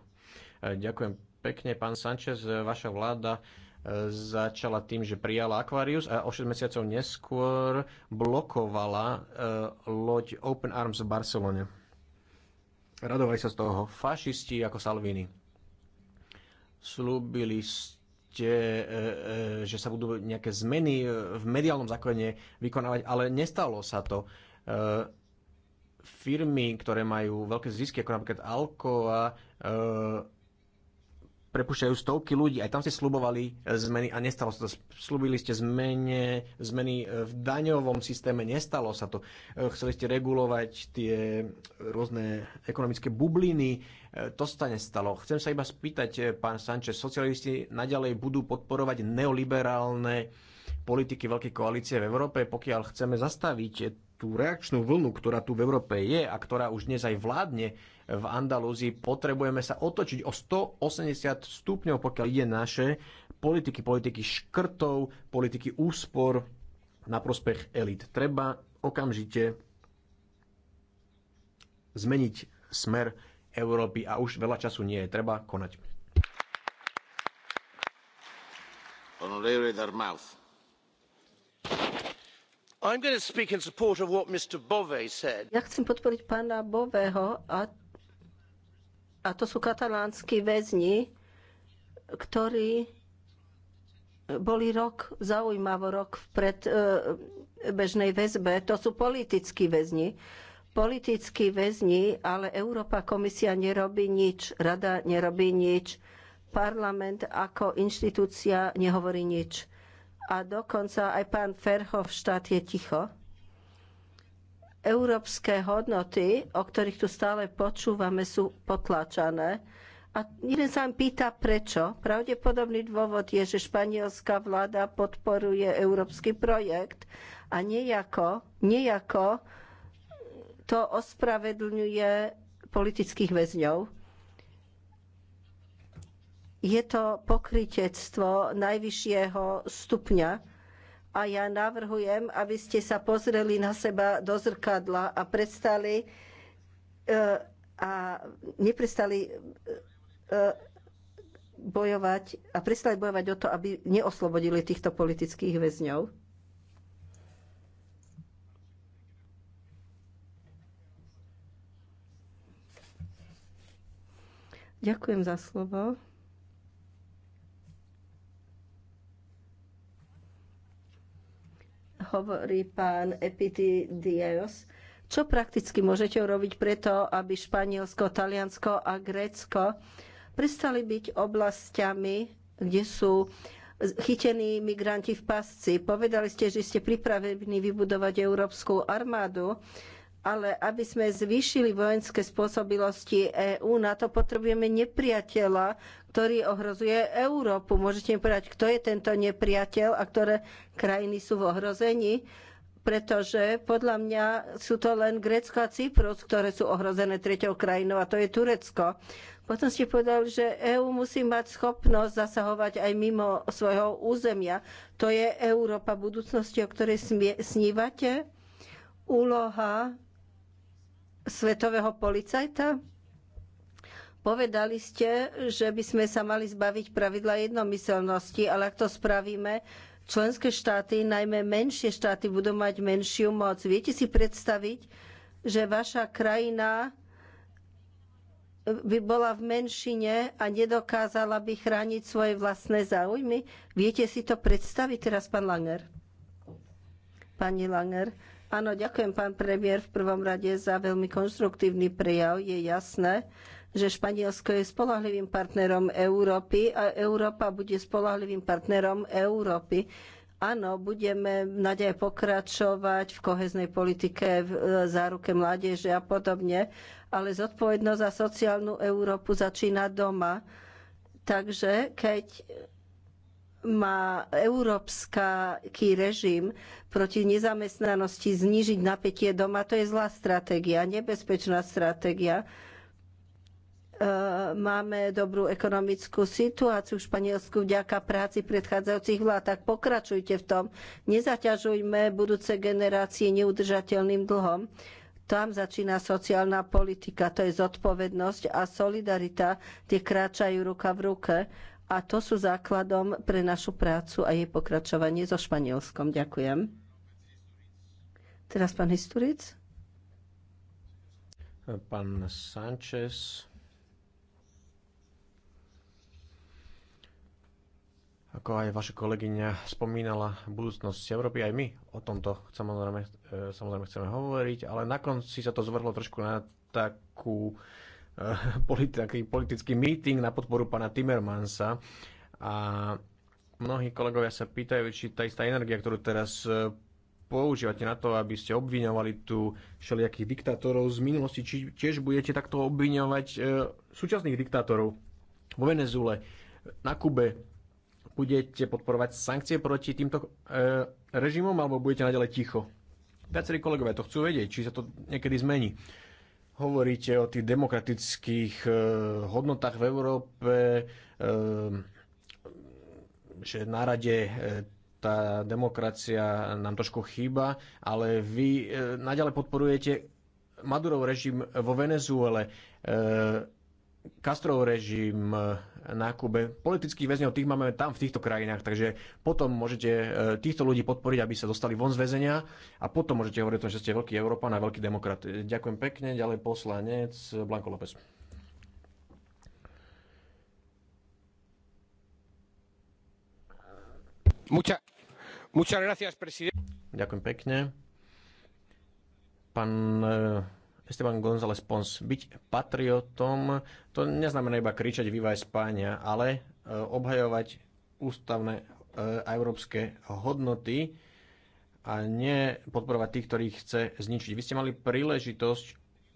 Ďakujem pekne, pán Sanchez. Vaša vláda začala tým, že prijala Aquarius a o 6 mesiacov neskôr blokovala loď Open Arms v Barcelone Radovali sa z toho fašisti ako Salvini. Slúbili ste, e, e, že sa budú nejaké zmeny v mediálnom zákone vykonávať, ale nestalo sa to. E, firmy, ktoré majú veľké zisky, ako napríklad Alcoa, prepušťajú stovky ľudí. Aj tam ste slubovali eh, zmeny a nestalo sa to. Slubili ste zmene, zmeny eh, v daňovom systéme, nestalo sa to. Eh, chceli ste regulovať tie rôzne ekonomické bubliny, to sa nestalo. Chcem sa iba spýtať, pán Sanchez, socialisti naďalej budú podporovať neoliberálne politiky veľkej koalície v Európe, pokiaľ chceme zastaviť tú reakčnú vlnu, ktorá tu v Európe je a ktorá už dnes aj vládne v Andalúzii. Potrebujeme sa otočiť o 180 stupňov, pokiaľ ide naše politiky, politiky škrtov, politiky úspor na prospech elit. Treba okamžite zmeniť smer Európy a už veľa času nie je. Treba konať. Honorable Darmouth. Ja chcem podporiť pána Bového a a to sú katalánsky väzni, ktorí boli rok, zaujímavo rok pred e, bežnej väzbe. To sú politickí väzni. Politickí väzni, ale Európa komisia nerobí nič, rada nerobí nič, parlament ako inštitúcia nehovorí nič. A dokonca aj pán Ferhofštát je ticho Európske hodnoty, o ktorých tu stále počúvame, sú potláčané. A jeden sa pýta, prečo. Pravdepodobný dôvod je, že španielská vláda podporuje európsky projekt a nejako, nejako to ospravedlňuje politických väzňov. Je to pokrytectvo najvyššieho stupňa a ja navrhujem, aby ste sa pozreli na seba do zrkadla a prestali e, a neprestali e, e, bojovať a prestali bojovať o to, aby neoslobodili týchto politických väzňov. Ďakujem za slovo. hovorí pán Epitidios. Čo prakticky môžete urobiť preto, aby Španielsko, Taliansko a Grécko prestali byť oblastiami, kde sú chytení migranti v pasci. Povedali ste, že ste pripravení vybudovať európsku armádu. Ale aby sme zvýšili vojenské spôsobilosti EÚ, na to potrebujeme nepriateľa, ktorý ohrozuje Európu. Môžete mi povedať, kto je tento nepriateľ a ktoré krajiny sú v ohrození? Pretože podľa mňa sú to len Grécko a Cyprus, ktoré sú ohrozené treťou krajinou a to je Turecko. Potom ste povedali, že EÚ musí mať schopnosť zasahovať aj mimo svojho územia. To je Európa budúcnosti, o ktorej snívate? Úloha svetového policajta? Povedali ste, že by sme sa mali zbaviť pravidla jednomyselnosti, ale ak to spravíme, členské štáty, najmä menšie štáty, budú mať menšiu moc. Viete si predstaviť, že vaša krajina by bola v menšine a nedokázala by chrániť svoje vlastné záujmy? Viete si to predstaviť teraz, pán Langer? Pani Langer, Áno, ďakujem pán premiér v prvom rade za veľmi konštruktívny prejav. Je jasné, že Španielsko je spolahlivým partnerom Európy a Európa bude spolahlivým partnerom Európy. Áno, budeme naďaj pokračovať v koheznej politike, v e, záruke mládeže a podobne, ale zodpovednosť za sociálnu Európu začína doma. Takže keď má európsky režim proti nezamestnanosti znížiť napätie doma, to je zlá stratégia, nebezpečná stratégia. E, máme dobrú ekonomickú situáciu v Španielsku vďaka práci predchádzajúcich vlád, tak pokračujte v tom. Nezaťažujme budúce generácie neudržateľným dlhom. Tam začína sociálna politika, to je zodpovednosť a solidarita, tie kráčajú ruka v ruke a to sú základom pre našu prácu a jej pokračovanie so Španielskom. Ďakujem. Teraz pán Historic. Pán Sanchez. Ako aj vaša kolegyňa spomínala budúcnosť Európy, aj my o tomto samozrejme, e, samozrejme chceme hovoriť, ale na konci sa to zvrhlo trošku na takú politi- eh, taký politický meeting na podporu pána Timmermansa a mnohí kolegovia sa pýtajú, či tá istá energia, ktorú teraz eh, používate na to, aby ste obviňovali tu všelijakých diktátorov z minulosti, či tiež budete takto obviňovať e, súčasných diktátorov vo Venezuele, na Kube, budete podporovať sankcie proti týmto e, režimom alebo budete naďalej ticho? Viacerí kolegovia to chcú vedieť, či sa to niekedy zmení. Hovoríte o tých demokratických e, hodnotách v Európe, e, že na rade e, tá demokracia nám trošku chýba, ale vy naďalej podporujete Madurov režim vo Venezuele, Castrov režim na Kube. Politických väzňov tých máme tam v týchto krajinách, takže potom môžete e, týchto ľudí podporiť, aby sa dostali von z väzenia a potom môžete hovoriť o tom, že ste veľký Európan a veľký demokrat. Ďakujem pekne, ďalej poslanec Blanko López. Mucha, mucha gracias, Ďakujem pekne. Pán e, Esteban González Pons. Byť patriotom to neznamená iba kričať Viva Espáňa, ale e, obhajovať ústavné e, a európske hodnoty a nie podporovať tých, ktorých chce zničiť. Vy ste mali príležitosť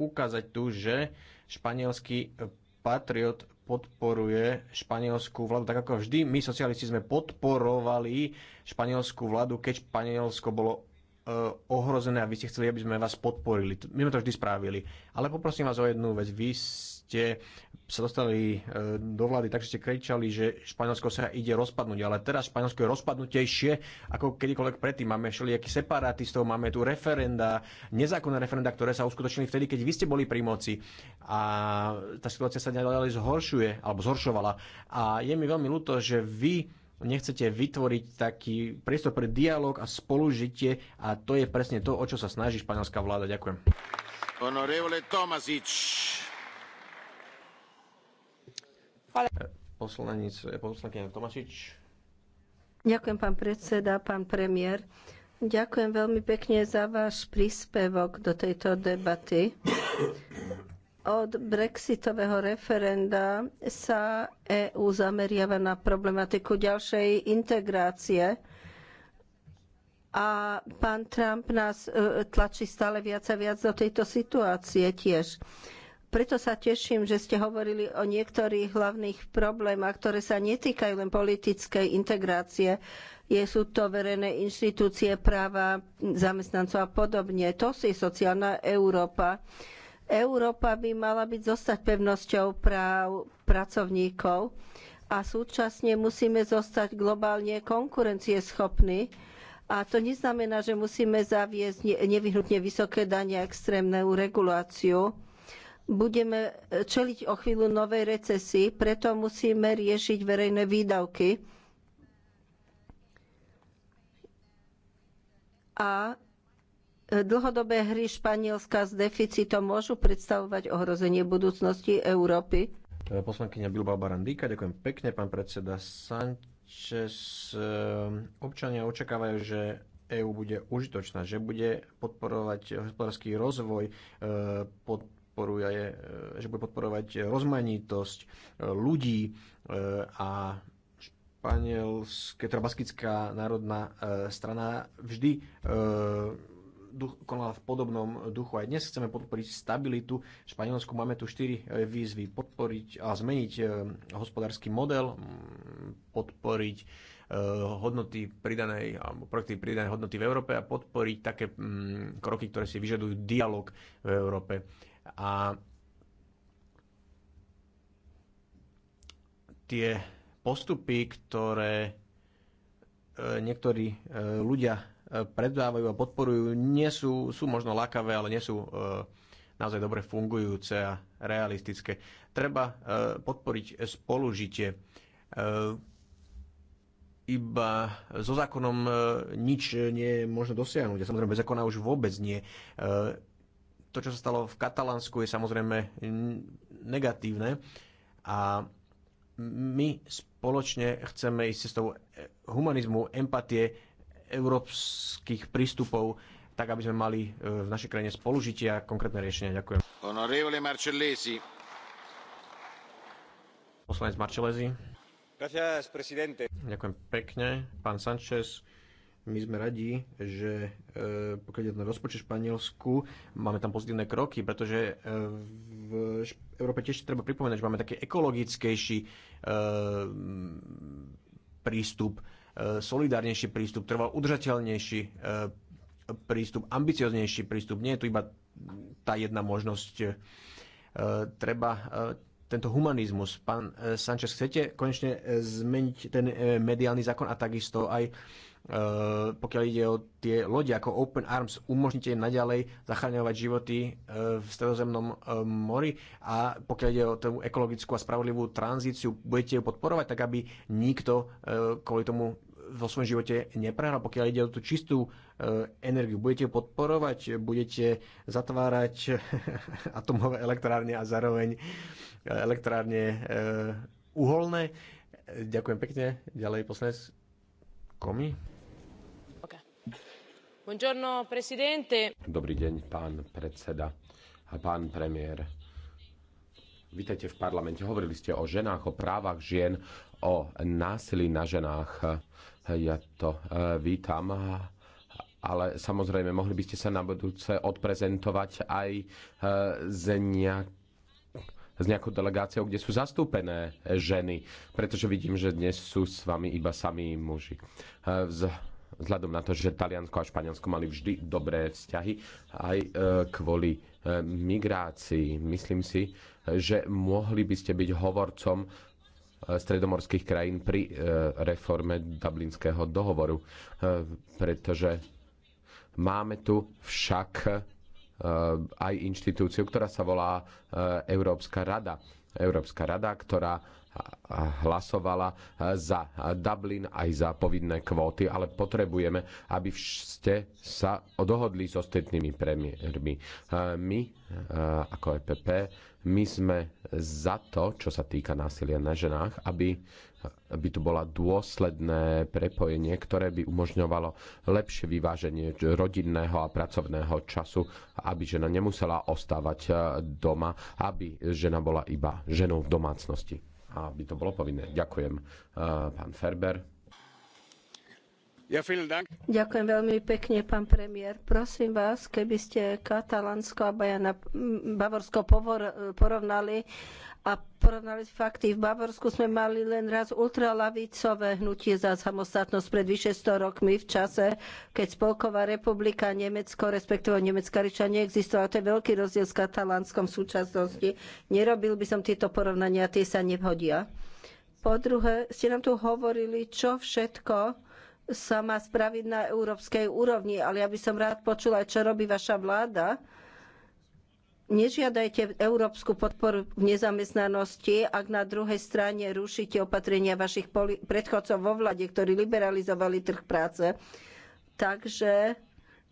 ukázať tu, že španielský patriot podporuje španielskú vládu. Tak ako vždy, my socialisti sme podporovali španielskú vládu, keď Španielsko bolo E, ohrozené a vy ste chceli, aby sme vás podporili. My sme to vždy spravili. Ale poprosím vás o jednu vec. Vy ste sa dostali e, do vlády, takže ste kričali, že Španielsko sa ide rozpadnúť, ale teraz Španielsko je rozpadnutejšie ako kedykoľvek predtým. Máme všelijakých separatistov, máme tu referenda, nezákonné referenda, ktoré sa uskutočnili vtedy, keď vy ste boli pri moci. A tá situácia sa ďalej zhoršuje, alebo zhoršovala. A je mi veľmi ľúto, že vy nechcete vytvoriť taký priestor pre dialog a spolužitie a to je presne to, o čo sa snaží španielská vláda. Ďakujem. Honorevole Tomasič. Poslanec, poslankyňa Ďakujem, pán predseda, pán premiér. Ďakujem veľmi pekne za váš príspevok do tejto debaty od brexitového referenda sa EÚ zameriava na problematiku ďalšej integrácie a pán Trump nás e, tlačí stále viac a viac do tejto situácie tiež. Preto sa teším, že ste hovorili o niektorých hlavných problémach, ktoré sa netýkajú len politickej integrácie. Je, sú to verejné inštitúcie, práva zamestnancov a podobne. To si sociálna Európa. Európa by mala byť zostať pevnosťou práv pracovníkov a súčasne musíme zostať globálne konkurencieschopní. A to neznamená, že musíme zaviesť nevyhnutne vysoké dania a extrémnu reguláciu. Budeme čeliť o chvíľu novej recesii, preto musíme riešiť verejné výdavky. A Dlhodobé hry Španielska s deficitom môžu predstavovať ohrozenie budúcnosti Európy? Poslankyňa Bilbao Barandíka, ďakujem pekne, pán predseda Sanchez. Ehm, občania očakávajú, že EÚ bude užitočná, že bude podporovať hospodársky rozvoj, ehm, ehm, že bude podporovať rozmanitosť ľudí a španielská, teda baskická národná strana vždy duch, konala v podobnom duchu. Aj dnes chceme podporiť stabilitu. V Španielsku máme tu 4 e, výzvy. Podporiť a zmeniť e, hospodársky model, podporiť e, hodnoty pridanej, alebo projekty pridanej hodnoty v Európe a podporiť také kroky, ktoré si vyžadujú dialog v Európe. A tie postupy, ktoré niektorí ľudia predávajú a podporujú, nie sú, sú možno lakavé, ale nie sú e, naozaj dobre fungujúce a realistické. Treba e, podporiť spolužitie. E, iba so zákonom nič nie je možné dosiahnuť. A samozrejme bez zákona už vôbec nie. To, čo sa stalo v Katalánsku, je samozrejme negatívne. A my spoločne chceme ísť cestou humanizmu, empatie, európskych prístupov, tak aby sme mali e, v našej krajine spolužitia a konkrétne riešenia. Ďakujem. Honorevole Marcellesi. Poslanec Marcellesi. Gracias, presidente. Ďakujem pekne. Pán Sanchez, my sme radi, že e, pokiaľ je v rozpočet Španielsku, máme tam pozitívne kroky, pretože e, v Európe tiež treba pripomínať, že máme taký ekologickejší e, prístup E, solidárnejší prístup, trval udržateľnejší e, prístup, ambicioznejší prístup. Nie je tu iba tá jedna možnosť. E, treba tento humanizmus. Pán Sanchez, chcete konečne zmeniť ten mediálny zákon a takisto aj pokiaľ ide o tie lode ako Open Arms, umožnite im naďalej zachraňovať životy v stredozemnom mori a pokiaľ ide o tú ekologickú a spravodlivú tranzíciu, budete ju podporovať tak, aby nikto kvôli tomu vo svojom živote neprehral, pokiaľ ide o tú čistú e, energiu. Budete podporovať, budete zatvárať e, atomové elektrárne a zároveň e, elektrárne uholné. Ďakujem pekne. Ďalej poslanec Komi. Okay. Buongiorno, presidente. Dobrý deň, pán predseda a pán premiér. Vítajte v parlamente. Hovorili ste o ženách, o právach žien, o násilí na ženách. Ja to e, vítam ale samozrejme mohli by ste sa na budúce odprezentovať aj e, z, nejak, z nejakou delegáciou, kde sú zastúpené ženy, pretože vidím, že dnes sú s vami iba sami muži. E, vzhľadom na to, že Taliansko a Španielsko mali vždy dobré vzťahy, aj kvôli migrácii. Myslím si, že mohli by ste byť hovorcom E, stredomorských krajín pri e, reforme Dublinského dohovoru. E, pretože máme tu však aj inštitúciu, ktorá sa volá Európska rada. Európska rada, ktorá hlasovala eh, za Dublin aj za povinné kvóty, ale potrebujeme, aby ste sa dohodli s so ostatnými premiérmi. Eh, my, eh, ako EPP, my sme za to, čo sa týka násilia na ženách, aby, aby tu bola dôsledné prepojenie, ktoré by umožňovalo lepšie vyváženie rodinného a pracovného času, aby žena nemusela ostávať doma, aby žena bola iba ženou v domácnosti a aby to bolo povinné. Ďakujem, pán Ferber. Ďakujem veľmi pekne, pán premiér. Prosím vás, keby ste Katalánsko a Bavorsko porovnali, a porovnali fakty. V Bavorsku sme mali len raz ultralavicové hnutie za samostatnosť pred vyše 100 rokmi v čase, keď Spolková republika Nemecko, respektíve Nemecká ríša neexistovala. To je veľký rozdiel s katalánskom v súčasnosti. Nerobil by som tieto porovnania, tie sa nevhodia. Po druhé, ste nám tu hovorili, čo všetko sa má spraviť na európskej úrovni, ale ja by som rád počula, čo robí vaša vláda Nežiadajte európsku podporu v nezamestnanosti, ak na druhej strane rušíte opatrenia vašich predchodcov vo vlade, ktorí liberalizovali trh práce. Takže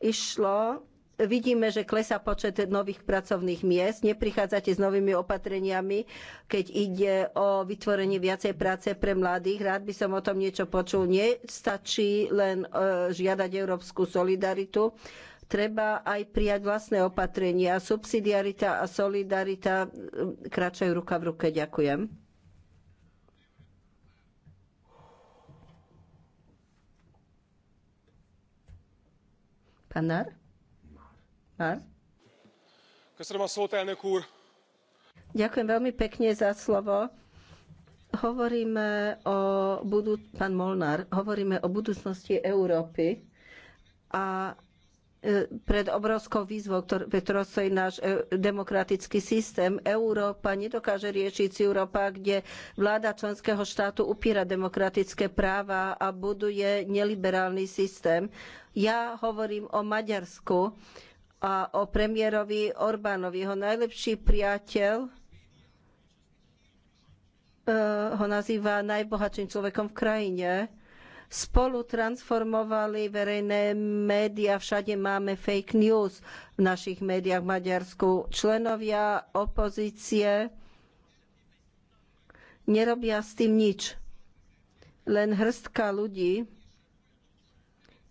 išlo vidíme, že klesá počet nových pracovných miest, neprichádzate s novými opatreniami, keď ide o vytvorenie viacej práce pre mladých. Rád by som o tom niečo počul. Nestačí len e, žiadať európsku solidaritu, treba aj prijať vlastné opatrenia. Subsidiarita a solidarita mm, Kráčajú ruka v ruke. Ďakujem. Ďakujem veľmi pekne za slovo hovoríme o budú, pán Molnár, hovoríme o budúcnosti Európy a E, pred obrovskou výzvou, pre ktorou stojí náš e, demokratický systém. Európa nedokáže riešiť si Európa, kde vláda členského štátu upiera demokratické práva a buduje neliberálny systém. Ja hovorím o Maďarsku a o premiérovi Orbánovi. Jeho najlepší priateľ e, ho nazýva najbohatším človekom v krajine spolu transformovali verejné médiá. Všade máme fake news v našich médiách v Maďarsku. Členovia opozície nerobia s tým nič. Len hrstka ľudí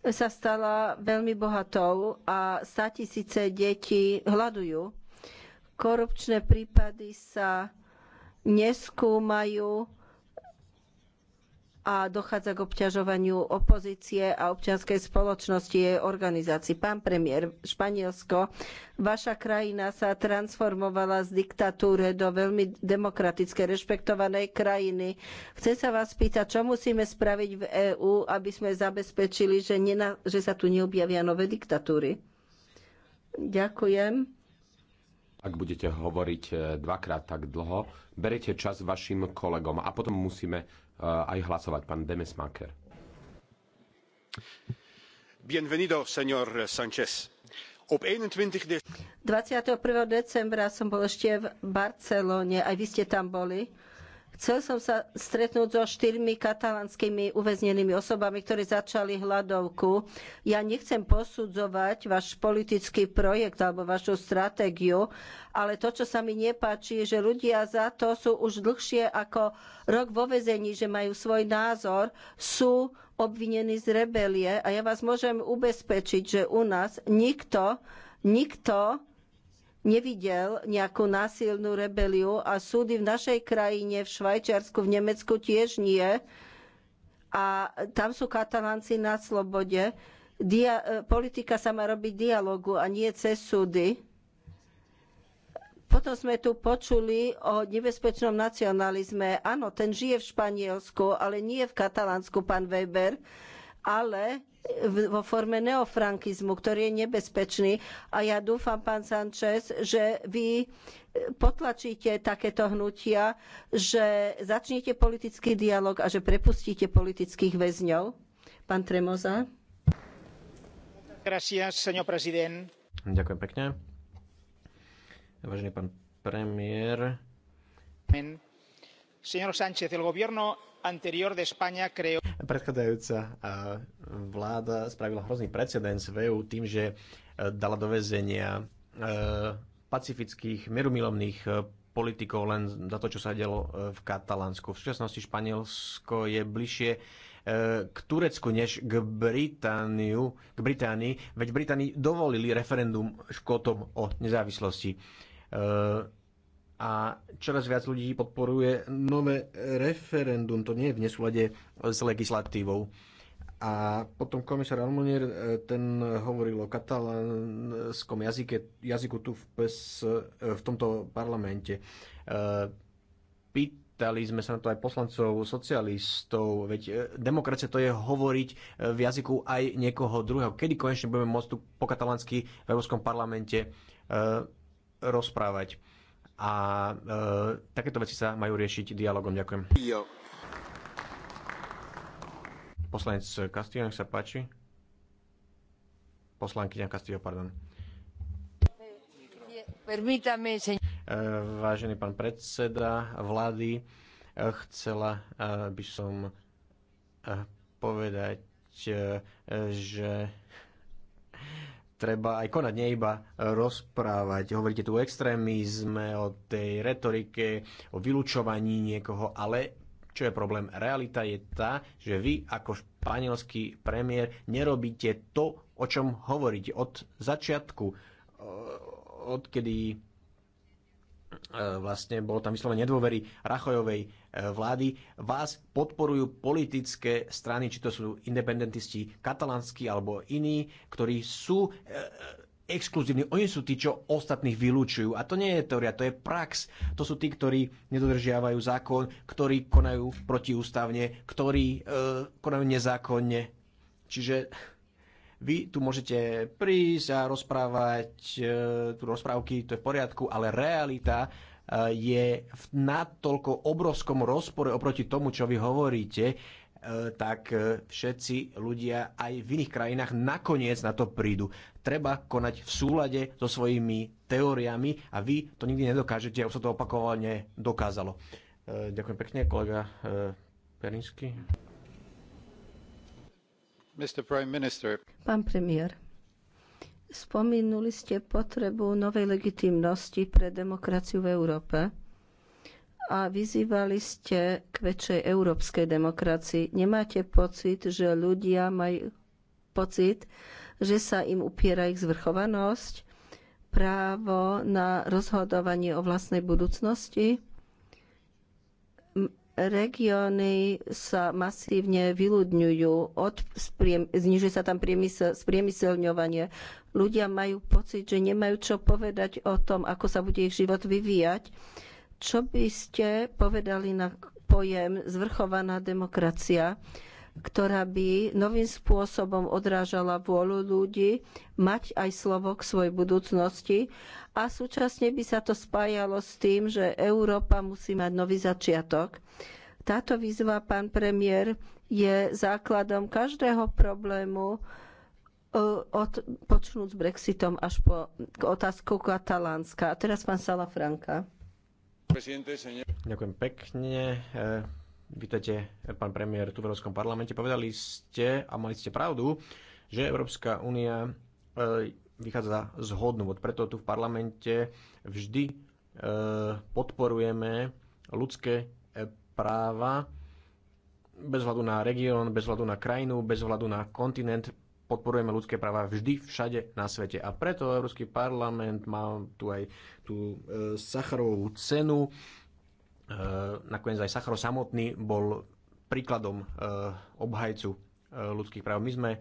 sa stala veľmi bohatou a statisíce detí hľadujú. Korupčné prípady sa neskúmajú, a dochádza k obťažovaniu opozície a občianskej spoločnosti jej organizácií. Pán premiér, Španielsko, vaša krajina sa transformovala z diktatúry do veľmi demokratické, rešpektovanej krajiny. Chcem sa vás pýtať, čo musíme spraviť v EÚ, aby sme zabezpečili, že, nena, že sa tu neobjavia nové diktatúry? Ďakujem. Ak budete hovoriť eh, dvakrát tak dlho, berete čas vašim kolegom a potom musíme aj hlasovať. Pán Demesmaker. Bienvenido, señor Sanchez. 21. decembra som bol ešte v Barcelone, aj vy ste tam boli Chcel som sa stretnúť so štyrmi katalánskymi uväznenými osobami, ktorí začali hľadovku. Ja nechcem posudzovať váš politický projekt alebo vašu stratégiu, ale to, čo sa mi nepáči, je, že ľudia za to sú už dlhšie ako rok vo vezení, že majú svoj názor, sú obvinení z rebelie a ja vás môžem ubezpečiť, že u nás nikto, nikto nevidel nejakú násilnú rebeliu a súdy v našej krajine, v Švajčiarsku, v Nemecku tiež nie. A tam sú katalánci na slobode. Dia e, politika sa má robiť dialogu a nie cez súdy. Potom sme tu počuli o nebezpečnom nacionalizme. Áno, ten žije v Španielsku, ale nie v Katalánsku, pán Weber. Ale vo forme neofrankizmu, ktorý je nebezpečný. A ja dúfam, pán Sanchez, že vy e, potlačíte takéto hnutia, že začnete politický dialog a že prepustíte politických väzňov. Pán Tremoza. Gracias, Ďakujem pekne. Vážený pán premiér. Men Predchádzajúca eh, vláda spravila hrozný precedens v EU tým, že eh, dala do väzenia eh, pacifických, mierumilovných politikov len za to, čo sa dialo v Katalánsku. V súčasnosti Španielsko je bližšie k Turecku než k, Britániu, k Británii, veď Británii dovolili referendum Škótom o nezávislosti a čoraz viac ľudí podporuje nové referendum. To nie je v nesúlade s legislatívou. A potom komisár Almonier, e, ten hovoril o katalánskom jazyke, jazyku tu v, PES, e, v tomto parlamente. E, pýtali sme sa na to aj poslancov socialistov, veď demokracia to je hovoriť v jazyku aj niekoho druhého. Kedy konečne budeme môcť tu po katalánsky v Európskom parlamente rozprávať? a e, takéto veci sa majú riešiť dialogom. Ďakujem. Jo. Poslanec Castillo, nech sa páči. Poslankyňa Castillo, pardon. Permítame, e, Vážený pán predseda vlády, e, chcela e, by som povedať, že treba aj konať, nie iba rozprávať. Hovoríte tu o extrémizme, o tej retorike, o vylúčovaní niekoho, ale čo je problém? Realita je tá, že vy ako španielský premiér nerobíte to, o čom hovoríte od začiatku, odkedy e, vlastne bolo tam vyslovene nedôvery Rachojovej vlády vás podporujú politické strany, či to sú independentisti katalánsky alebo iní, ktorí sú e, exkluzívni. Oni sú tí, čo ostatných vylúčujú. A to nie je teória, to je prax. To sú tí, ktorí nedodržiavajú zákon, ktorí konajú protiústavne, ktorí e, konajú nezákonne. Čiže vy tu môžete prísť a rozprávať e, tu rozprávky, to je v poriadku, ale realita Eh, je v natoľko obrovskom rozpore oproti tomu, čo vy hovoríte, eh, tak eh, všetci ľudia aj v iných krajinách nakoniec na to prídu. Treba konať v súlade so svojimi teóriami a vy to nikdy nedokážete, už sa to opakovane dokázalo. Ďakujem pekne, kolega Perinsky. Pán premiér, Spomínuli ste potrebu novej legitimnosti pre demokraciu v Európe a vyzývali ste k väčšej európskej demokracii. Nemáte pocit, že ľudia majú pocit, že sa im upiera ich zvrchovanosť, právo na rozhodovanie o vlastnej budúcnosti? regióny sa masívne vyľudňujú, od, znižuje sa tam priemysel, spriemyselňovanie, Ľudia majú pocit, že nemajú čo povedať o tom, ako sa bude ich život vyvíjať. Čo by ste povedali na pojem zvrchovaná demokracia, ktorá by novým spôsobom odrážala vôľu ľudí mať aj slovo k svojej budúcnosti a súčasne by sa to spájalo s tým, že Európa musí mať nový začiatok. Táto výzva, pán premiér, je základom každého problému, od, počnúť s Brexitom až po otázku Katalánska. A teraz pán Sala Franka. Ďakujem pekne. E, vítajte, pán premiér, tu v Európskom parlamente. Povedali ste, a mali ste pravdu, že Európska únia e, vychádza z hodnú. Preto tu v parlamente vždy e, podporujeme ľudské práva bez hľadu na región, bez hľadu na krajinu, bez hľadu na kontinent, podporujeme ľudské práva vždy, všade na svete. A preto Európsky parlament má tu aj tú e, Sacharovú cenu. E, nakoniec aj Sacharov samotný bol príkladom e, obhajcu e, ľudských práv. My sme e,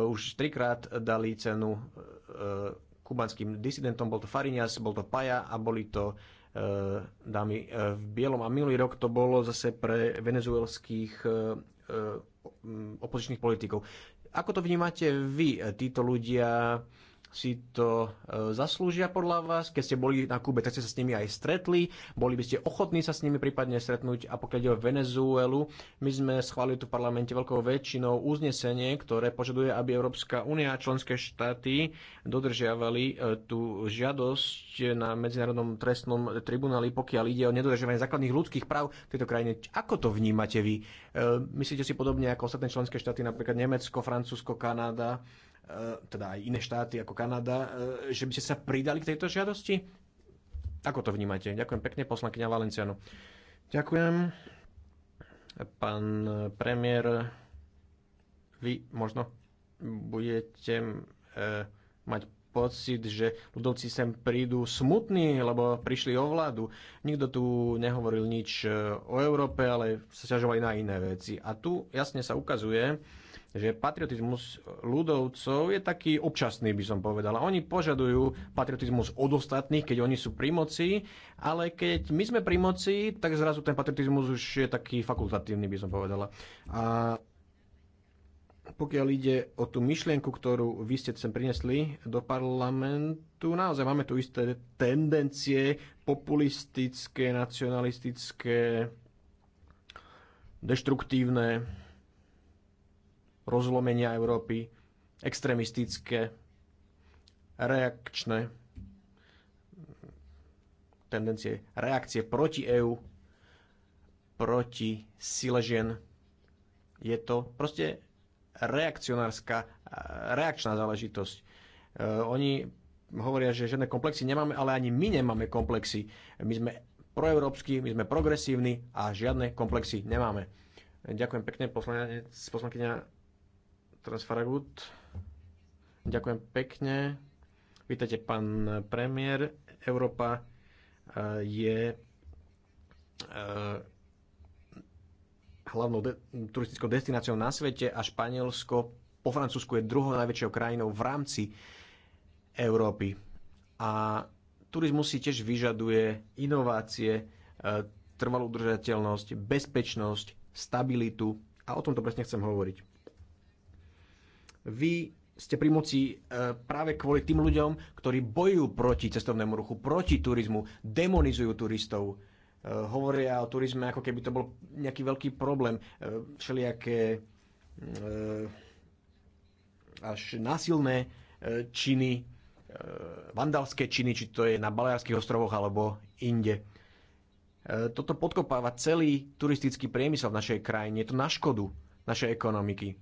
už trikrát dali cenu e, kubanským disidentom. Bol to Fariňas, bol to Paja a boli to e, dámy e, v bielom. A minulý rok to bolo zase pre venezuelských e, opozičných politikov. Ako to vnímate vy, títo ľudia si to e, zaslúžia podľa vás? Keď ste boli na Kube, tak ste sa s nimi aj stretli. Boli by ste ochotní sa s nimi prípadne stretnúť? A pokiaľ ide o Venezuelu, my sme schválili tu v parlamente veľkou väčšinou uznesenie, ktoré požaduje, aby Európska únia a členské štáty dodržiavali e, tú žiadosť na Medzinárodnom trestnom tribunáli, pokiaľ ide o nedodržiavanie základných ľudských práv v tejto krajine. Ako to vnímate vy? E, myslíte si podobne ako ostatné členské štáty, napríklad Nemecko, Francúzsko, Kanada? E, teda aj iné štáty ako Kanada, e, že by ste sa pridali k tejto žiadosti? Ako to vnímate? Ďakujem pekne, poslankyňa Valenciano. Ďakujem. Pán premiér, vy možno budete e, mať pocit, že ľudovci sem prídu smutní, lebo prišli o vládu. Nikto tu nehovoril nič o Európe, ale sa ťažovali na iné veci. A tu jasne sa ukazuje, že patriotizmus ľudovcov je taký občasný, by som povedala. Oni požadujú patriotizmus od ostatných, keď oni sú pri moci, ale keď my sme pri moci, tak zrazu ten patriotizmus už je taký fakultatívny, by som povedala. A pokiaľ ide o tú myšlienku, ktorú vy ste sem prinesli do parlamentu, naozaj máme tu isté tendencie populistické, nacionalistické, deštruktívne, rozlomenia Európy, extrémistické, reakčné tendencie, reakcie proti EÚ, proti sile žien. Je to proste reakcionárska, reakčná záležitosť. E, oni hovoria, že žiadne komplexy nemáme, ale ani my nemáme komplexy. My sme proeurópsky, my sme progresívni a žiadne komplexy nemáme. Ďakujem pekne, poslankyňa teraz Faragut. Ďakujem pekne. Vítajte, pán premiér. Európa e, je e, hlavnou de- turistickou destináciou na svete a Španielsko po Francúzsku je druhou najväčšou krajinou v rámci Európy. A turizmus si tiež vyžaduje inovácie, e, trvalú udržateľnosť, bezpečnosť, stabilitu a o tomto presne chcem hovoriť. Vy ste pri moci e, práve kvôli tým ľuďom, ktorí bojujú proti cestovnému ruchu, proti turizmu, demonizujú turistov, e, hovoria o turizme, ako keby to bol nejaký veľký problém, e, všelijaké až násilné činy, vandalské činy, či to je na Balearských ostrovoch alebo inde. Toto podkopáva celý turistický priemysel v našej krajine. Je to na škodu našej ekonomiky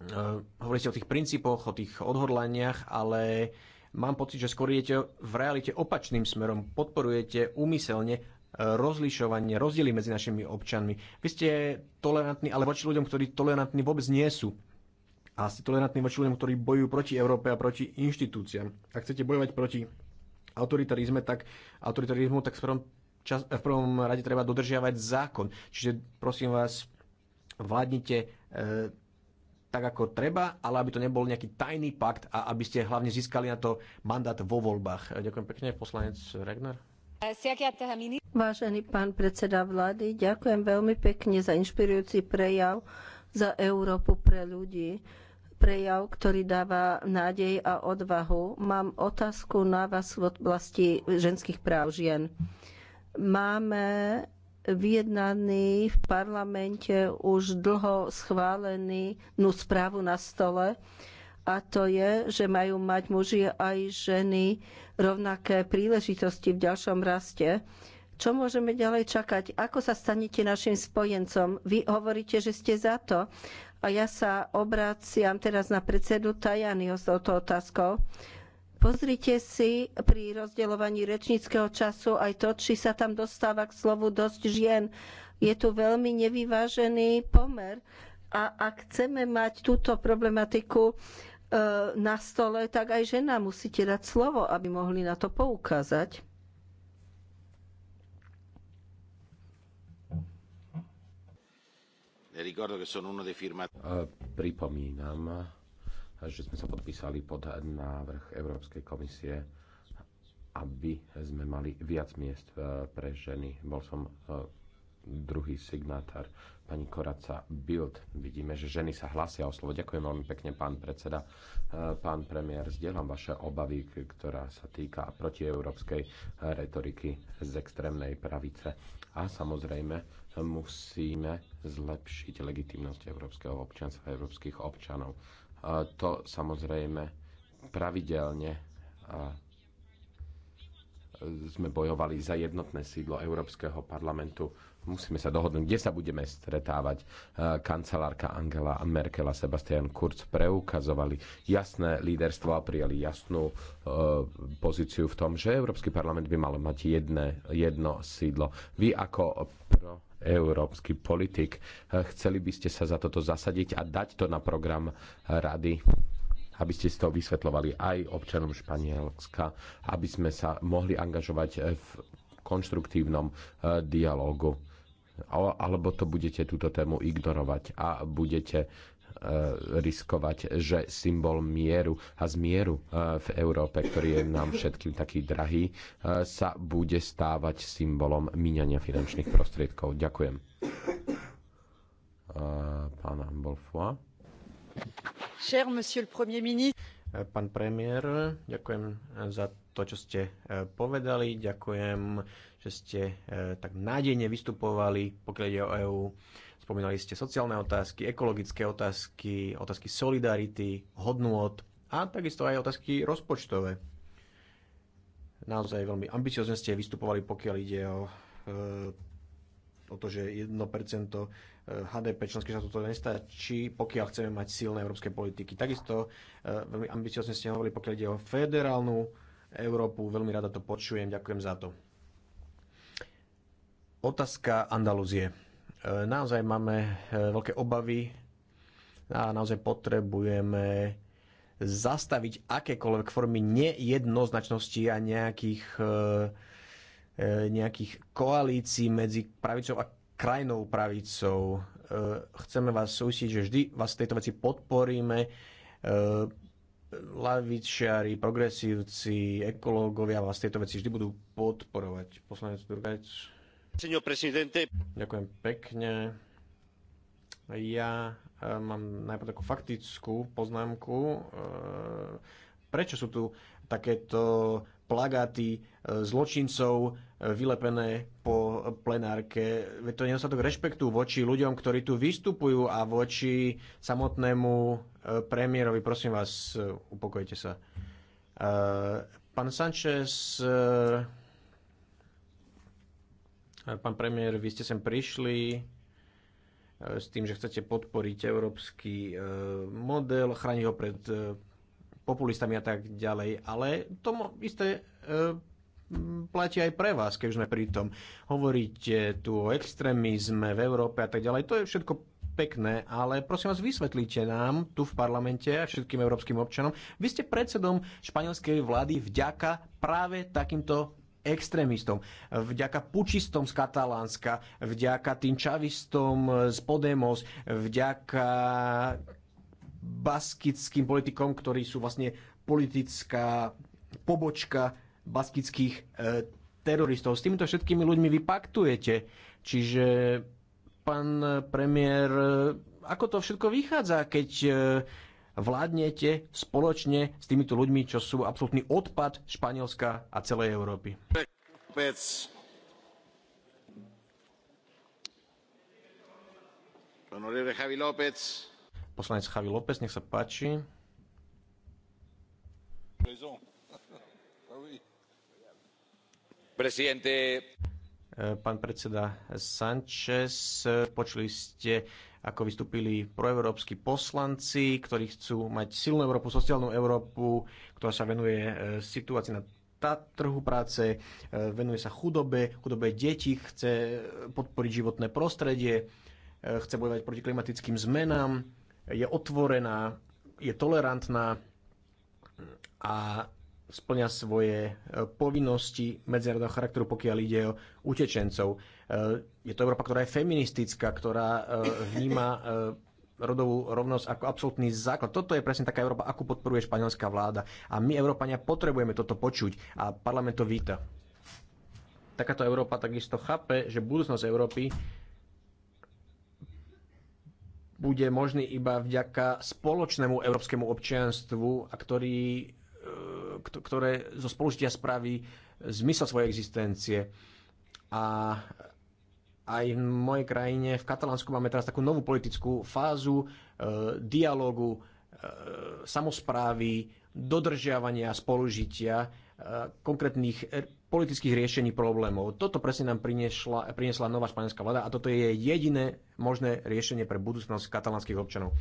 Eh, hovoríte o tých princípoch, o tých odhodlaniach, ale mám pocit, že skôr idete v realite opačným smerom. Podporujete úmyselne eh, rozlišovanie, rozdiely medzi našimi občanmi. Vy ste tolerantní, ale voči ľuďom, ktorí tolerantní vôbec nie sú. A ste tolerantní voči ľuďom, ktorí bojujú proti Európe a proti inštitúciám. Ak chcete bojovať proti autoritarizme, tak autoritarizmu, tak v prvom, čas, v prvom rade treba dodržiavať zákon. Čiže prosím vás, vládnite e, tak ako treba, ale aby to nebol nejaký tajný pakt a aby ste hlavne získali na to mandát vo voľbách. E, ďakujem pekne, poslanec Regner. Vážený pán predseda vlády, ďakujem veľmi pekne za inšpirujúci prejav za Európu pre ľudí. Prejav, ktorý dáva nádej a odvahu. Mám otázku na vás v oblasti ženských práv žien. Máme vyjednaný v parlamente už dlho schválenú no správu na stole a to je, že majú mať muži aj ženy rovnaké príležitosti v ďalšom raste. Čo môžeme ďalej čakať? Ako sa stanete našim spojencom? Vy hovoríte, že ste za to. A ja sa obraciam teraz na predsedu Tajanyho s touto otázkou. Pozrite si pri rozdeľovaní rečníckého času aj to, či sa tam dostáva k slovu dosť žien. Je tu veľmi nevyvážený pomer a ak chceme mať túto problematiku e, na stole, tak aj žena musíte dať slovo, aby mohli na to poukázať. E, pripomínam, že sme sa podpísali pod návrh Európskej komisie, aby sme mali viac miest e, pre ženy. Bol som e, druhý signátár, pani Koraca Bild. Vidíme, že ženy sa hlasia o slovo. Ďakujem veľmi pekne, pán predseda. E, pán premiér, zdieľam vaše obavy, ktorá sa týka protieurópskej retoriky z extrémnej pravice. A samozrejme, musíme zlepšiť legitimnosť európskeho občanstva, európskych občanov to samozrejme pravidelne sme bojovali za jednotné sídlo Európskeho parlamentu. Musíme sa dohodnúť, kde sa budeme stretávať. Kancelárka Angela Merkel a Sebastian Kurz preukazovali jasné líderstvo a prijali jasnú e, pozíciu v tom, že Európsky parlament by mal mať jedné, jedno sídlo. Vy ako pro európsky politik. Chceli by ste sa za toto zasadiť a dať to na program rady aby ste si to vysvetlovali aj občanom Španielska, aby sme sa mohli angažovať v konštruktívnom e, dialogu. Alebo to budete túto tému ignorovať a budete Eh, riskovať, že symbol mieru a zmieru eh, v Európe, ktorý je nám všetkým taký drahý, eh, sa bude stávať symbolom míňania finančných prostriedkov. Ďakujem. Pán Bolfoy. Cher monsieur le premier ministre. Pán premiér, ďakujem za to, čo ste povedali. Ďakujem, že ste tak nádejne vystupovali, pokiaľ ide o EÚ Spomínali ste sociálne otázky, ekologické otázky, otázky solidarity, hodnôt a takisto aj otázky rozpočtové. Naozaj veľmi ambiciozne ste vystupovali, pokiaľ ide o, e, o to, že 1% e, HDP členských štátov to nestačí, pokiaľ chceme mať silné európske politiky. Takisto e, veľmi ambiciozne ste hovorili, pokiaľ ide o federálnu Európu. Veľmi rada to počujem, ďakujem za to. Otázka Andalúzie E, naozaj máme e, veľké obavy a naozaj potrebujeme zastaviť akékoľvek formy nejednoznačnosti a nejakých, e, nejakých koalícií medzi pravicou a krajnou pravicou. Chceme vás usiť, že vždy vás v tejto veci podporíme. Lavičiari, progresívci, ekológovia vás v tejto veci vždy budú podporovať. Poslanec Durgajc. Ďakujem pekne. Ja e, mám najprv takú faktickú poznámku. E, prečo sú tu takéto plagáty e, zločincov vylepené po plenárke. Veď to je nedostatok rešpektu voči ľuďom, ktorí tu vystupujú a voči samotnému premiérovi. Prosím vás, upokojte sa. Pán Sanchez Eh, pán premiér, vy ste sem prišli eh, s tým, že chcete podporiť európsky eh, model, chrániť ho pred populistami a tak ďalej, ale to isté platí aj pre vás, keď už sme pri tom. Hovoríte tu o extrémizme v Európe a tak ďalej. To je všetko pekné, ale prosím vás, vysvetlíte nám tu v parlamente a všetkým európskym občanom. Vy ste predsedom španielskej vlády vďaka práve takýmto extrémistom, vďaka pučistom z Katalánska, vďaka tým čavistom z Podemos, vďaka baskickým politikom, ktorí sú vlastne politická pobočka baskických e, teroristov. S týmito všetkými ľuďmi vy paktujete. Čiže, pán premiér, e, ako to všetko vychádza, keď e, vládnete spoločne s týmito ľuďmi, čo sú absolútny odpad Španielska a celej Európy. Poslanec Javi López, nech sa páči. Presidente. Eh, pán predseda Sanchez, eh, počuli ste ako vystúpili proeurópsky poslanci, ktorí chcú mať silnú Európu, sociálnu Európu, ktorá sa venuje e, situácii na trhu práce, e, venuje sa chudobe, chudobe detí, chce e, podporiť životné prostredie, chce bojovať proti klimatickým zmenám, je otvorená, je tolerantná a splňa svoje povinnosti medzinárodného charakteru, pokiaľ ide o utečencov Eh, je to Európa, ktorá je feministická, ktorá eh, vníma eh, rodovú rovnosť ako absolútny základ. Toto je presne taká Európa, akú podporuje španielská vláda. A my, Európania, potrebujeme toto počuť a parlament to víta. Takáto Európa takisto chápe, že budúcnosť Európy bude možný iba vďaka spoločnému európskemu občianstvu, a ktorý, ktoré zo spolužitia spraví zmysel svojej existencie. A aj v mojej krajine, v Katalánsku, máme teraz takú novú politickú fázu e, dialogu, e, samozprávy, dodržiavania spolužitia, e, konkrétnych e, politických riešení problémov. Toto presne nám priniesla, priniesla nová španielská vláda a toto je jediné možné riešenie pre budúcnosť katalánskych občanov.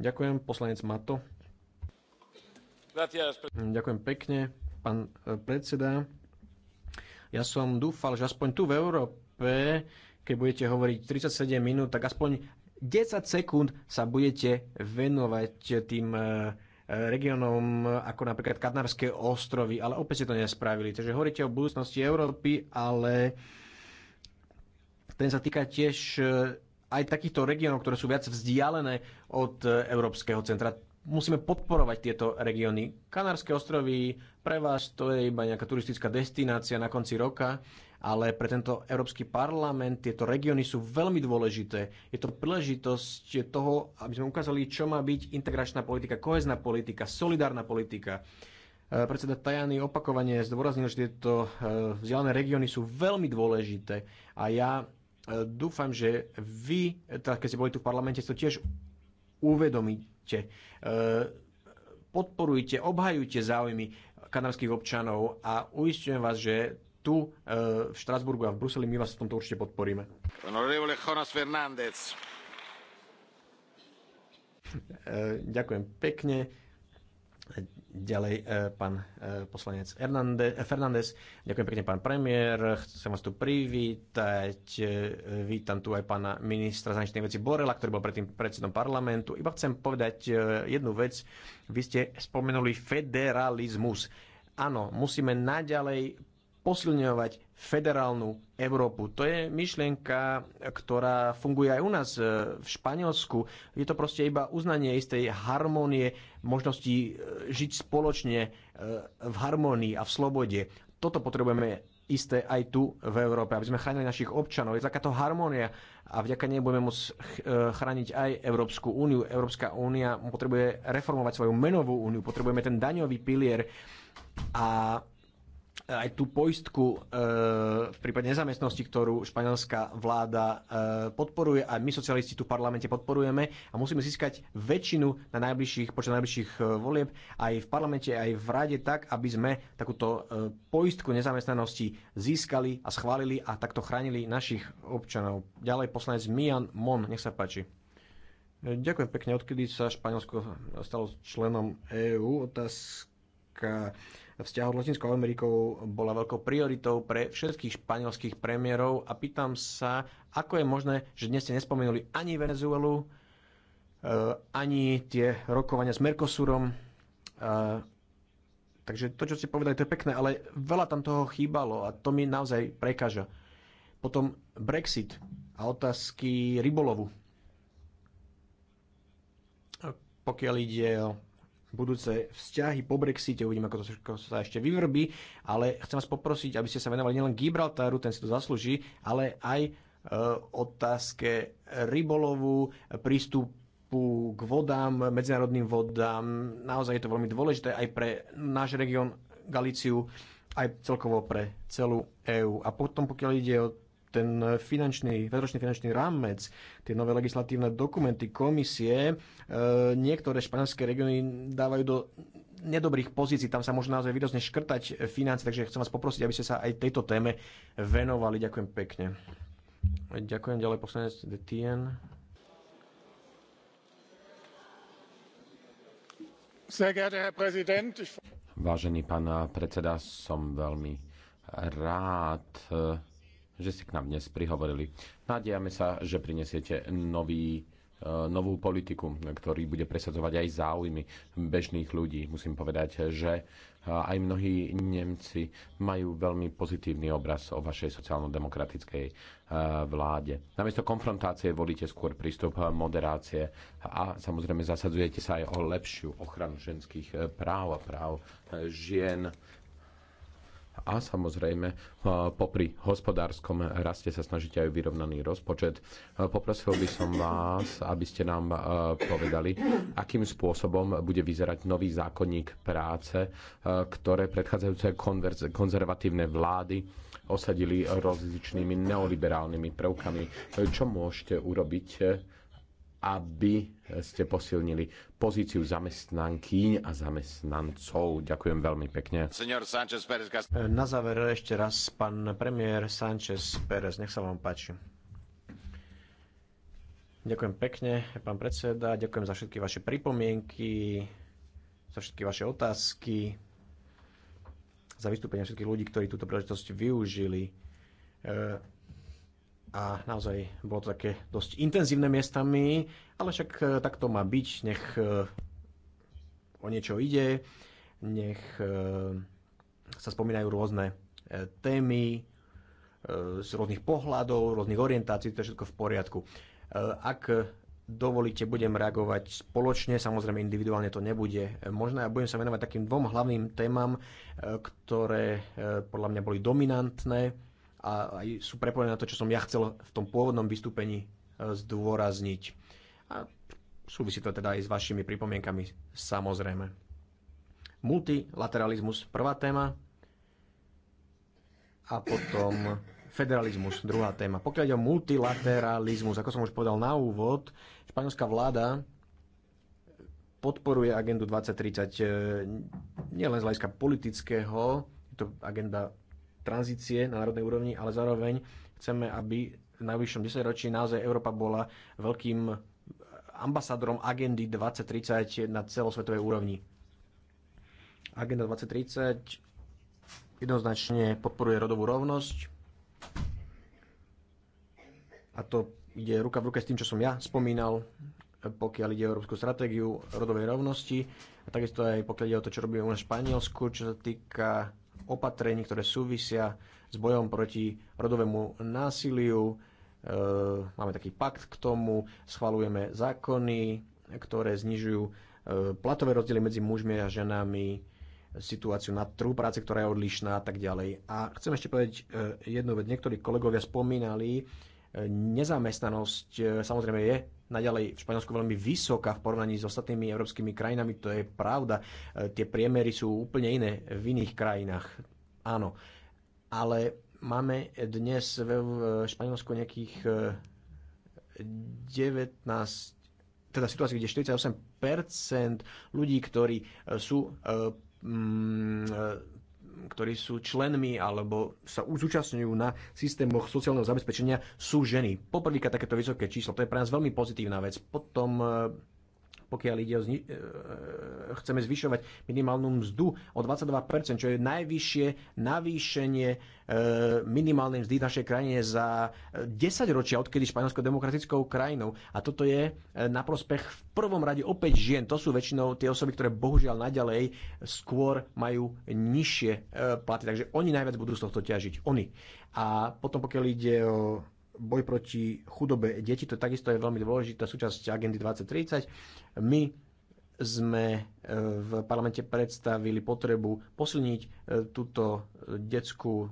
Ďakujem, poslanec Mato. Ďakujem pekne, pán e, predseda. Ja som dúfal, že aspoň tu v Európe keď budete hovoriť 37 minút, tak aspoň 10 sekúnd sa budete venovať tým e, e, regiónom ako napríklad Katnárske ostrovy, ale opäť ste to nespravili. Takže hovoríte o budúcnosti Európy, ale ten sa týka tiež e, aj takýchto regiónov, ktoré sú viac vzdialené od Európskeho centra musíme podporovať tieto regióny. Kanárske ostrovy, pre vás to je iba nejaká turistická destinácia na konci roka, ale pre tento Európsky parlament tieto regióny sú veľmi dôležité. Je to príležitosť toho, aby sme ukázali, čo má byť integračná politika, kohezná politika, solidárna politika. E, predseda Tajany opakovane zdôraznil, že tieto e, vzdialené regióny sú veľmi dôležité a ja e, dúfam, že vy, keď ste boli tu v parlamente, to tiež uvedomiť. Konajte. E, podporujte, obhajujte záujmy kanárských občanov a uistujem vás, že tu e, v Štrasburgu a v Bruseli my vás v tomto určite podporíme. E, ďakujem pekne. Ďalej e, pán e, poslanec e, Fernández. Ďakujem pekne, pán premiér. Chcem vás tu privítať. Vítam tu aj pána ministra zahraničných vecí Borela, ktorý bol predtým predsedom parlamentu. Iba chcem povedať jednu vec. Vy ste spomenuli federalizmus. Áno, musíme naďalej posilňovať federálnu Európu. To je myšlienka, ktorá funguje aj u nás e, v Španielsku. Je to proste iba uznanie istej harmónie, možnosti e, žiť spoločne e, v harmónii a v slobode. Toto potrebujeme isté aj tu v Európe, aby sme chránili našich občanov. Je takáto harmónia a vďaka nej budeme môcť chrániť aj Európsku úniu. Európska únia potrebuje reformovať svoju menovú úniu, potrebujeme ten daňový pilier a aj tú poistku e, v prípade nezamestnosti, ktorú španielská vláda e, podporuje a my socialisti tu v parlamente podporujeme a musíme získať väčšinu na najbližších, počas najbližších e, volieb aj v parlamente, aj v rade tak, aby sme takúto poistku nezamestnanosti získali a schválili a takto chránili našich občanov. Ďalej poslanec Mian Mon, nech sa páči. Ďakujem pekne, odkedy sa Španielsko stalo členom EÚ. Otázka vzťahov s Latinskou Amerikou bola veľkou prioritou pre všetkých španielských premiérov a pýtam sa, ako je možné, že dnes ste nespomenuli ani Venezuelu, eh, ani tie rokovania s Mercosurom. Eh, takže to, čo ste povedali, to je pekné, ale veľa tam toho chýbalo a to mi naozaj prekáža. Potom Brexit a otázky rybolovu. Pokiaľ ide o budúce vzťahy po Brexite, uvidíme, ako to všetko sa ešte vyvrbí, ale chcem vás poprosiť, aby ste sa venovali nielen Gibraltaru, ten si to zaslúži, ale aj e, otázke rybolovu, prístupu k vodám, medzinárodným vodám. Naozaj je to veľmi dôležité aj pre náš región Galíciu, aj celkovo pre celú EÚ. A potom, pokiaľ ide o ten finančný, vedročný finančný rámec, tie nové legislatívne dokumenty komisie, e, niektoré španielské regióny dávajú do nedobrých pozícií, tam sa môže naozaj výrazne škrtať financie, takže chcem vás poprosiť, aby ste sa aj tejto téme venovali. Ďakujem pekne. Ďakujem ďalej poslanec Detien. Vážený pán predseda, som veľmi rád, že ste k nám dnes prihovorili. Nádejame sa, že prinesiete nový e, novú politiku, ktorý bude presadzovať aj záujmy bežných ľudí. Musím povedať, že e, aj mnohí Nemci majú veľmi pozitívny obraz o vašej sociálno-demokratickej e, vláde. Namiesto konfrontácie volíte skôr prístup moderácie a samozrejme zasadzujete sa aj o lepšiu ochranu ženských práv a práv žien a samozrejme popri hospodárskom raste sa snažíte aj vyrovnaný rozpočet. Poprosil by som vás, aby ste nám povedali, akým spôsobom bude vyzerať nový zákonník práce, ktoré predchádzajúce konzervatívne vlády osadili rozličnými neoliberálnymi prvkami. Čo môžete urobiť aby ste posilnili pozíciu zamestnankyň a zamestnancov. Ďakujem veľmi pekne. Na záver ešte raz pán premiér Sánchez Pérez, nech sa vám páči. Ďakujem pekne, pán predseda, ďakujem za všetky vaše pripomienky, za všetky vaše otázky, za vystúpenie všetkých ľudí, ktorí túto príležitosť využili e, a naozaj bolo to také dosť intenzívne miestami, ale však e, tak to má byť, nech e, o niečo ide, nech e, sa spomínajú rôzne témy z rôznych pohľadov, rôznych orientácií, to je všetko v poriadku. Ak dovolíte, budem reagovať spoločne, samozrejme individuálne to nebude možné a budem sa venovať takým dvom hlavným témam, ktoré podľa mňa boli dominantné a aj sú prepojené na to, čo som ja chcel v tom pôvodnom vystúpení e, zdôrazniť. A súvisí to teda aj s vašimi pripomienkami, samozrejme. Multilateralizmus, prvá téma, a potom federalizmus, druhá téma. Pokiaľ ide o multilateralizmus, ako som už povedal na úvod, španielská vláda podporuje agendu 2030 e, nielen z hľadiska politického, je to agenda tranzície na národnej úrovni, ale zároveň chceme, aby v najvyššom 10 ročí naozaj Európa bola veľkým ambasádorom agendy 2030 na celosvetovej úrovni. Agenda 2030 jednoznačne podporuje rodovú rovnosť a to ide ruka v ruke s tým, čo som ja spomínal, pokiaľ ide o európsku stratégiu rodovej rovnosti a takisto aj pokiaľ ide o to, čo robíme u nás v Španielsku, čo sa týka opatrení, ktoré súvisia s bojom proti rodovému násiliu. E, máme taký pakt k tomu, schvalujeme zákony, ktoré znižujú e, platové rozdiely medzi mužmi a ženami, situáciu na trhu práce, ktorá je odlišná a tak ďalej. A chcem ešte povedať e, jednu vec. Niektorí kolegovia spomínali, nezamestnanosť samozrejme je naďalej v Španielsku veľmi vysoká v porovnaní s ostatnými európskymi krajinami, to je pravda. E, tie priemery sú úplne iné v iných krajinách, áno. Ale máme dnes v Španielsku nejakých 19 e, teda situácií, kde 48% ľudí, ktorí e, sú mm, ktorí sú členmi alebo sa zúčastňujú na systémoch sociálneho zabezpečenia, sú ženy. Poprvýka takéto vysoké číslo, to je pre nás veľmi pozitívna vec. Potom pokiaľ ide o zni- e, e, chceme zvyšovať minimálnu mzdu o 22%, čo je najvyššie navýšenie e, minimálnej mzdy v našej krajine za 10 ročia, odkedy Španielsko demokratickou krajinou. A toto je na prospech v prvom rade opäť žien. To sú väčšinou tie osoby, ktoré bohužiaľ naďalej skôr majú nižšie platy. Takže oni najviac budú z tohto ťažiť. Oni. A potom pokiaľ ide o boj proti chudobe detí, to takisto je veľmi dôležitá súčasť agendy 2030. My sme e, v parlamente predstavili potrebu posilniť e, túto detskú e,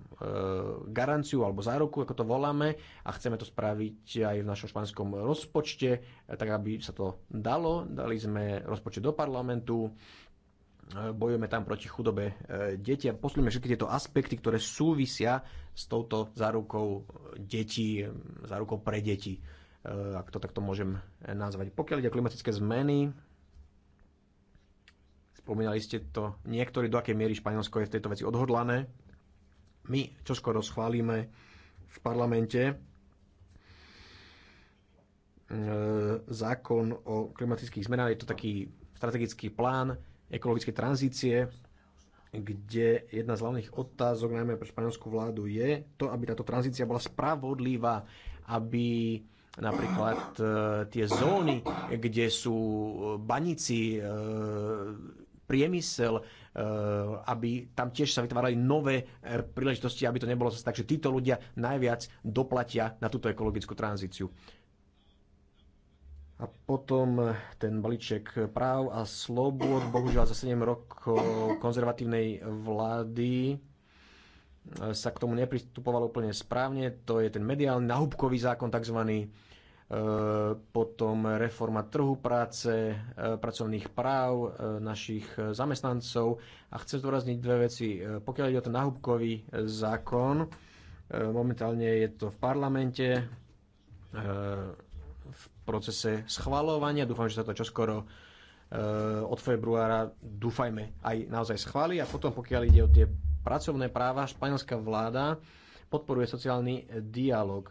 garanciu alebo záruku, ako to voláme, a chceme to spraviť aj v našom španskom rozpočte, tak aby sa to dalo. Dali sme rozpočet do parlamentu, Eh, bojujeme tam proti chudobe eh, detí a posúďme všetky tieto aspekty, ktoré súvisia s touto zárukou eh, detí, mm, zárukou pre deti, ak to takto môžem nazvať. Pokiaľ ide klimatické zmeny, spomínali ste to niektorí, do akej miery Španielsko je v tejto veci odhodlané. My skoro schválime v parlamente zákon o klimatických zmenách, je to taký strategický plán, ekologickej tranzície, kde jedna z hlavných otázok najmä pre španielskú vládu je to, aby táto tranzícia bola spravodlivá, aby napríklad e, tie zóny, kde sú banici, e, priemysel, e, aby tam tiež sa vytvárali nové príležitosti, aby to nebolo zase tak, že títo ľudia najviac doplatia na túto ekologickú tranzíciu. A potom ten balíček práv a slobôd, bohužiaľ za 7 rokov konzervatívnej vlády e, sa k tomu nepristupovalo úplne správne. To je ten mediálny nahúbkový zákon tzv. E, potom reforma trhu práce, e, pracovných práv našich zamestnancov. A chcem zdôrazniť dve veci. Pokiaľ ide o ten nahúbkový zákon, momentálne je to v parlamente procese schvalovania. Dúfam, že sa to čoskoro e, od februára dúfajme aj naozaj schváli a potom pokiaľ ide o tie pracovné práva, španielská vláda podporuje sociálny dialog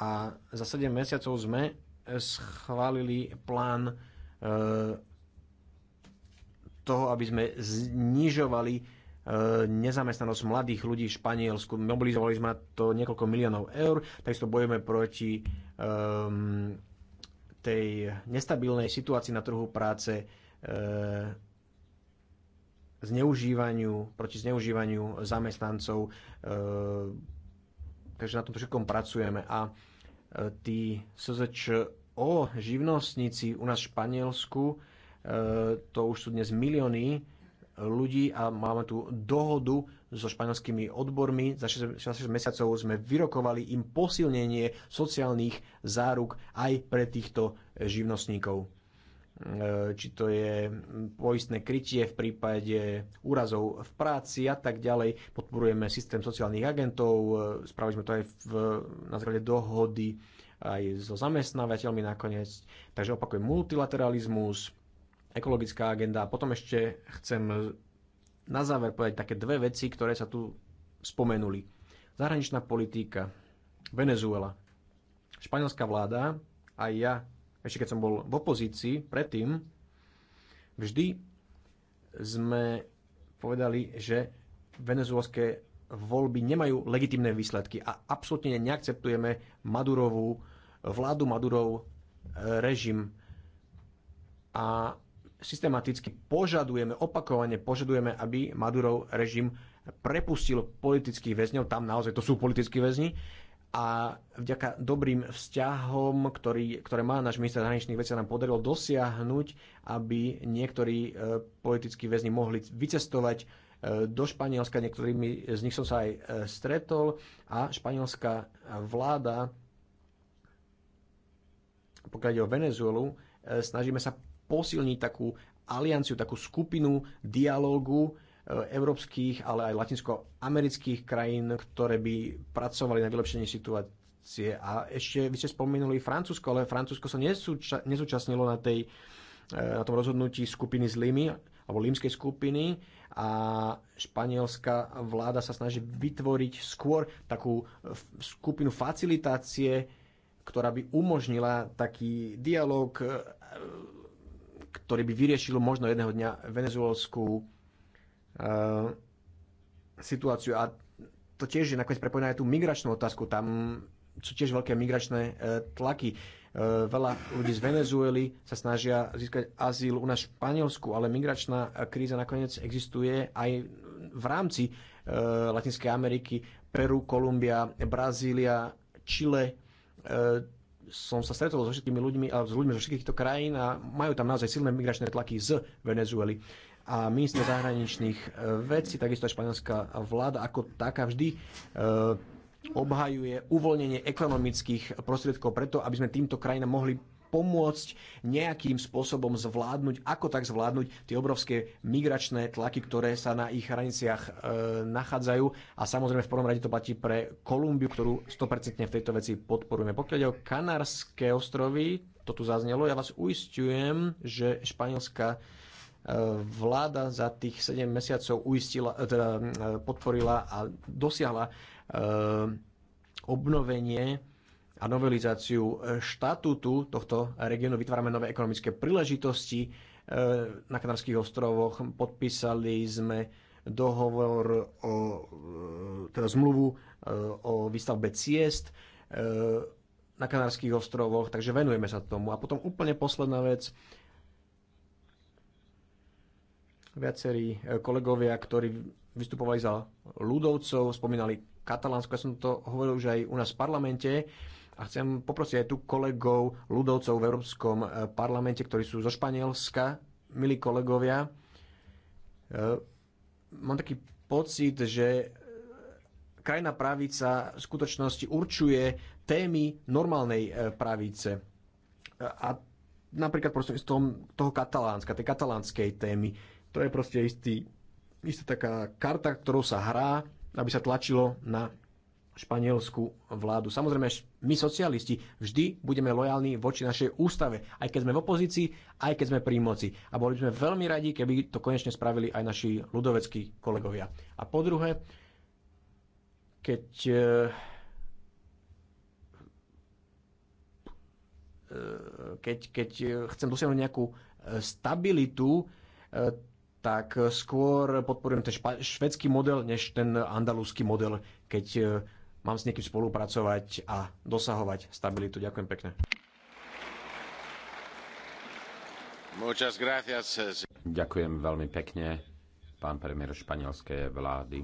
a za 7 mesiacov sme schválili plán e, toho, aby sme znižovali e, nezamestnanosť mladých ľudí v Španielsku. Mobilizovali sme to niekoľko miliónov eur, takisto bojujeme proti ehm, tej nestabilnej situácii na trhu práce, e, zneužívaniu, proti zneužívaniu zamestnancov. E, takže na tom všetkom pracujeme. A e, tí SZČO živnostníci u nás v Španielsku, to už sú dnes milióny, ľudí a máme tu dohodu so španielskými odbormi. Za 6, 6 mesiacov sme vyrokovali im posilnenie sociálnych záruk aj pre týchto živnostníkov. E, či to je poistné krytie v prípade úrazov v práci a tak ďalej. Podporujeme systém sociálnych agentov, e, spravili sme to aj v, na základe dohody aj so zamestnávateľmi nakoniec. Takže opakujem multilateralizmus, ekologická agenda. A potom ešte chcem na záver povedať také dve veci, ktoré sa tu spomenuli. Zahraničná politika, Venezuela. Španielská vláda, aj ja, ešte keď som bol v opozícii predtým, vždy sme povedali, že venezuelské voľby nemajú legitimné výsledky a absolútne neakceptujeme Madurovú vládu, Madurov eh, režim. A systematicky požadujeme, opakovane požadujeme, aby Madurov režim prepustil politických väzňov, tam naozaj to sú politickí väzni, a vďaka dobrým vzťahom, ktorý, ktoré má náš minister zahraničných vecí, nám podarilo dosiahnuť, aby niektorí e, politickí väzni mohli vycestovať e, do Španielska, niektorými z nich som sa aj e, stretol a španielská vláda, pokiaľ ide o Venezuelu, snažíme sa posilniť takú alianciu, takú skupinu dialógu e, európskych, ale aj latinskoamerických krajín, ktoré by pracovali na vylepšení situácie. A ešte vy ste spomenuli Francúzsko, ale Francúzsko sa nesúča- nezúčastnilo na, tej, e, na tom rozhodnutí skupiny z Limy, alebo límskej skupiny a španielská vláda sa snaží vytvoriť skôr takú e, skupinu facilitácie, ktorá by umožnila taký dialog ktorý by vyriešil možno jedného dňa venezuelskú e, situáciu. A to tiež je nakoniec prepojené aj tú migračnú otázku. Tam sú tiež veľké migračné e, tlaky. E, veľa ľudí z Venezuely sa snažia získať azyl u nás v Španielsku, ale migračná kríza nakoniec existuje aj v rámci e, Latinskej Ameriky. Peru, Kolumbia, Brazília, Chile, som sa stretol so všetkými ľuďmi a s ľuďmi zo všetkých týchto krajín a majú tam naozaj silné migračné tlaky z Venezuely. A minister zahraničných e, vecí, takisto aj španielská vláda ako taká vždy e, obhajuje uvoľnenie ekonomických prostriedkov preto, aby sme týmto krajinám mohli pomôcť nejakým spôsobom zvládnuť, ako tak zvládnuť tie obrovské migračné tlaky, ktoré sa na ich hraniciach e, nachádzajú. A samozrejme v prvom rade to platí pre Kolumbiu, ktorú 100% v tejto veci podporujeme. Pokiaľ ide o Kanárske ostrovy, to tu zaznelo, ja vás uistujem, že španielská e, vláda za tých 7 mesiacov uistila, e, teda e, podporila a dosiahla obnovenie a novelizáciu e, štatútu tohto regiónu. Vytvárame nové ekonomické príležitosti e, na Kanárských ostrovoch. Podpísali sme dohovor o, e, teda zmluvu o výstavbe ciest na Kanárských ostrovoch, takže venujeme sa tomu. A potom úplne posledná vec, viacerí kolegovia, ktorí vystupovali za ľudovcov, spomínali Katalánsko, ja som to hovoril už aj u nás v parlamente, a chcem poprosiť aj tu kolegov ľudovcov v Európskom e, parlamente, ktorí sú zo Španielska, milí kolegovia. E, mám taký pocit, že e, krajná pravica v skutočnosti určuje témy normálnej pravice. A napríklad proste z tom, toho katalánska, tej katalánskej témy. To je proste istý, istá taká karta, ktorou sa hrá, aby sa tlačilo na španielskú vládu. Samozrejme, my socialisti vždy budeme lojálni voči našej ústave, aj keď sme v opozícii, aj keď sme pri moci. A boli by sme veľmi radi, keby to konečne spravili aj naši ľudoveckí kolegovia. A po druhé, keď e, e, keď, keď chcem dosiahnuť nejakú e, stabilitu, tak skôr podporujem ten švedský model, než ten andalúzsky model, keď mám s niekým spolupracovať a dosahovať stabilitu. Ďakujem pekne. Eh, Ďakujem veľmi pekne, pán premiér španielskej vlády.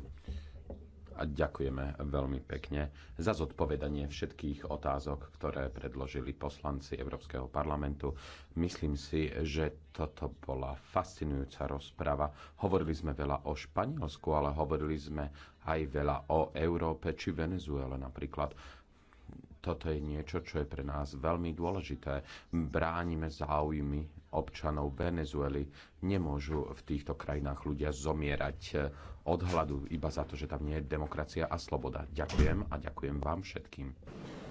A ďakujeme veľmi pekne za zodpovedanie všetkých otázok, ktoré predložili poslanci Európskeho parlamentu. Myslím si, že toto bola fascinujúca rozprava. Hovorili sme veľa o Španielsku, ale hovorili sme aj veľa o Európe či Venezuele napríklad. Toto je niečo, čo je pre nás veľmi dôležité. Bránime záujmy občanov Venezuely. Nemôžu v týchto krajinách ľudia zomierať eh, od hladu iba za to, že tam nie je demokracia a sloboda. Ďakujem a ďakujem vám všetkým.